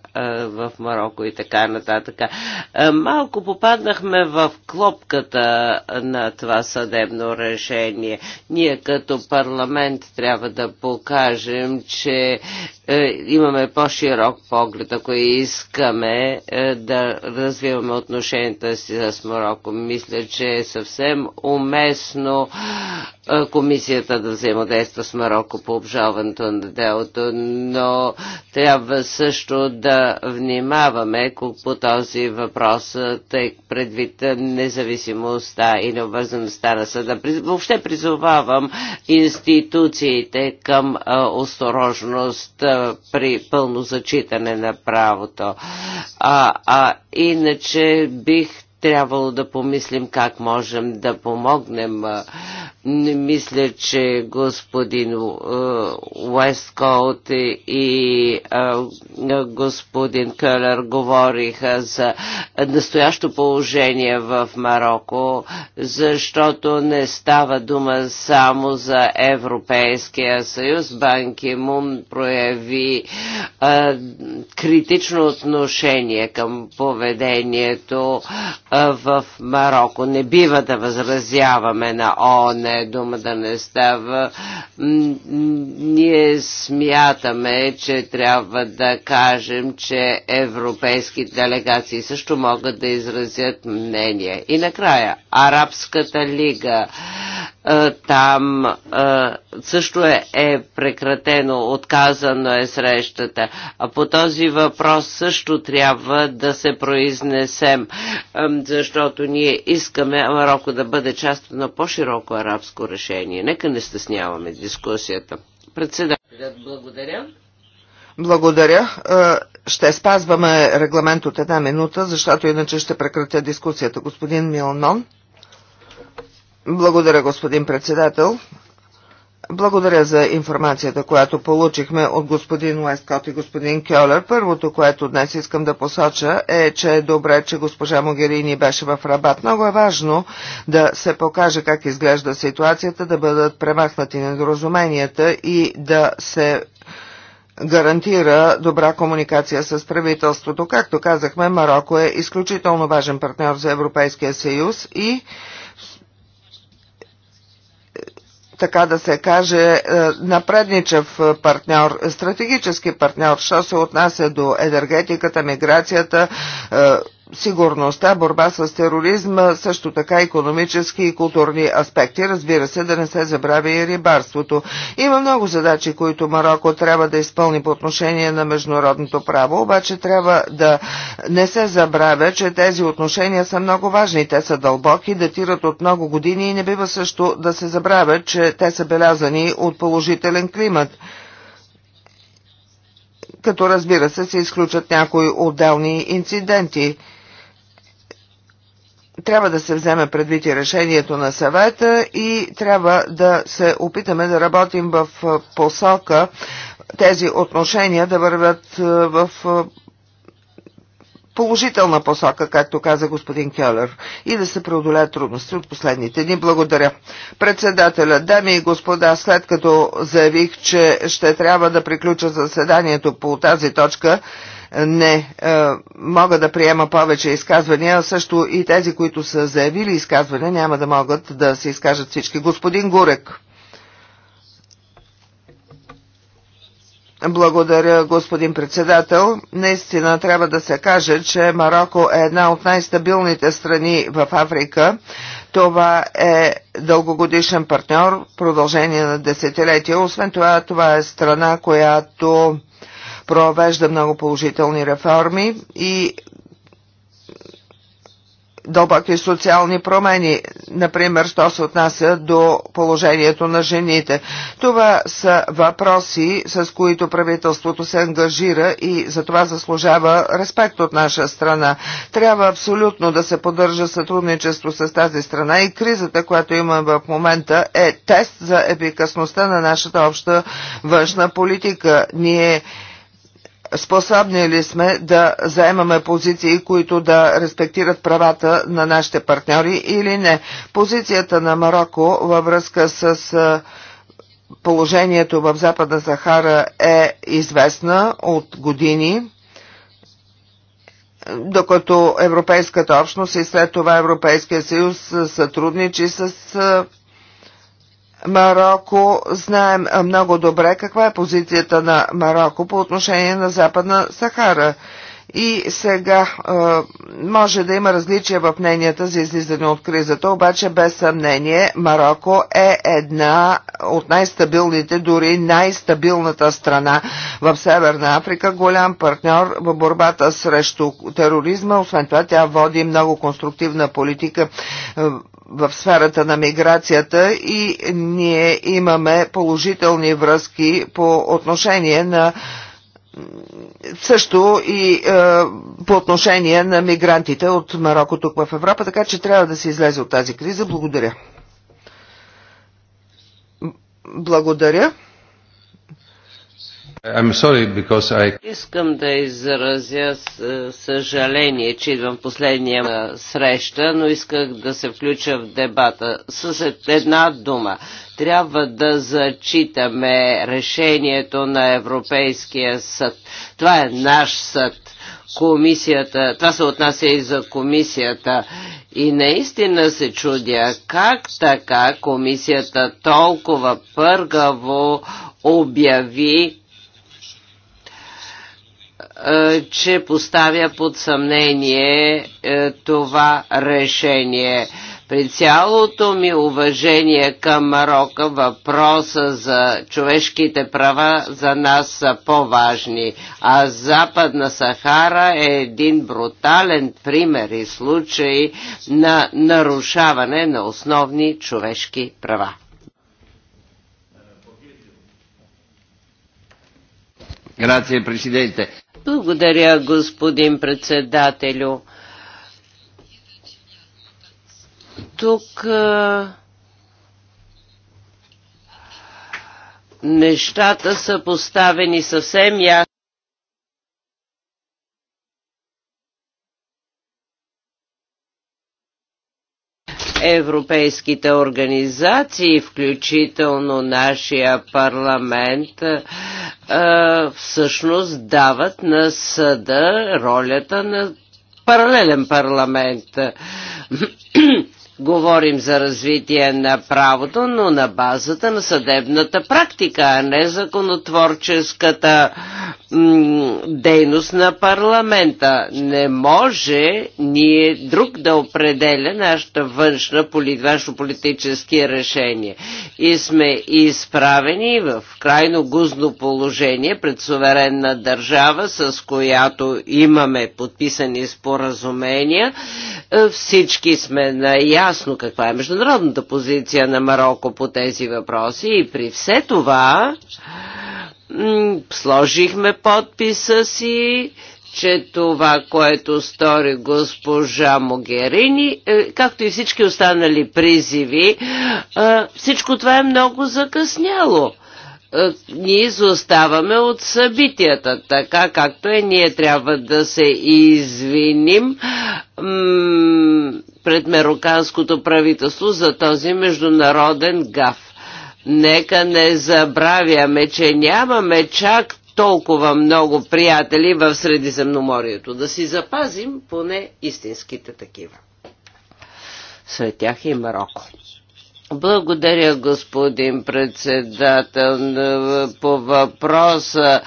в Марокко и така нататък. Малко попаднахме в клопката на това съдебно решение. Ние като парламент трябва да покажем, че е, имаме по-широк поглед, ако искаме е, да развиваме отношенията си с Марокко. Мисля, че е съвсем уместно е, комисията да взаимодейства с Марокко по обжалването на делото, но трябва също да внимаваме по този въпрос, е, тъй предвид независимостта и необвързаността на съда Въобще призовавам институциите към осторожност при пълно зачитане на правото. А, а иначе бих трябвало да помислим как можем да помогнем. Мисля, че господин Уестколт и господин Кълър говориха за настоящо положение в Марокко, защото не става дума само за Европейския съюз. Банки Мун прояви критично отношение към поведението в Марокко. Не бива да възразяваме на ООН, дума да не става. Ние смятаме, че трябва да кажем, че европейски делегации също могат да изразят мнение. И накрая, Арабската лига е, там е, също е, е прекратено, отказано е срещата. А по този въпрос също трябва да се произнесем, защото ние искаме Марокко да бъде част на по-широко арабско решение. Нека не стесняваме дискусията. Председателят, благодаря. Благодаря. Ще спазваме регламент от една минута, защото иначе ще прекратя дискусията. Господин Милнон. Благодаря, господин председател. Благодаря за информацията, която получихме от господин Уесткот и господин Кьолер. Първото, което днес искам да посоча е, че е добре, че госпожа Могерини беше в Рабат. Много е важно да се покаже как изглежда ситуацията, да бъдат премахнати недоразуменията и да се гарантира добра комуникация с правителството. Както казахме, Марокко е изключително важен партньор за Европейския съюз и така да се каже, е, напредничев е, партньор, стратегически партньор, що се отнася до енергетиката, миграцията, е, сигурността, борба с тероризма, също така економически и културни аспекти. Разбира се, да не се забравя и рибарството. Има много задачи, които Марокко трябва да изпълни по отношение на международното право, обаче трябва да не се забравя, че тези отношения са много важни. Те са дълбоки, датират от много години и не бива също да се забравя, че те са белязани от положителен климат като разбира се се изключат някои отделни инциденти – трябва да се вземе предвид и решението на съвета и трябва да се опитаме да работим в посока тези отношения да вървят в положителна посока, както каза господин Келер, и да се преодолеят трудности от последните дни. Благодаря. Председателя, дами и господа, след като заявих, че ще трябва да приключа заседанието по тази точка, не е, мога да приема повече изказвания, също и тези, които са заявили изказване, няма да могат да се изкажат всички. Господин Гурек. Благодаря, господин председател. Наистина трябва да се каже, че Марокко е една от най-стабилните страни в Африка. Това е дългогодишен партньор, продължение на десетилетия. Освен това, това е страна, която провежда много положителни реформи и дълбоки социални промени, например, що се отнася до положението на жените. Това са въпроси, с които правителството се ангажира и за това заслужава респект от наша страна. Трябва абсолютно да се поддържа сътрудничество с тази страна и кризата, която имаме в момента, е тест за ефикасността на нашата обща външна политика. Ние способни ли сме да заемаме позиции, които да респектират правата на нашите партньори или не. Позицията на Марокко във връзка с положението в Западна Сахара е известна от години докато Европейската общност и след това Европейския съюз сътрудничи с Марокко знаем много добре каква е позицията на Марокко по отношение на Западна Сахара. И сега може да има различия в мненията за излизане от кризата, обаче без съмнение Марокко е една от най-стабилните, дори най-стабилната страна в Северна Африка, голям партньор в борбата срещу тероризма. Освен това тя води много конструктивна политика в сферата на миграцията и ние имаме положителни връзки по отношение на също и е, по отношение на мигрантите от Марокко тук в Европа, така че трябва да се излезе от тази криза. Благодаря. Благодаря. I'm sorry because I... Искам да изразя е, съжаление, че идвам последния е, среща, но исках да се включа в дебата с една дума. Трябва да зачитаме решението на Европейския съд. Това е наш съд комисията, това се отнася и за комисията. И наистина се чудя как така комисията толкова пъргаво обяви е, че поставя под съмнение е, това решение. При цялото ми уважение към Марока, въпроса за човешките права за нас са по-важни, а Западна Сахара е един брутален пример и случай на нарушаване на основни човешки права. Grazie Presidente. Благодаря, господин председателю. Тук а, нещата са поставени съвсем ясно. европейските организации, включително нашия парламент, всъщност дават на съда ролята на паралелен парламент Говорим за развитие на правото, но на базата на съдебната практика, а не законотворческата дейност на парламента. Не може ние друг да определя нашата външна външно-политически решения. И сме изправени в крайно гузно положение пред суверенна държава, с която имаме подписани споразумения. Всички сме наясно ясно каква е международната позиция на Марокко по тези въпроси и при все това сложихме подписа си, че това, което стори госпожа Могерини, е, както и всички останали призиви, е, всичко това е много закъсняло е, ние изоставаме от събитията, така както е, ние трябва да се извиним пред мероканското правителство за този международен гаф. Нека не забравяме, че нямаме чак толкова много приятели в Средиземноморието. Да си запазим поне истинските такива. Сред тях и Марокко. Благодаря, господин председател, по въпроса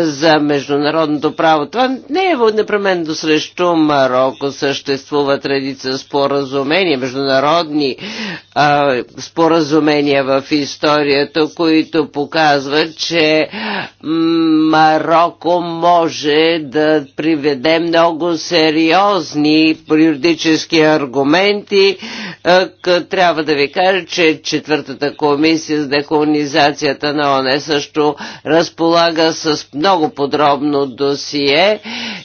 за международното право. Това не е непременно срещу Марокко. Съществува редица споразумения, международни а, споразумения в историята, които показват, че Марокко може да приведе много сериозни юридически аргументи. А, трябва да ви кажа, че четвъртата комисия с деколонизацията на ОНЕ също разполага с много подробно досие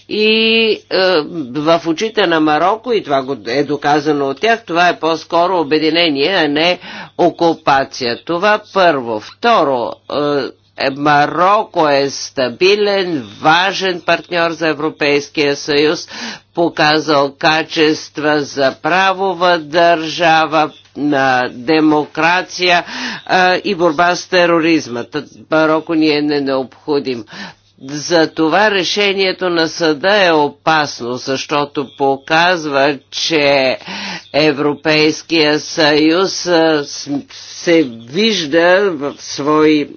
и е, в очите на Марокко, и това е доказано от тях, това е по-скоро обединение, а не окупация. Това първо. Второ, е, Марокко е стабилен, важен партньор за Европейския съюз, показал качества за правова държава, на демокрация а, и борба с тероризма. Марокко ни е не необходим. За това решението на съда е опасно, защото показва, че Европейския съюз се вижда в свой,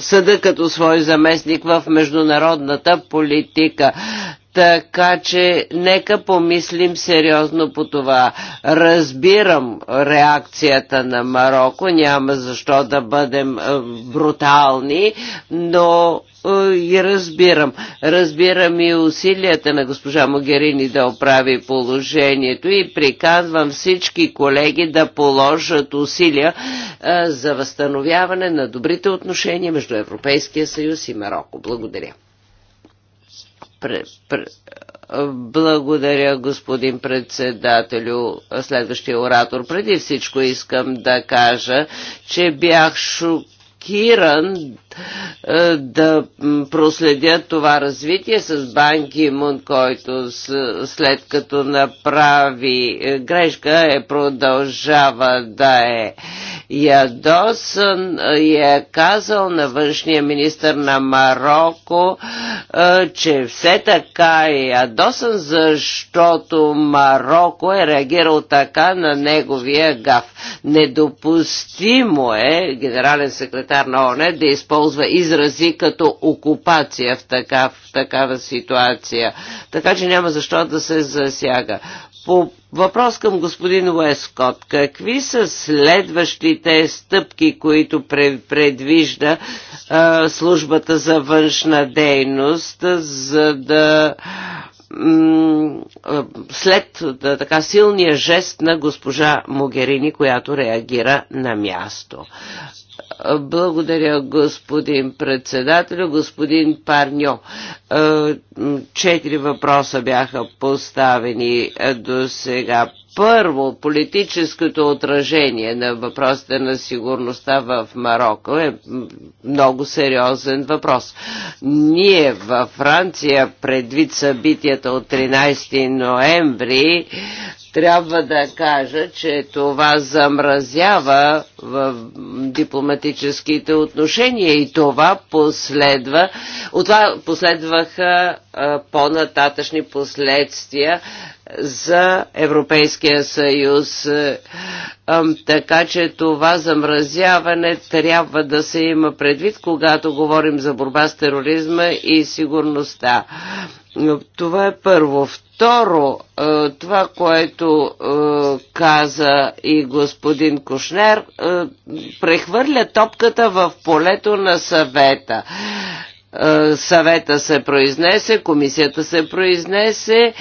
съда като свой заместник в международната политика. Така че нека помислим сериозно по това. Разбирам реакцията на Марокко, няма защо да бъдем брутални, но е, и разбирам. Разбирам и усилията на госпожа Могерини да оправи положението и приказвам всички колеги да положат усилия е, за възстановяване на добрите отношения между Европейския съюз и Марокко. Благодаря. Пре, пре, е, благодаря, господин председателю. Следващия оратор. Преди всичко искам да кажа, че бях шокиран е, да проследят това развитие с Банки Мун, който след като направи е, грешка е продължава да е ядосан и е, е казал на външния министр на Марокко, че все така е ядосан, защото Марокко е реагирал така на неговия гаф. Недопустимо е генерален секретар на ОНЕ да използва използва изрази като окупация в, така, в такава ситуация. Така че няма защо да се засяга. По въпрос към господин Уескот, какви са следващите стъпки, които предвижда а, службата за външна дейност, за да след така силния жест на госпожа Могерини, която реагира на място. Благодаря, господин председател, господин Парньо. Е, четири въпроса бяха поставени е, до сега. Първо, политическото отражение на въпросите на сигурността в Марокко е много сериозен въпрос. Ние във Франция, предвид събитията от 13 ноември, трябва да кажа, че това замразява в дипломатическите отношения и това последва. От това последваха по-нататъчни последствия за Европейския съюз. Така че това замразяване трябва да се има предвид, когато говорим за борба с тероризма и сигурността. Това е първо. Второ, е, това, което е, каза и господин Кушнер, е, прехвърля топката в полето на съвета съвета се произнесе, комисията се произнесе,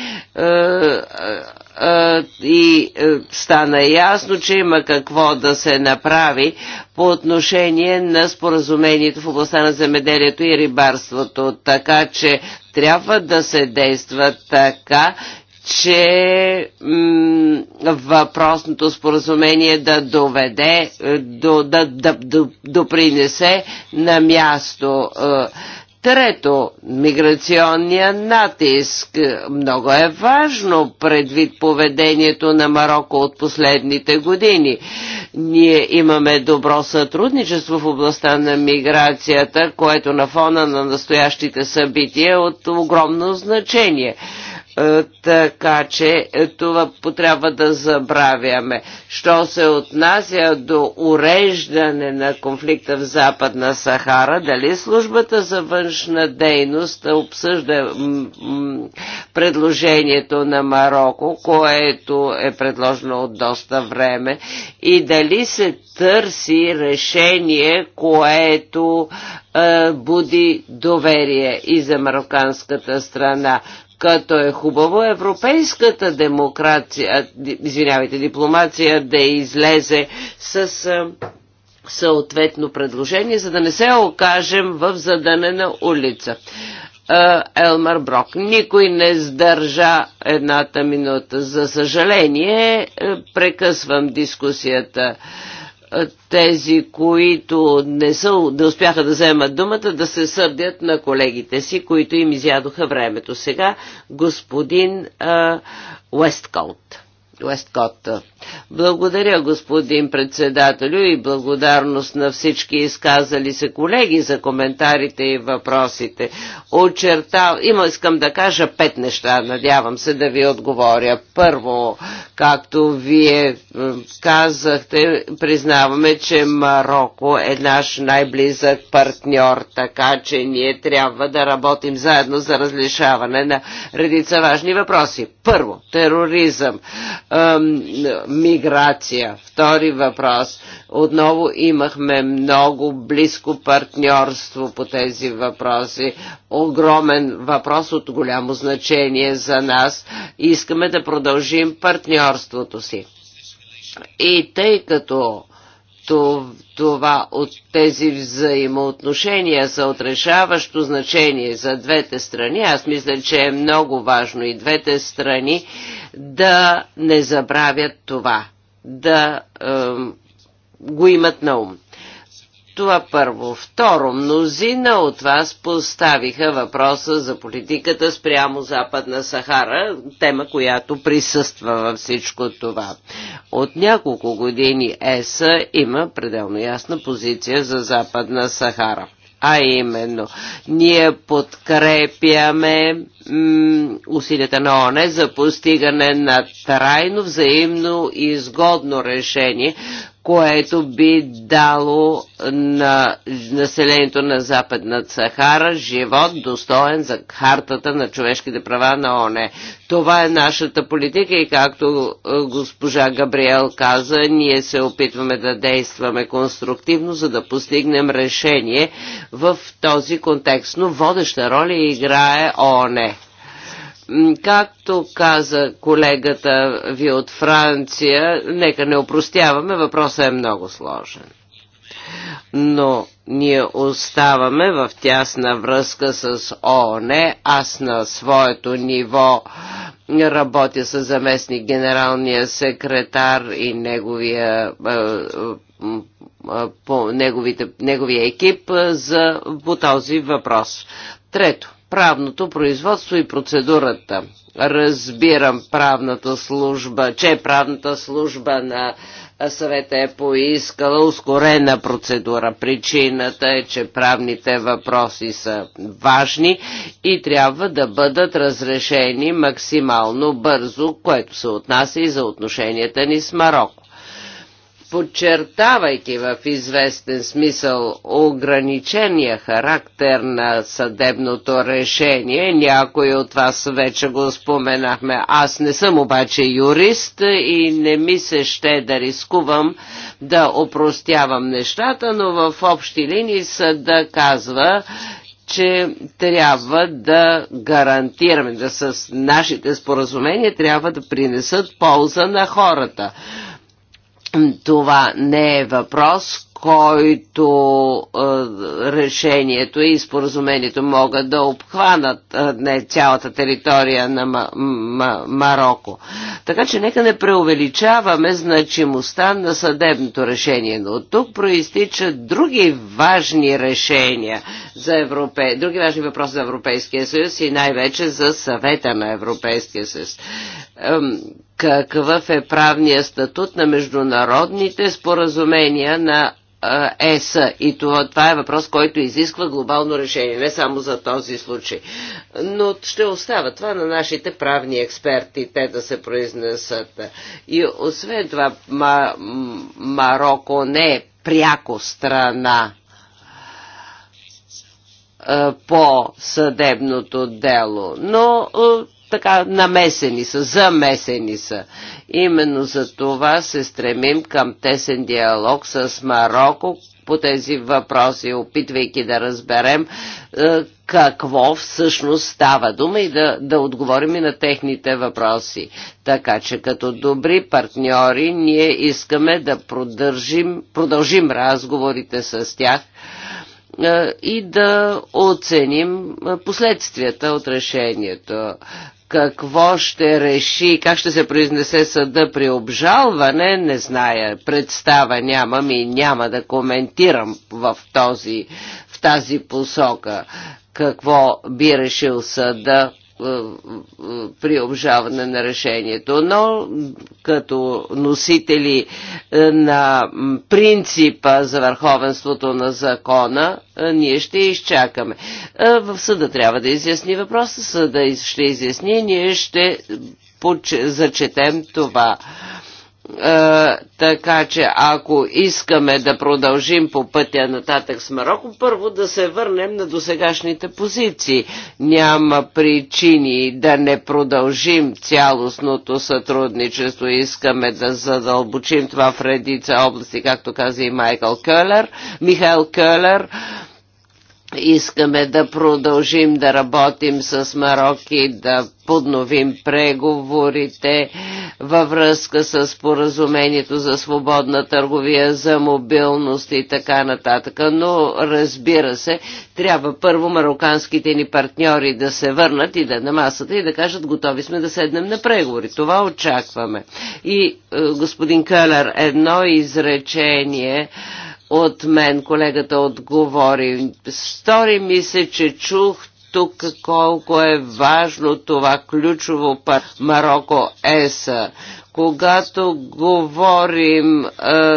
и е, стана ясно, че има какво да се направи по отношение на споразумението в областта на земеделието и рибарството. Така че трябва да се действа така, че въпросното споразумение да доведе, е, до, да, да, да допринесе на място. Е, Трето, миграционния натиск. Много е важно предвид поведението на Марокко от последните години. Ние имаме добро сътрудничество в областта на миграцията, което на фона на настоящите събития е от огромно значение. Е, така че е, това трябва да забравяме. Що се отнася до уреждане на конфликта в Западна Сахара, дали службата за външна дейност обсъжда предложението на Марокко, което е предложено от доста време, и дали се търси решение, което е, буди доверие и за марокканската страна като е хубаво европейската демокрация, извинявайте, дипломация да излезе с съответно предложение, за да не се окажем в задънена улица. Елмар Брок. Никой не сдържа едната минута. За съжаление, е, прекъсвам дискусията тези, които не, са, не успяха да вземат думата, да се сърдят на колегите си, които им изядоха времето. Сега господин Уесткот. Уесткот. Благодаря, господин председателю, и благодарност на всички изказали се колеги за коментарите и въпросите. Очертав... Има, искам да кажа пет неща, надявам се да ви отговоря. Първо, както вие казахте, признаваме, че Марокко е наш най-близък партньор, така че ние трябва да работим заедно за разрешаване на редица важни въпроси. Първо, тероризъм, миграция. Втори въпрос. Отново имахме много близко партньорство по тези въпроси. Огромен въпрос от голямо значение за нас. Искаме да продължим партньорството си. И тъй като това от тези взаимоотношения са отрешаващо значение за двете страни. Аз мисля, че е много важно и двете страни да не забравят това да е, го имат на ум. Това първо. Второ, мнозина от вас поставиха въпроса за политиката спрямо Западна Сахара, тема, която присъства във всичко това. От няколко години ЕСА има пределно ясна позиция за Западна Сахара а именно ние подкрепяме усилията на ОНЕ за постигане на трайно взаимно и изгодно решение, което би дало на населението на Западна Сахара живот, достоен за хартата на човешките права на ОНЕ. Това е нашата политика и както е, госпожа Габриел каза, ние се опитваме да действаме конструктивно, за да постигнем решение в този контекст. Но водеща роля играе ООН. Както каза колегата ви от Франция, нека не опростяваме, въпросът е много сложен. Но ние оставаме в тясна връзка с ООН. Аз на своето ниво работя с заместник генералния секретар и неговия е, е, е, по неговите, неговия екип за, по този въпрос. Трето, правното производство и процедурата. Разбирам правната служба, че правната служба на съвета е поискала ускорена процедура. Причината е, че правните въпроси са важни и трябва да бъдат разрешени максимално бързо, което се отнася и за отношенията ни с Марокко подчертавайки в известен смисъл ограничения характер на съдебното решение. Някои от вас вече го споменахме. Аз не съм обаче юрист и не ми се ще да рискувам да опростявам нещата, но в общи линии съда казва, че трябва да гарантираме, да с нашите споразумения трябва да принесат полза на хората това не е въпрос, който е, решението и споразумението могат да обхванат е, не цялата територия на М- М- Марокко. Така че нека не преувеличаваме значимостта на съдебното решение, но от тук проистичат други важни решения за Европе... други важни въпроси за Европейския съюз и най-вече за съвета на Европейския съюз какъв е правния статут на международните споразумения на е, ЕС. И това, това е въпрос, който изисква глобално решение, не само за този случай. Но ще остава това на нашите правни експерти, те да се произнесат. И освен това, Марокко не е пряко страна е, по съдебното дело. Но е, така намесени са, замесени са. Именно за това се стремим към тесен диалог с Марокко по тези въпроси, опитвайки да разберем е, какво всъщност става дума и да, да отговорим и на техните въпроси. Така че като добри партньори ние искаме да продължим, продължим разговорите с тях е, и да оценим е, последствията от решението. Какво ще реши, как ще се произнесе съда при обжалване, не зная. Представа нямам и няма да коментирам в, този, в тази посока. Какво би решил съда е, е, при обжаване на решението. Но като носители е, на принципа за върховенството на закона, ние ще изчакаме. В съда трябва да изясни въпроса, съда ще изясни, ние ще зачетем това. Е, така че ако искаме да продължим по пътя нататък с Марокко, първо да се върнем на досегашните позиции. Няма причини да не продължим цялостното сътрудничество. Искаме да задълбочим това в редица области, както каза и Майкъл Кълер, Михаил Кълер. Михаил Кълер Искаме да продължим да работим с Марок и да подновим преговорите във връзка с поразумението за свободна търговия, за мобилност и така нататък. Но разбира се, трябва първо мароканските ни партньори да се върнат и да на масата и да кажат готови сме да седнем на преговори. Това очакваме. И е, господин Кълер, едно изречение от мен колегата отговори. Стори ми се, че чух тук колко е важно това ключово пар Марокко ЕСА. Когато говорим а,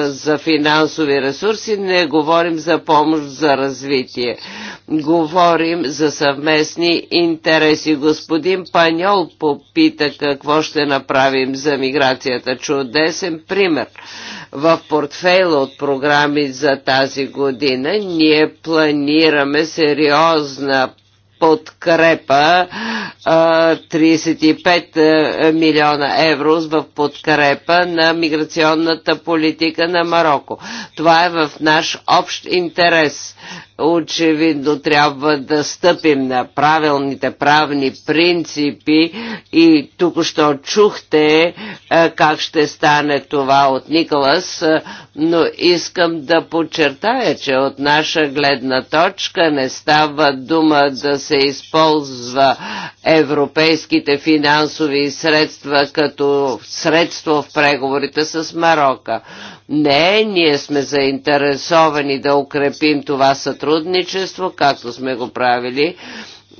за финансови ресурси, не говорим за помощ за развитие. Говорим за съвместни интереси. Господин Паньол попита какво ще направим за миграцията. Чудесен пример. А, в портфейла от програми за тази година. Ние планираме сериозна подкрепа 35 милиона евро в подкрепа на миграционната политика на Марокко. Това е в наш общ интерес очевидно трябва да стъпим на правилните правни принципи и тук що чухте е, как ще стане това от Николас, е, но искам да подчертая, че от наша гледна точка не става дума да се използва европейските финансови средства като средство в преговорите с Марокко. Не, ние сме заинтересовани да укрепим това сътрудничество сътрудничество, както сме го правили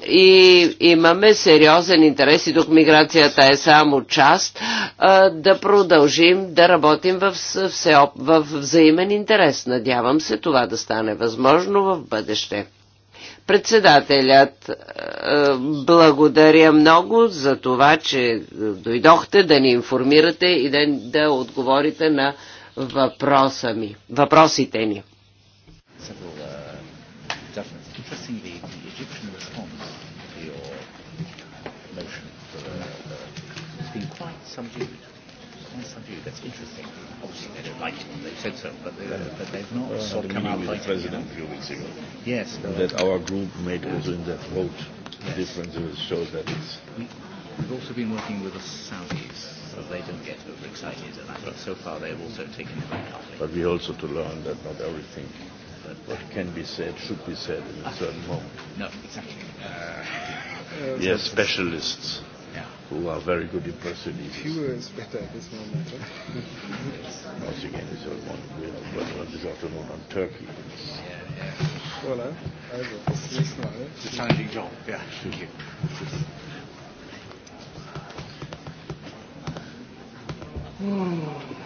и имаме сериозен интерес и тук миграцията е само част, да продължим да работим в, в взаимен интерес. Надявам се това да стане възможно в бъдеще. Председателят, благодаря много за това, че дойдохте да ни информирате и да, да отговорите на въпроса ми, въпросите ни. some view, on some view. That's interesting. Obviously, they don't like it. They said so, but, they, yeah. but they've not well, sort of come out with like the president a few weeks ago. Yes. No. That our group made also in that vote. Yes. The difference shows that it's. We, we've also been working with the Saudis so they don't get overexcited. And I think so far they've also taken it back calmly. But we also to learn that not everything but what can be said should be said in a certain moment. No, exactly. Uh, yes, specialists who are very good impersonators. Fewer is better at this moment. Once again, it's all one. We have one on this afternoon on Turkey. Yeah, yeah. Voilà. Also, bis zum nächsten Mal. The challenging job, yeah. Thank you. Hmm.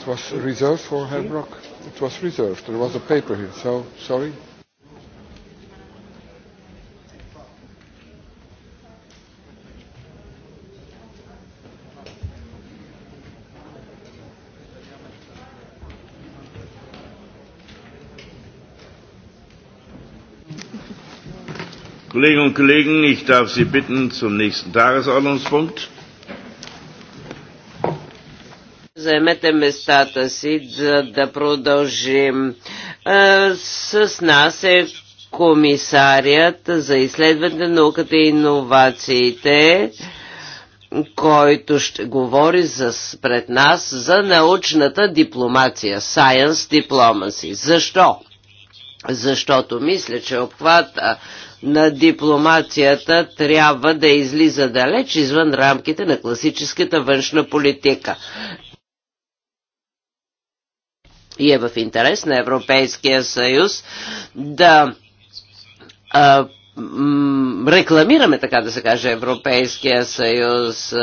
it was reserved for Herr Brock. It was reserved. There was a paper here, so sorry. Kolleginnen und Kollegen, ich darf Sie bitten zum nächsten Tagesordnungspunkt. заемете местата си, за да продължим. С нас е комисарият за изследване на науката и иновациите, който ще говори за, пред нас за научната дипломация, Science Diplomacy. Защо? Защото мисля, че обхвата на дипломацията трябва да излиза далеч извън рамките на класическата външна политика и е в интерес на Европейския съюз да а, рекламираме, така да се каже, Европейския съюз,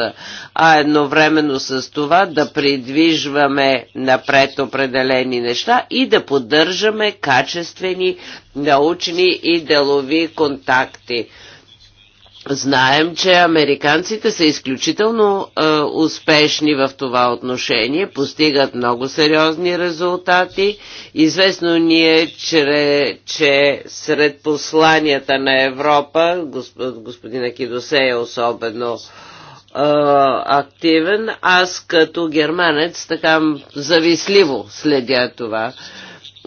а едновременно с това да придвижваме напред определени неща и да поддържаме качествени научни и делови контакти. Знаем, че американците са изключително е, успешни в това отношение, постигат много сериозни резултати. Известно ни е, че, че сред посланията на Европа, госп, господина Кидосе е особено е, активен. Аз като германец така завистливо следя това.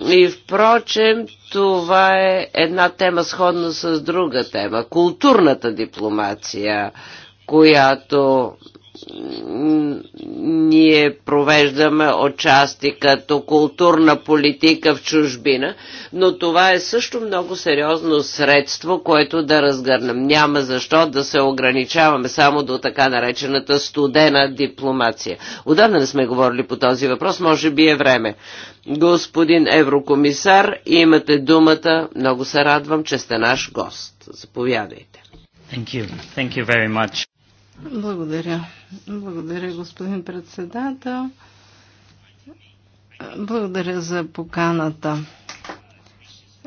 И впрочем, това е една тема сходна с друга тема. Културната дипломация, която ние провеждаме отчасти като културна политика в чужбина, но това е също много сериозно средство, което да разгърнем. Няма защо да се ограничаваме само до така наречената студена дипломация. Отдавна не сме говорили по този въпрос, може би е време. Господин еврокомисар, имате думата. Много се радвам, че сте наш гост. Заповядайте. Thank you. Thank you very much. Благодаря. Благодаря, господин председател. Благодаря за поканата.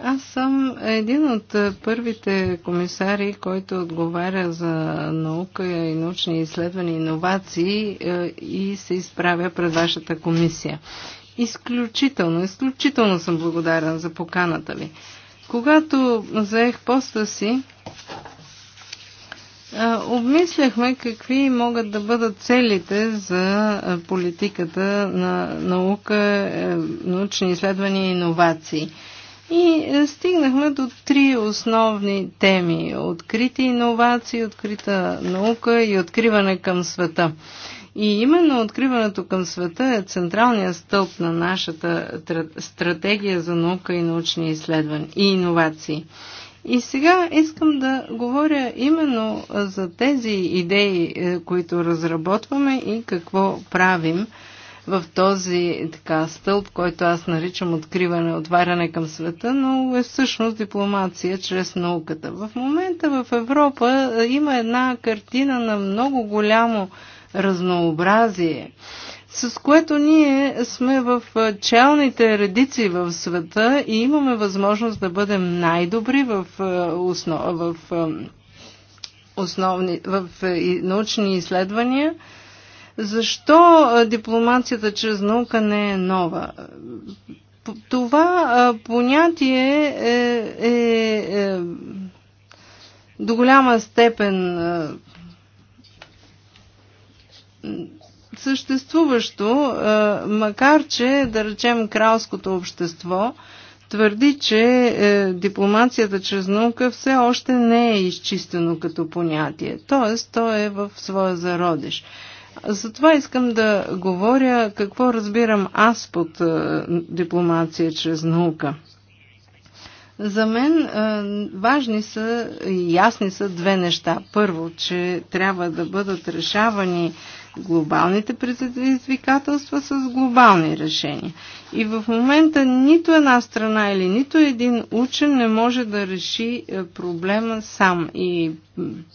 Аз съм един от първите комисари, който отговаря за наука и научни изследвания и иновации е, и се изправя пред вашата комисия. Изключително, изключително съм благодарен за поканата ви. Когато заех поста си, Обмисляхме какви могат да бъдат целите за политиката на наука, е, научни изследвания и иновации. И е, стигнахме до три основни теми. Открити иновации, открита наука и откриване към света. И именно откриването към света е централният стълб на нашата стратегия за наука и научни изследвания и иновации. И сега искам да говоря именно за тези идеи, е, които разработваме и какво правим в този така стълб, който аз наричам откриване, отваряне към света, но е всъщност дипломация чрез науката. В момента в Европа е, има една картина на много голямо разнообразие с което ние сме в челните редици в света и имаме възможност да бъдем най-добри в, основ, в, основни, в научни изследвания. Защо дипломацията чрез наука не е нова? Това понятие е, е, е до голяма степен е, съществуващо, е, макар че, да речем, кралското общество твърди, че е, дипломацията чрез наука все още не е изчистено като понятие. Тоест, то е в своя зародиш. Затова искам да говоря какво разбирам аз под е, дипломация чрез наука. За мен важни са и ясни са две неща. Първо, че трябва да бъдат решавани глобалните предизвикателства с глобални решения. И в момента нито една страна или нито един учен не може да реши е, проблема сам. И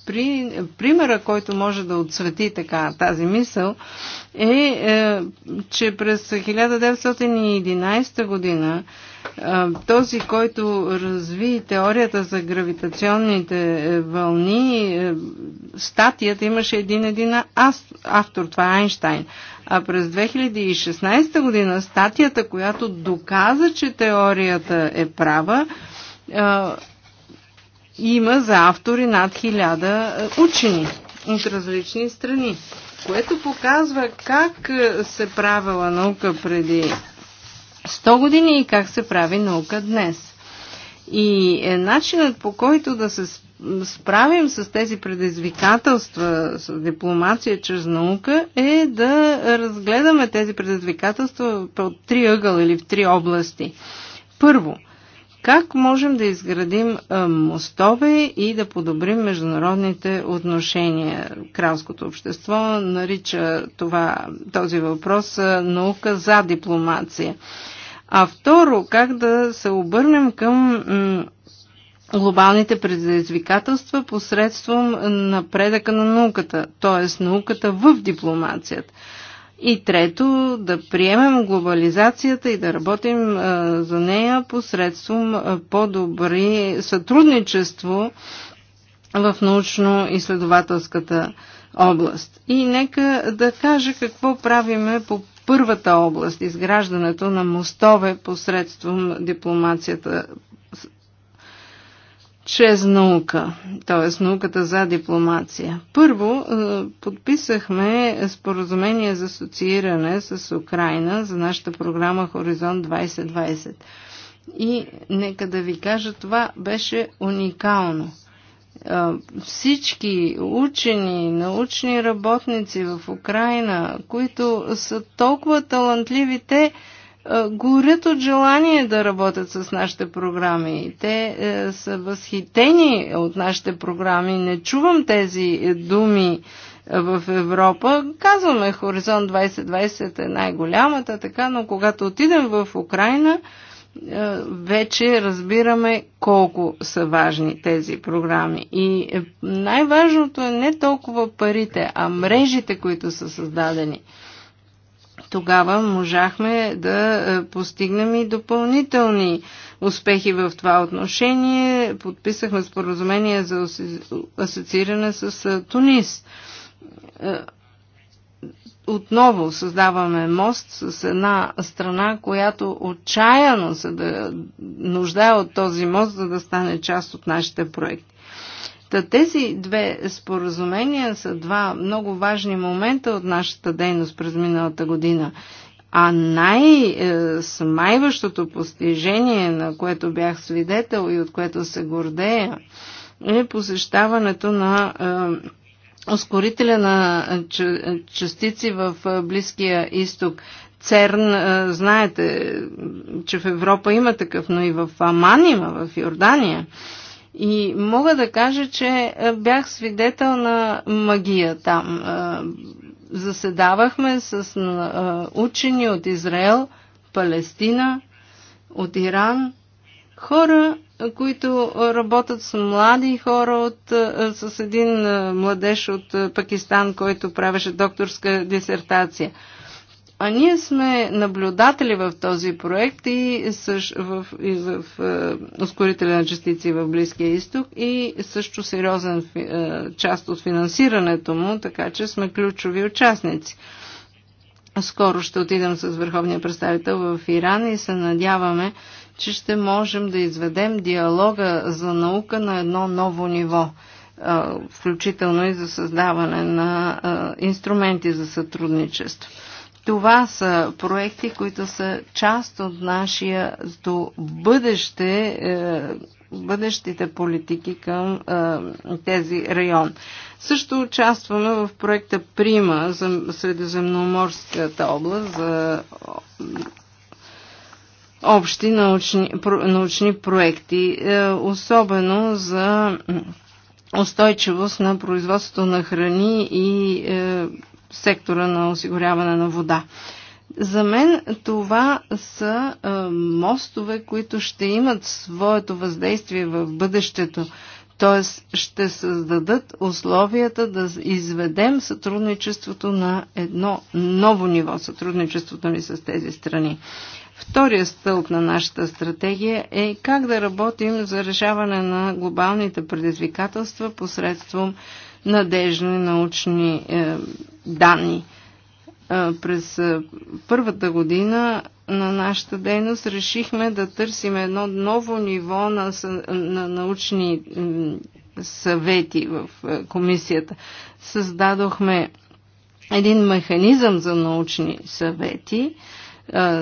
при, примера, който може да отсвети така тази мисъл, е, е че през 1911 година този, който разви теорията за гравитационните е, вълни, е, статията имаше един един автор, това е Айнштайн. А през 2016 година статията, която доказа, че теорията е права, има за автори над хиляда е, учени от различни страни, което показва как се правила наука преди 100 години и как се прави наука днес. И е начинът по който да се справим с тези предизвикателства с дипломация чрез наука е да разгледаме тези предизвикателства от три ъгъл или в три области. Първо, как можем да изградим е, мостове и да подобрим международните отношения. Кралското общество нарича това, този въпрос е, наука за дипломация а второ, как да се обърнем към глобалните предизвикателства посредством напредъка на науката, т.е. науката в дипломацията. И трето, да приемем глобализацията и да работим а, за нея посредством а, по-добри сътрудничество в научно-изследователската област. И нека да кажа какво правиме по първата област изграждането на мостове посредством дипломацията чрез наука, т.е. науката за дипломация. Първо, е, подписахме споразумение за асоцииране с Украина за нашата програма Хоризонт 2020. И нека да ви кажа, това беше уникално – всички учени, научни работници в Украина, които са толкова талантливи, те горят от желание да работят с нашите програми. Те е, са възхитени от нашите програми. Не чувам тези думи е, в Европа. Казваме Хоризонт 2020 е най-голямата, така, но когато отидем в Украина, е, вече разбираме колко са важни тези програми. И е, най-важното е не толкова парите, а мрежите, които са създадени. Тогава можахме да е, постигнем и допълнителни успехи в това отношение. Подписахме споразумение за асоцииране с Тунис отново създаваме мост с една страна, която отчаяно се да нуждае от този мост, за да стане част от нашите проекти. Та тези две споразумения са два много важни момента от нашата дейност през миналата година. А най-смайващото постижение, на което бях свидетел и от което се гордея, е посещаването на е, ускорителя на частици в Близкия изток. ЦЕРН, знаете, че в Европа има такъв, но и в Аман има, в Йордания. И мога да кажа, че бях свидетел на магия там. Заседавахме с учени от Израел, Палестина, от Иран, хора, които работят с млади хора, от, е, с един е, младеж от е, Пакистан, който правеше докторска дисертация. А ние сме наблюдатели в този проект и, съж, в, и в в ускорителя на частици в Близкия изток и също сериозен е, част от финансирането му, така че сме ключови участници. Скоро ще отидем с върховния представител в Иран и се надяваме, че ще можем да изведем диалога за наука на едно ново ниво, включително и за създаване на инструменти за сътрудничество. Това са проекти, които са част от нашия до бъдеще, е, бъдещите политики към е, тези район. Също участваме в проекта Прима за Средиземноморската област за общи научни, научни проекти, е, особено за устойчивост на производството на храни и е, сектора на осигуряване на вода. За мен това са е, мостове, които ще имат своето въздействие в бъдещето, т.е. ще създадат условията да изведем сътрудничеството на едно ново ниво, сътрудничеството ни с тези страни. Втория стълб на нашата стратегия е как да работим за решаване на глобалните предизвикателства посредством надежни научни е, данни. Е, през е, първата година на нашата дейност решихме да търсим едно ново ниво на, на научни съвети в е, комисията. Създадохме един механизъм за научни съвети,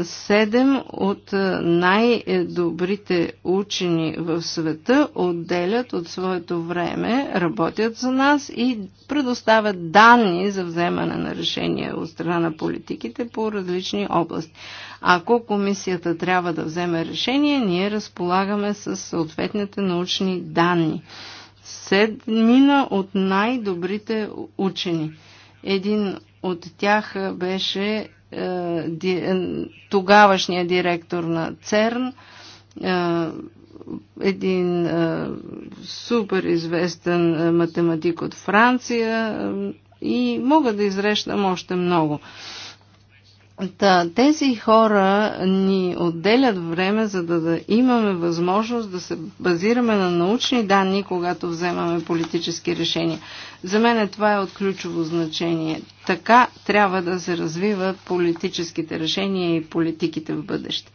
Седем от най-добрите учени в света отделят от своето време, работят за нас и предоставят данни за вземане на решения от страна на политиките по различни области. Ако комисията трябва да вземе решение, ние разполагаме с съответните научни данни. Седмина от най-добрите учени. Един от тях беше е, е, тогавашния директор на ЦЕРН, е, един супер известен математик от Франция и мога да изрещам още много. Та, тези хора ни отделят време, за да, да имаме възможност да се базираме на научни данни, когато вземаме политически решения. За мен това е от ключово значение. Така трябва да се развиват политическите решения и политиките в бъдеще.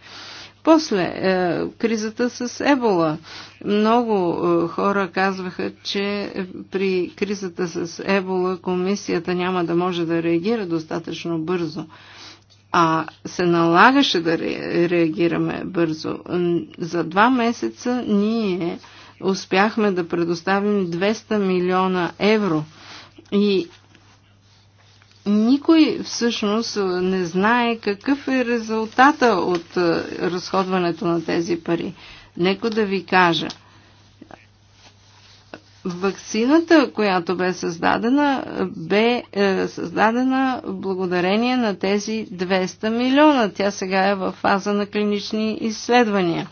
После е, кризата с Ебола. Много е, хора казваха, че при кризата с Ебола комисията няма да може да реагира достатъчно бързо. Е, а се налагаше да реагираме бързо. За два месеца ние успяхме да предоставим 200 милиона евро и никой всъщност не знае какъв е резултата от разходването на тези пари. Нека да ви кажа – Ваксината, която бе създадена, бе е, създадена благодарение на тези 200 милиона. Тя сега е в фаза на клинични изследвания.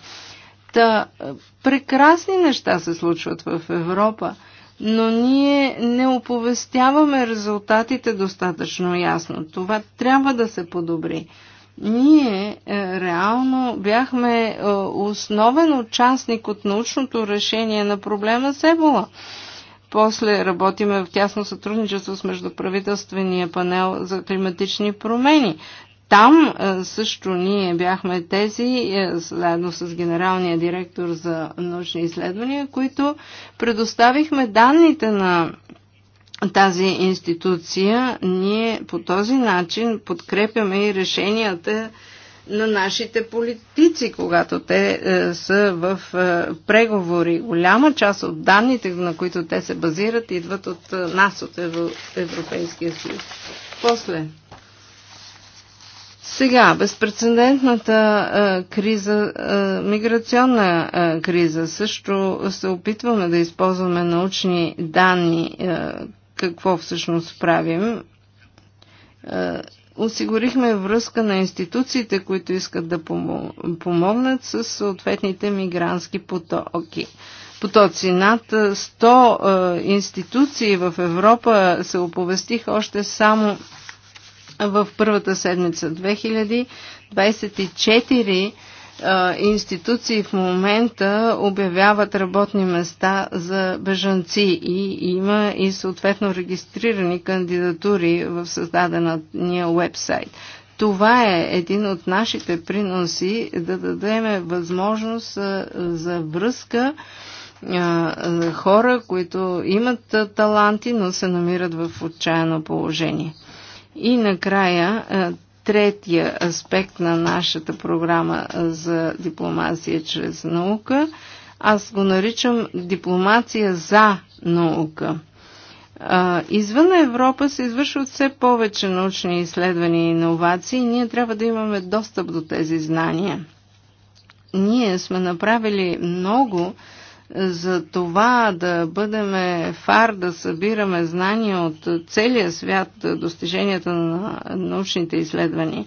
Та, е, прекрасни неща се случват в Европа, но ние не оповестяваме резултатите достатъчно ясно. Това трябва да се подобри. Ние е, реално бяхме е, основен участник от научното решение на проблема с Ебола. После работиме в тясно сътрудничество с Междуправителствения панел за климатични промени. Там е, също ние бяхме тези, заедно с генералния директор за научни изследвания, които предоставихме данните на тази институция, ние по този начин подкрепяме и решенията на нашите политици, когато те е, са в е, преговори. Голяма част от данните, на които те се базират, идват от е, нас, от Ев... Европейския съюз. После. Сега, безпредседентната е, криза, е, миграционна е, криза, също се опитваме да използваме научни данни, е, какво всъщност правим. Е, осигурихме връзка на институциите, които искат да помогнат с съответните мигрантски потоки потоци. Над 100 е, е, институции в Европа се оповестих още само в първата седмица. 2024 институции в момента обявяват работни места за бежанци и има и съответно регистрирани кандидатури в създадения вебсайт. Това е един от нашите приноси да дадем възможност за връзка за хора, които имат таланти, но се намират в отчаяно положение. И накрая третия аспект на нашата програма за дипломация чрез наука. Аз го наричам дипломация за наука. Извън Европа се извършват все повече научни изследвания и иновации и ние трябва да имаме достъп до тези знания. Ние сме направили много, за това да бъдем фар, да събираме знания от целия свят, достиженията на научните изследвания.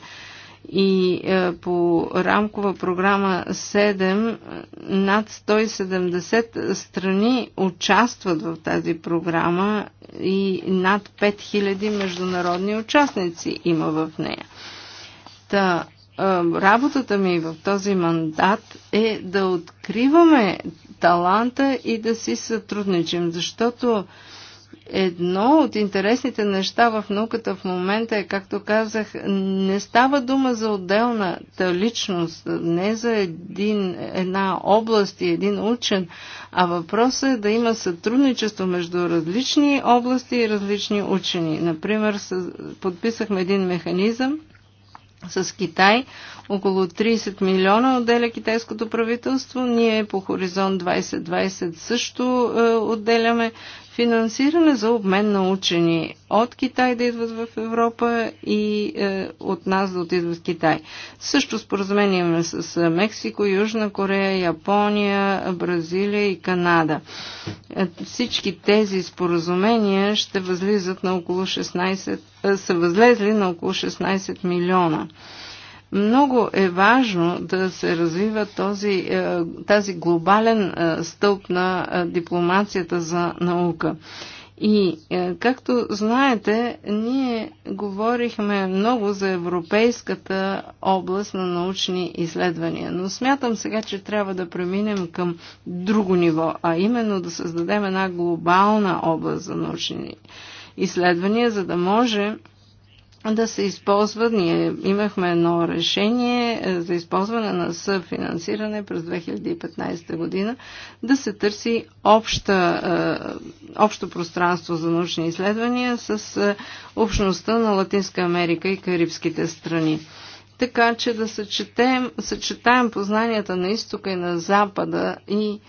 И е, по рамкова програма 7 над 170 страни участват в тази програма и над 5000 международни участници има в нея. Та, е, работата ми в този мандат е да откриваме таланта и да си сътрудничим, защото едно от интересните неща в науката в момента е, както казах, не става дума за отделната личност, не за един, една област и един учен, а въпросът е да има сътрудничество между различни области и различни учени. Например, подписахме един механизъм с Китай около 30 милиона отделя китайското правителство. Ние по Хоризонт 2020 също е, отделяме финансиране за обмен на учени от Китай да идват в Европа и е, от нас да отидат в Китай. Също споразумение с е, Мексико, Южна Корея, Япония, Бразилия и Канада. Е, всички тези споразумения ще възлизат на около 16, е, са възлезли на около 16 милиона. Много е важно да се развива този, е, тази глобален е, стълб на е, дипломацията за наука. И, както знаете, ние говорихме много за европейската област на научни изследвания, но смятам сега, че трябва да преминем към друго ниво, а именно да създадем една глобална област за научни изследвания, за да може да се използва. Ние имахме едно решение е, за използване на съфинансиране през 2015 година, да се търси обща, е, общо пространство за научни изследвания с е, общността на Латинска Америка и Карибските страни. Така че да съчетаем, съчетаем познанията на изтока и на запада и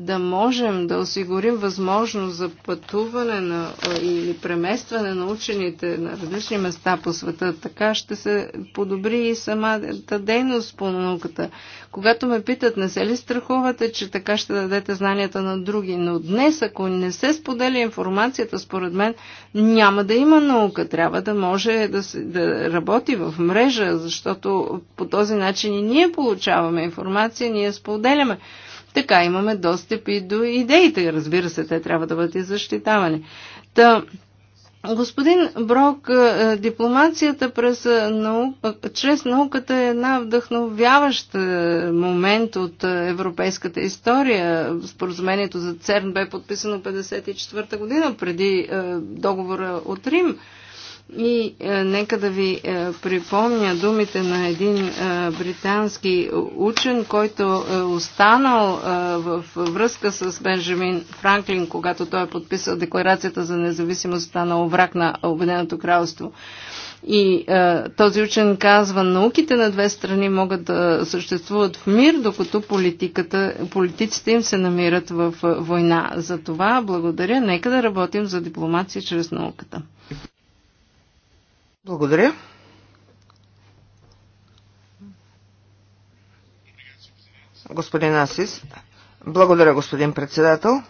да можем да осигурим възможност за пътуване на, или преместване на учените на различни места по света, така ще се подобри и самата дейност по науката. Когато ме питат, не се ли страхувате, че така ще дадете знанията на други, но днес, ако не се споделя информацията, според мен няма да има наука. Трябва да може да, се, да работи в мрежа, защото по този начин и ние получаваме информация, ние споделяме. Така имаме достъп и до идеите. Разбира се, те трябва да бъдат и защитавани. Та, Господин Брок, е, дипломацията през е, нау... Е, чрез науката е една вдъхновяващ момент от европейската история. Споразумението за ЦЕРН бе подписано 1954 година преди договора от Рим. И е, нека да ви е, припомня думите на един е, британски учен, който е останал е, в връзка с Бенджамин Франклин, когато той е подписал Декларацията за независимостта на враг на Обединеното кралство. И е, този учен казва, науките на две страни могат да съществуват в мир, докато политиката, политиците им се намират в е, война. За това благодаря. Нека да работим за дипломация чрез науката. Благодаря. Господин Асис. Благодаря, господин председател.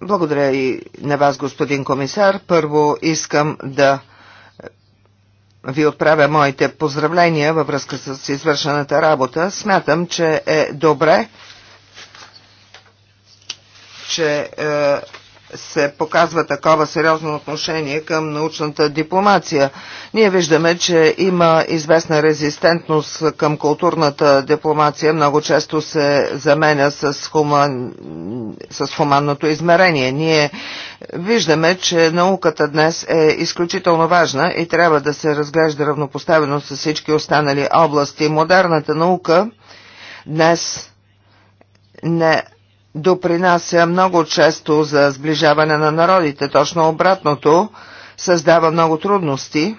Благодаря и на вас, господин комисар. Първо искам да ви отправя моите поздравления във връзка с извършената работа. Смятам, че е добре, че е, се показва такова сериозно отношение към научната дипломация. Ние виждаме, че има известна резистентност към културната дипломация, много често се заменя с, хуман... с хуманното измерение. Ние виждаме, че науката днес е изключително важна и трябва да се разглежда равнопоставено с всички останали области. Модерната наука днес не допринася много често за сближаване на народите. Точно обратното създава много трудности.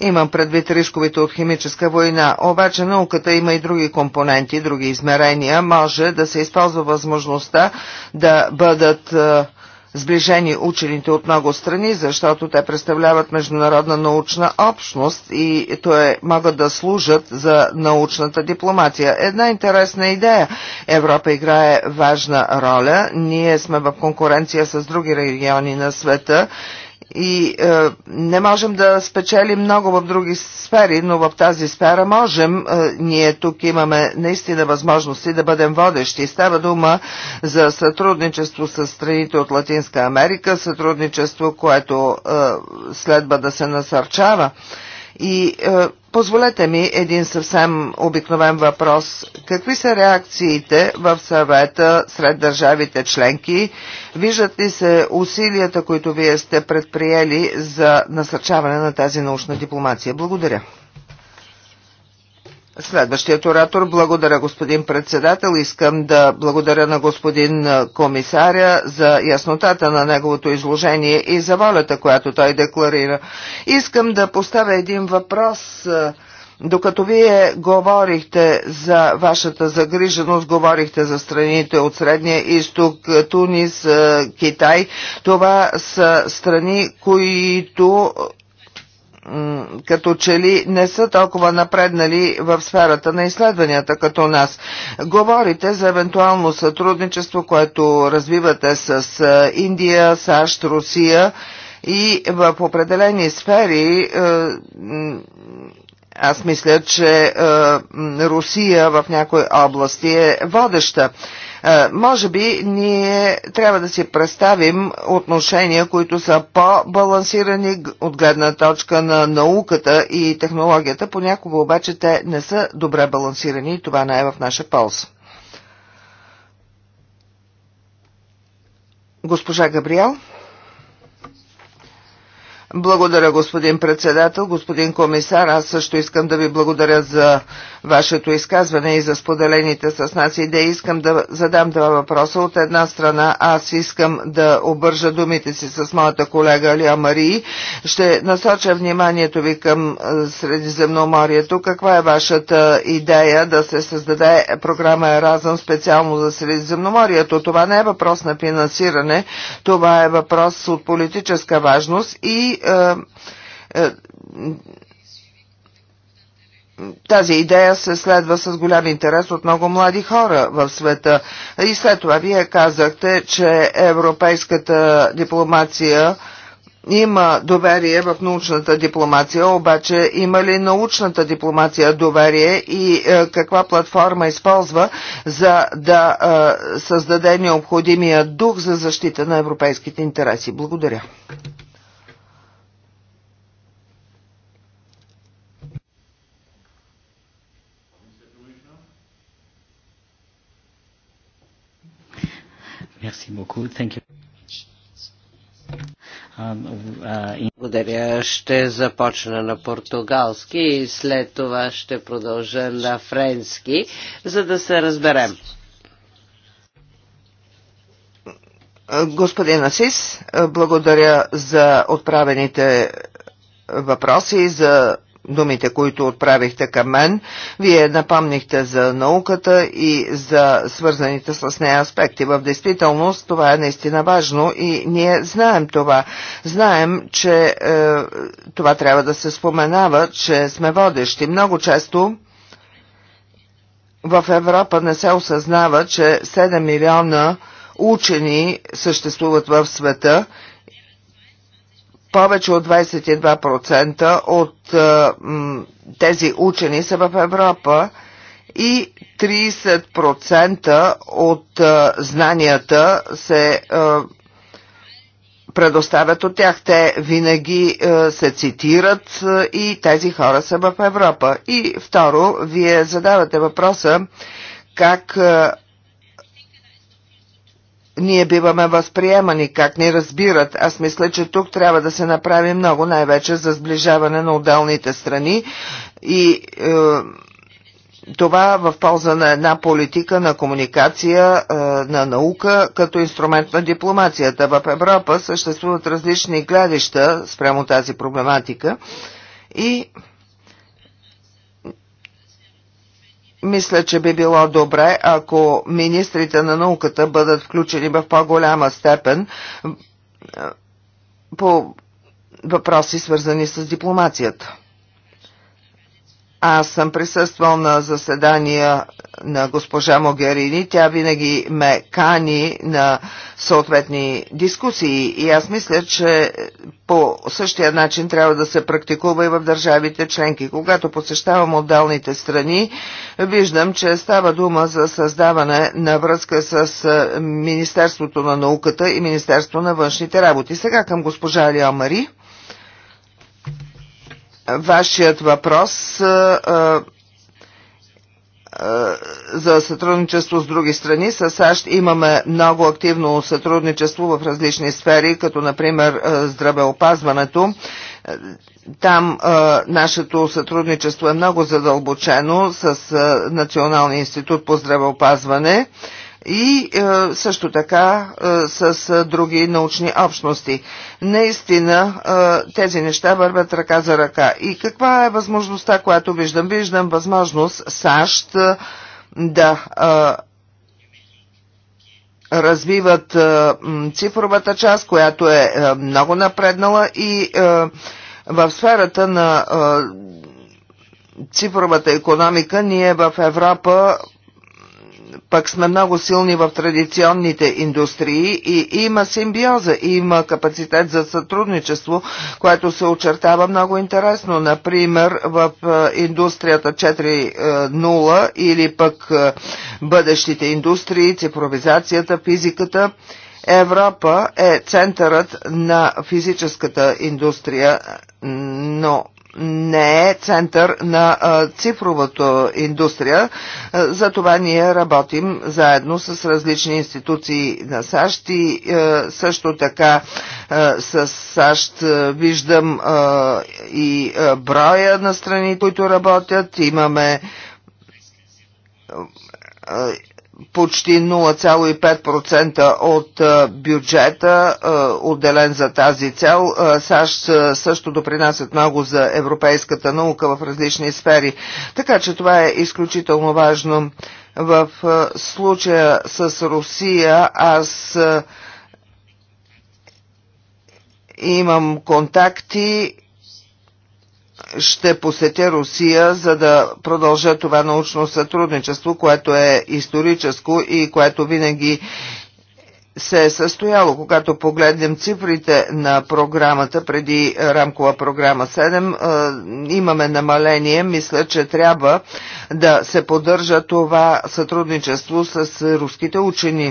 Имам предвид рисковите от химическа война, обаче науката има и други компоненти, други измерения. Може да се използва възможността да бъдат е, сближени учените от много страни, защото те представляват международна научна общност и е, могат да служат за научната дипломация. Една интересна идея. Европа играе важна роля. Ние сме в конкуренция с други региони на света и е, не можем да спечелим много в други сфери, но в тази сфера можем. Е, ние тук имаме наистина възможности да бъдем водещи. Става дума за сътрудничество с страните от Латинска Америка, сътрудничество, което е, следва да се насърчава. И е, Позволете ми един съвсем обикновен въпрос. Какви са реакциите в съвета сред държавите членки? Виждат ли се усилията, които вие сте предприели за насърчаване на тази научна дипломация? Благодаря. Следващият оратор. Благодаря, господин председател. Искам да благодаря на господин комисаря за яснотата на неговото изложение и за волята, която той декларира. Искам да поставя един въпрос. Докато вие говорихте за вашата загриженост, говорихте за страните от Средния изток, Тунис, Китай, това са страни, които като че ли не са толкова напреднали в сферата на изследванията като нас. Говорите за евентуално сътрудничество, което развивате с Индия, САЩ, Русия и в определени сфери аз мисля, че Русия в някои области е водеща. Е, може би ние трябва да си представим отношения, които са по-балансирани от гледна точка на науката и технологията, понякога обаче те не са добре балансирани и това не е в наша полза. Госпожа Габриел. Благодаря, господин председател. Господин комисар, аз също искам да ви благодаря за вашето изказване и за споделените с нас идеи. Искам да задам два въпроса. От една страна, аз искам да обържа думите си с моята колега Алия Марии. Ще насоча вниманието ви към е, Средиземноморието. Каква е вашата идея да се създаде програма Еразъм специално за Средиземноморието? Това не е въпрос на финансиране, това е въпрос от политическа важност и е, е, тази идея се следва с голям интерес от много млади хора в света. И след това вие казахте, че европейската дипломация има доверие в научната дипломация, обаче има ли научната дипломация доверие и е, каква платформа използва за да е, създаде необходимия дух за защита на европейските интереси? Благодаря. Merci beaucoup. Thank you. Um, uh, благодаря. Ще започна на португалски и след това ще продължа на френски, за да се разберем. Господин Асис, благодаря за отправените въпроси, за думите, които отправихте към мен. Вие напомнихте за науката и за свързаните с нея аспекти. В действителност това е наистина важно и ние знаем това. Знаем, че е, това трябва да се споменава, че сме водещи. Много често в Европа не се осъзнава, че 7 милиона учени съществуват в света повече от 22% от тези учени са в Европа и 30% от знанията се предоставят от тях. Те винаги се цитират и тези хора са в Европа. И второ, вие задавате въпроса как ние биваме възприемани, как ни разбират. Аз мисля, че тук трябва да се направи много, най-вече за сближаване на отделните страни и е, това в полза на една политика на комуникация, е, на наука като инструмент на дипломацията. В Европа съществуват различни гледища спрямо тази проблематика и Мисля, че би било добре, ако министрите на науката бъдат включени в по-голяма степен по въпроси, свързани с дипломацията. Аз съм присъствал на заседания на госпожа Могерини. Тя винаги ме кани на съответни дискусии и аз мисля, че по същия начин трябва да се практикува и в държавите членки. Когато посещавам отдалните страни, виждам, че става дума за създаване на връзка с Министерството на науката и Министерство на външните работи. Сега към госпожа Алиамари. Мари вашият въпрос за сътрудничество с други страни. С САЩ имаме много активно сътрудничество в различни сфери, като например здравеопазването. Там а, нашето сътрудничество е много задълбочено с а, Националния институт по здравеопазване. А, и е, също така е, с е, други научни общности. Наистина е, тези неща вървят ръка за ръка. И каква е възможността, която виждам? Виждам възможност САЩ е, да е, развиват е, цифровата част, която е, е много напреднала и е, в сферата на е, цифровата економика ние в Европа пък сме много силни в традиционните индустрии и има симбиоза, и има капацитет за сътрудничество, което се очертава много интересно. Например, в е, индустрията 4.0 или пък е, бъдещите индустрии, цифровизацията, физиката. Европа е центърът на физическата индустрия, но не е център на цифровата индустрия. Затова ние работим заедно с различни институции на САЩ и също така с САЩ виждам и броя на страни, които работят. Имаме почти 0,5% от бюджета, отделен за тази цел. САЩ също допринасят много за европейската наука в различни сфери. Така че това е изключително важно. В случая с Русия аз имам контакти ще посетя Русия, за да продължа това научно сътрудничество, което е историческо и което винаги се е състояло. Когато погледнем цифрите на програмата преди рамкова програма 7, е, имаме намаление. Мисля, че трябва да се поддържа това сътрудничество с руските учени.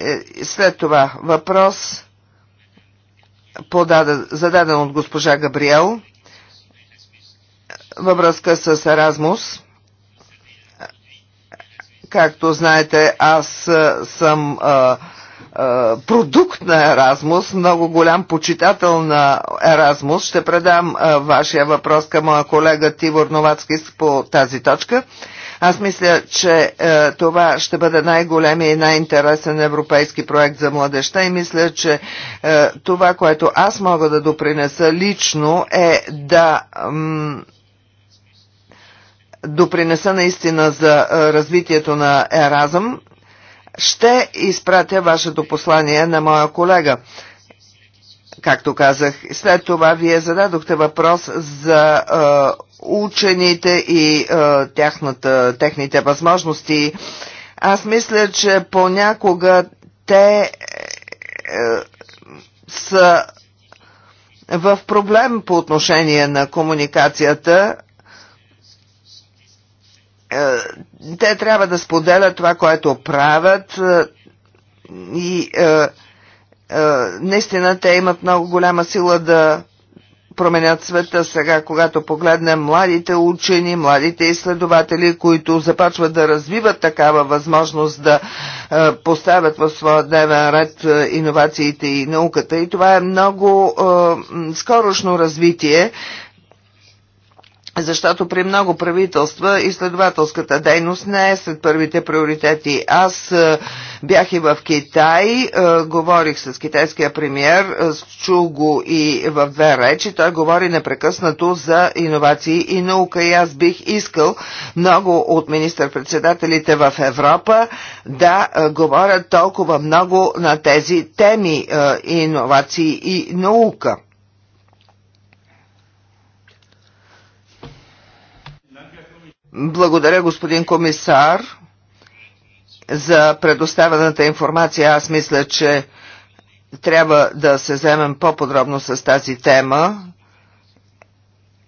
Е, след това въпрос зададен от госпожа Габриел във връзка с Еразмус. Както знаете, аз съм а, продукт на Еразмус, много голям почитател на Еразмус. Ще предам а, вашия въпрос към моя колега Тивор Новацки по тази точка. Аз мисля, че е, това ще бъде най-големия и най-интересен европейски проект за младеща и мисля, че е, това, което аз мога да допринеса лично е да допринеса наистина за развитието на Еразъм, ще изпратя вашето послание на моя колега. Както казах, след това вие зададохте въпрос за е, учените и е, тяхната, техните възможности. Аз мисля, че понякога те е, е са в проблем по отношение на комуникацията е, те трябва да споделят това, което правят е, и е, наистина те имат много голяма сила да променят света сега, когато погледнем младите учени, младите изследователи, които започват да развиват такава възможност да поставят в своя дневен ред иновациите и науката. И това е много скорошно развитие защото при много правителства изследователската дейност не е след първите приоритети. Аз е, бях и в Китай, е, говорих с китайския премьер, е, чул го и в две речи. Той говори непрекъснато за иновации и наука и аз бих искал много от министър-председателите в Европа да говорят толкова много на тези теми иновации и наука. Благодаря, господин комисар, за предоставената информация. Аз мисля, че трябва да се вземем по-подробно с тази тема.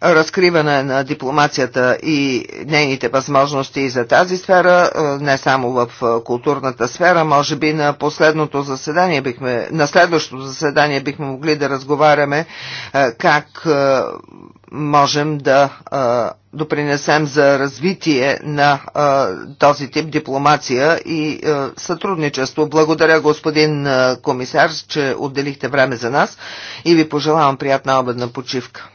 Разкриване на дипломацията и нейните възможности за тази сфера, е, не само в е, културната сфера, може би на последното заседание бихме, на следващото заседание бихме могли да разговаряме е, как можем да а, допринесем за развитие на а, този тип дипломация и а, сътрудничество. Благодаря господин комисар, че отделихте време за нас и ви пожелавам приятна обедна почивка.